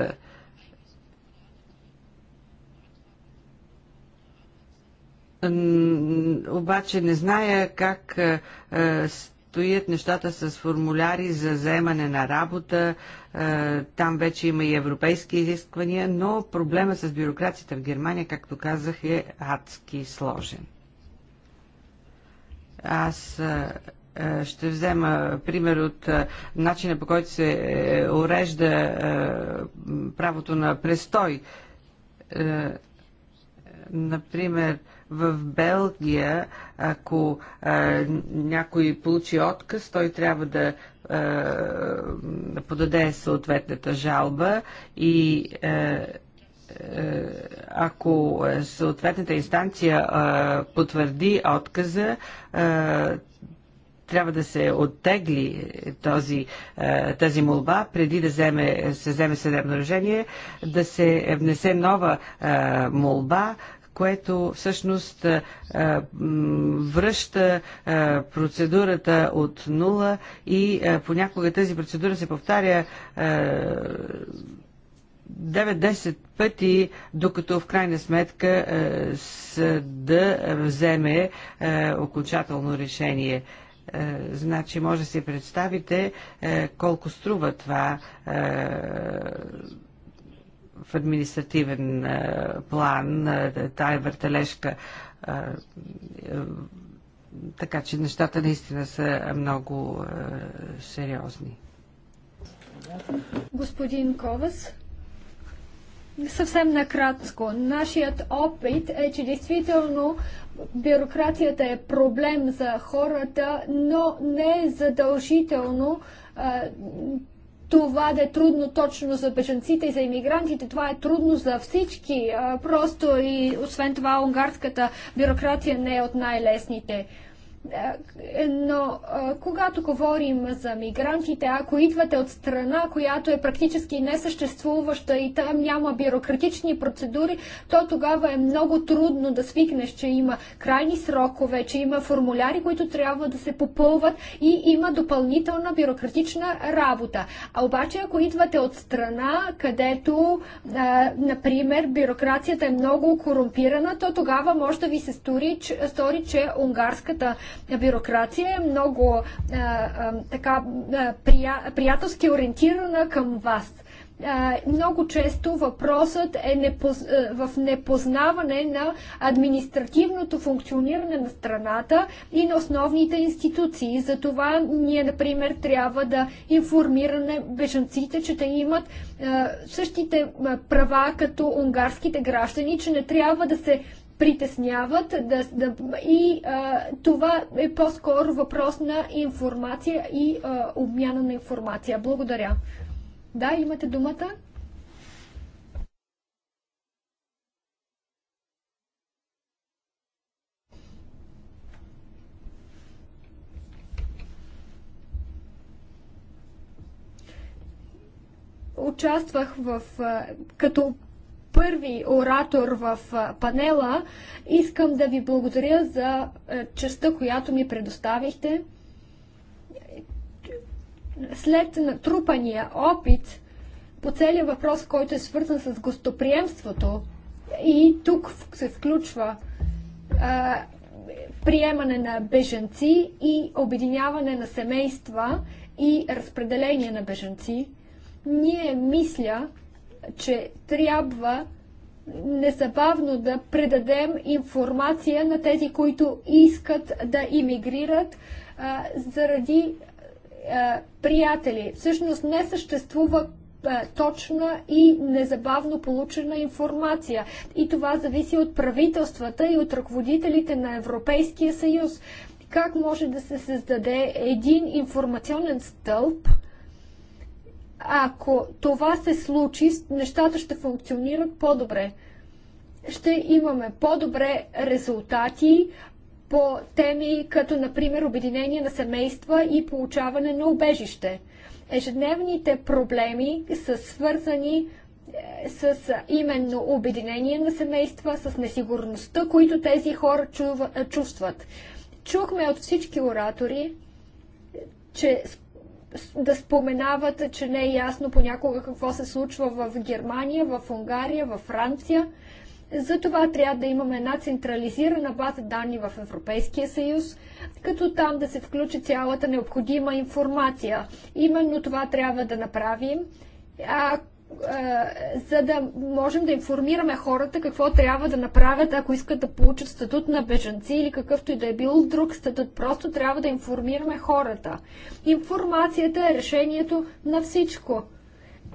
обаче не зная как е, е, стоят нещата с формуляри за заемане на работа. Е, там вече има и европейски изисквания, но проблема с бюрокрацията в Германия, както казах, е адски сложен. Аз ще взема пример от начина по който се урежда правото на престой. Например, в Белгия, ако а, някой получи отказ, той трябва да а, подаде съответната жалба и а, ако съответната инстанция а, потвърди отказа, а, трябва да се оттегли този, тази молба, преди да вземе, се вземе съдебно решение, да се внесе нова молба което всъщност връща процедурата от нула и понякога тази процедура се повтаря 9-10 пъти, докато в крайна сметка съда вземе окончателно решение значи може да си представите колко струва това е, в административен е, план е, тая е въртележка. Така че нещата наистина са много сериозни. Господин Ковас, съвсем накратко. Нашият опит е, че действително бюрократията е проблем за хората, но не е задължително това да е трудно точно за бежанците и за иммигрантите, това е трудно за всички. Просто и освен това унгарската бюрокрация не е от най-лесните. Е, но е, когато говорим за мигрантите, ако идвате от страна, която е практически несъществуваща и там няма бюрократични процедури, то тогава е много трудно да свикнеш, че има крайни срокове, че има формуляри, които трябва да се попълват и има допълнителна бюрократична работа. А обаче, ако идвате от страна, където, е, например, бюрокрацията е много корумпирана, то тогава може да ви се стори, че унгарската бюрокрация е много а, а, така а, прия, приятелски ориентирана към вас. А, много често въпросът е непоз... в непознаване на административното функциониране на страната и на основните институции. Затова ние, например, трябва да информираме бежанците, че те имат а, същите права като унгарските граждани, че не трябва да се притесняват да, да, и а, това е по-скоро въпрос на информация и а, обмяна на информация. Благодаря. Да, имате думата. Участвах в, като първи оратор в панела. Искам да ви благодаря за частта, която ми предоставихте. След натрупания опит по целият въпрос, който е свързан с гостоприемството, и тук се включва а, приемане на бежанци и обединяване на семейства и разпределение на бежанци, ние мисля, че трябва незабавно да предадем информация на тези, които искат да иммигрират заради приятели. Всъщност не съществува точна и незабавно получена информация. И това зависи от правителствата и от ръководителите на Европейския съюз. Как може да се създаде един информационен стълб, ако това се случи, нещата ще функционират по-добре. Ще имаме по-добре резултати по теми като, например, обединение на семейства и получаване на убежище. Ежедневните проблеми са свързани е, с именно обединение на семейства, с несигурността, които тези хора чувстват. Чухме от всички оратори, че да споменават, че не е ясно понякога какво се случва в Германия, в Унгария, в Франция. Затова трябва да имаме една централизирана база данни в Европейския съюз, като там да се включи цялата необходима информация. Именно това трябва да направим. А е, за да можем да информираме хората какво трябва да направят, ако искат да получат статут на бежанци или какъвто и да е бил друг статут. Просто трябва да информираме хората. Информацията е решението на всичко.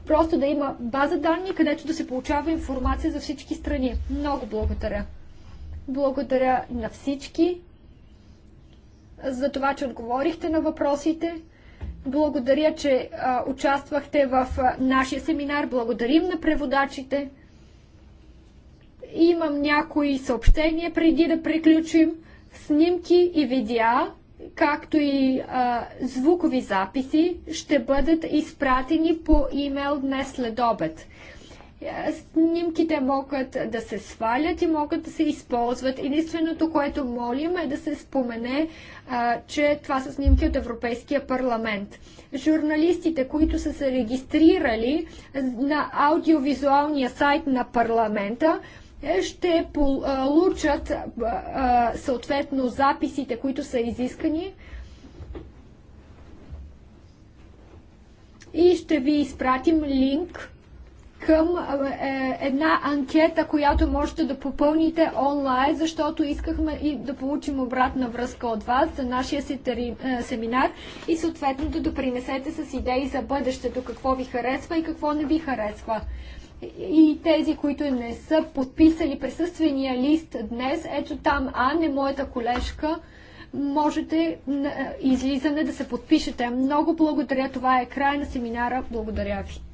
Просто да има база данни, където да се получава информация за всички страни. Много благодаря. Благодаря на всички за това, че отговорихте на въпросите. Благодаря, че а, участвахте в а, нашия семинар. Благодарим на преводачите. Имам някои съобщения преди да приключим. Снимки и видеа, както и а, звукови записи, ще бъдат изпратени по имейл днес след обед. Е, снимките могат да се свалят и могат да се използват. Единственото, което молим е да се спомене, че това са снимки от Европейския парламент. Журналистите, които са се регистрирали на аудиовизуалния сайт на парламента, е, ще получат съответно записите, които са изискани и ще ви изпратим линк към е, една анкета, която можете да попълните онлайн, защото искахме и да получим обратна връзка от вас за нашия е, семинар и съответно да допринесете с идеи за бъдещето, какво ви харесва и какво не ви харесва. И тези, които не са подписали присъствения лист днес, ето там Анне, моята колежка можете е, излизане да се подпишете. Много благодаря. Това е край на семинара. Благодаря ви.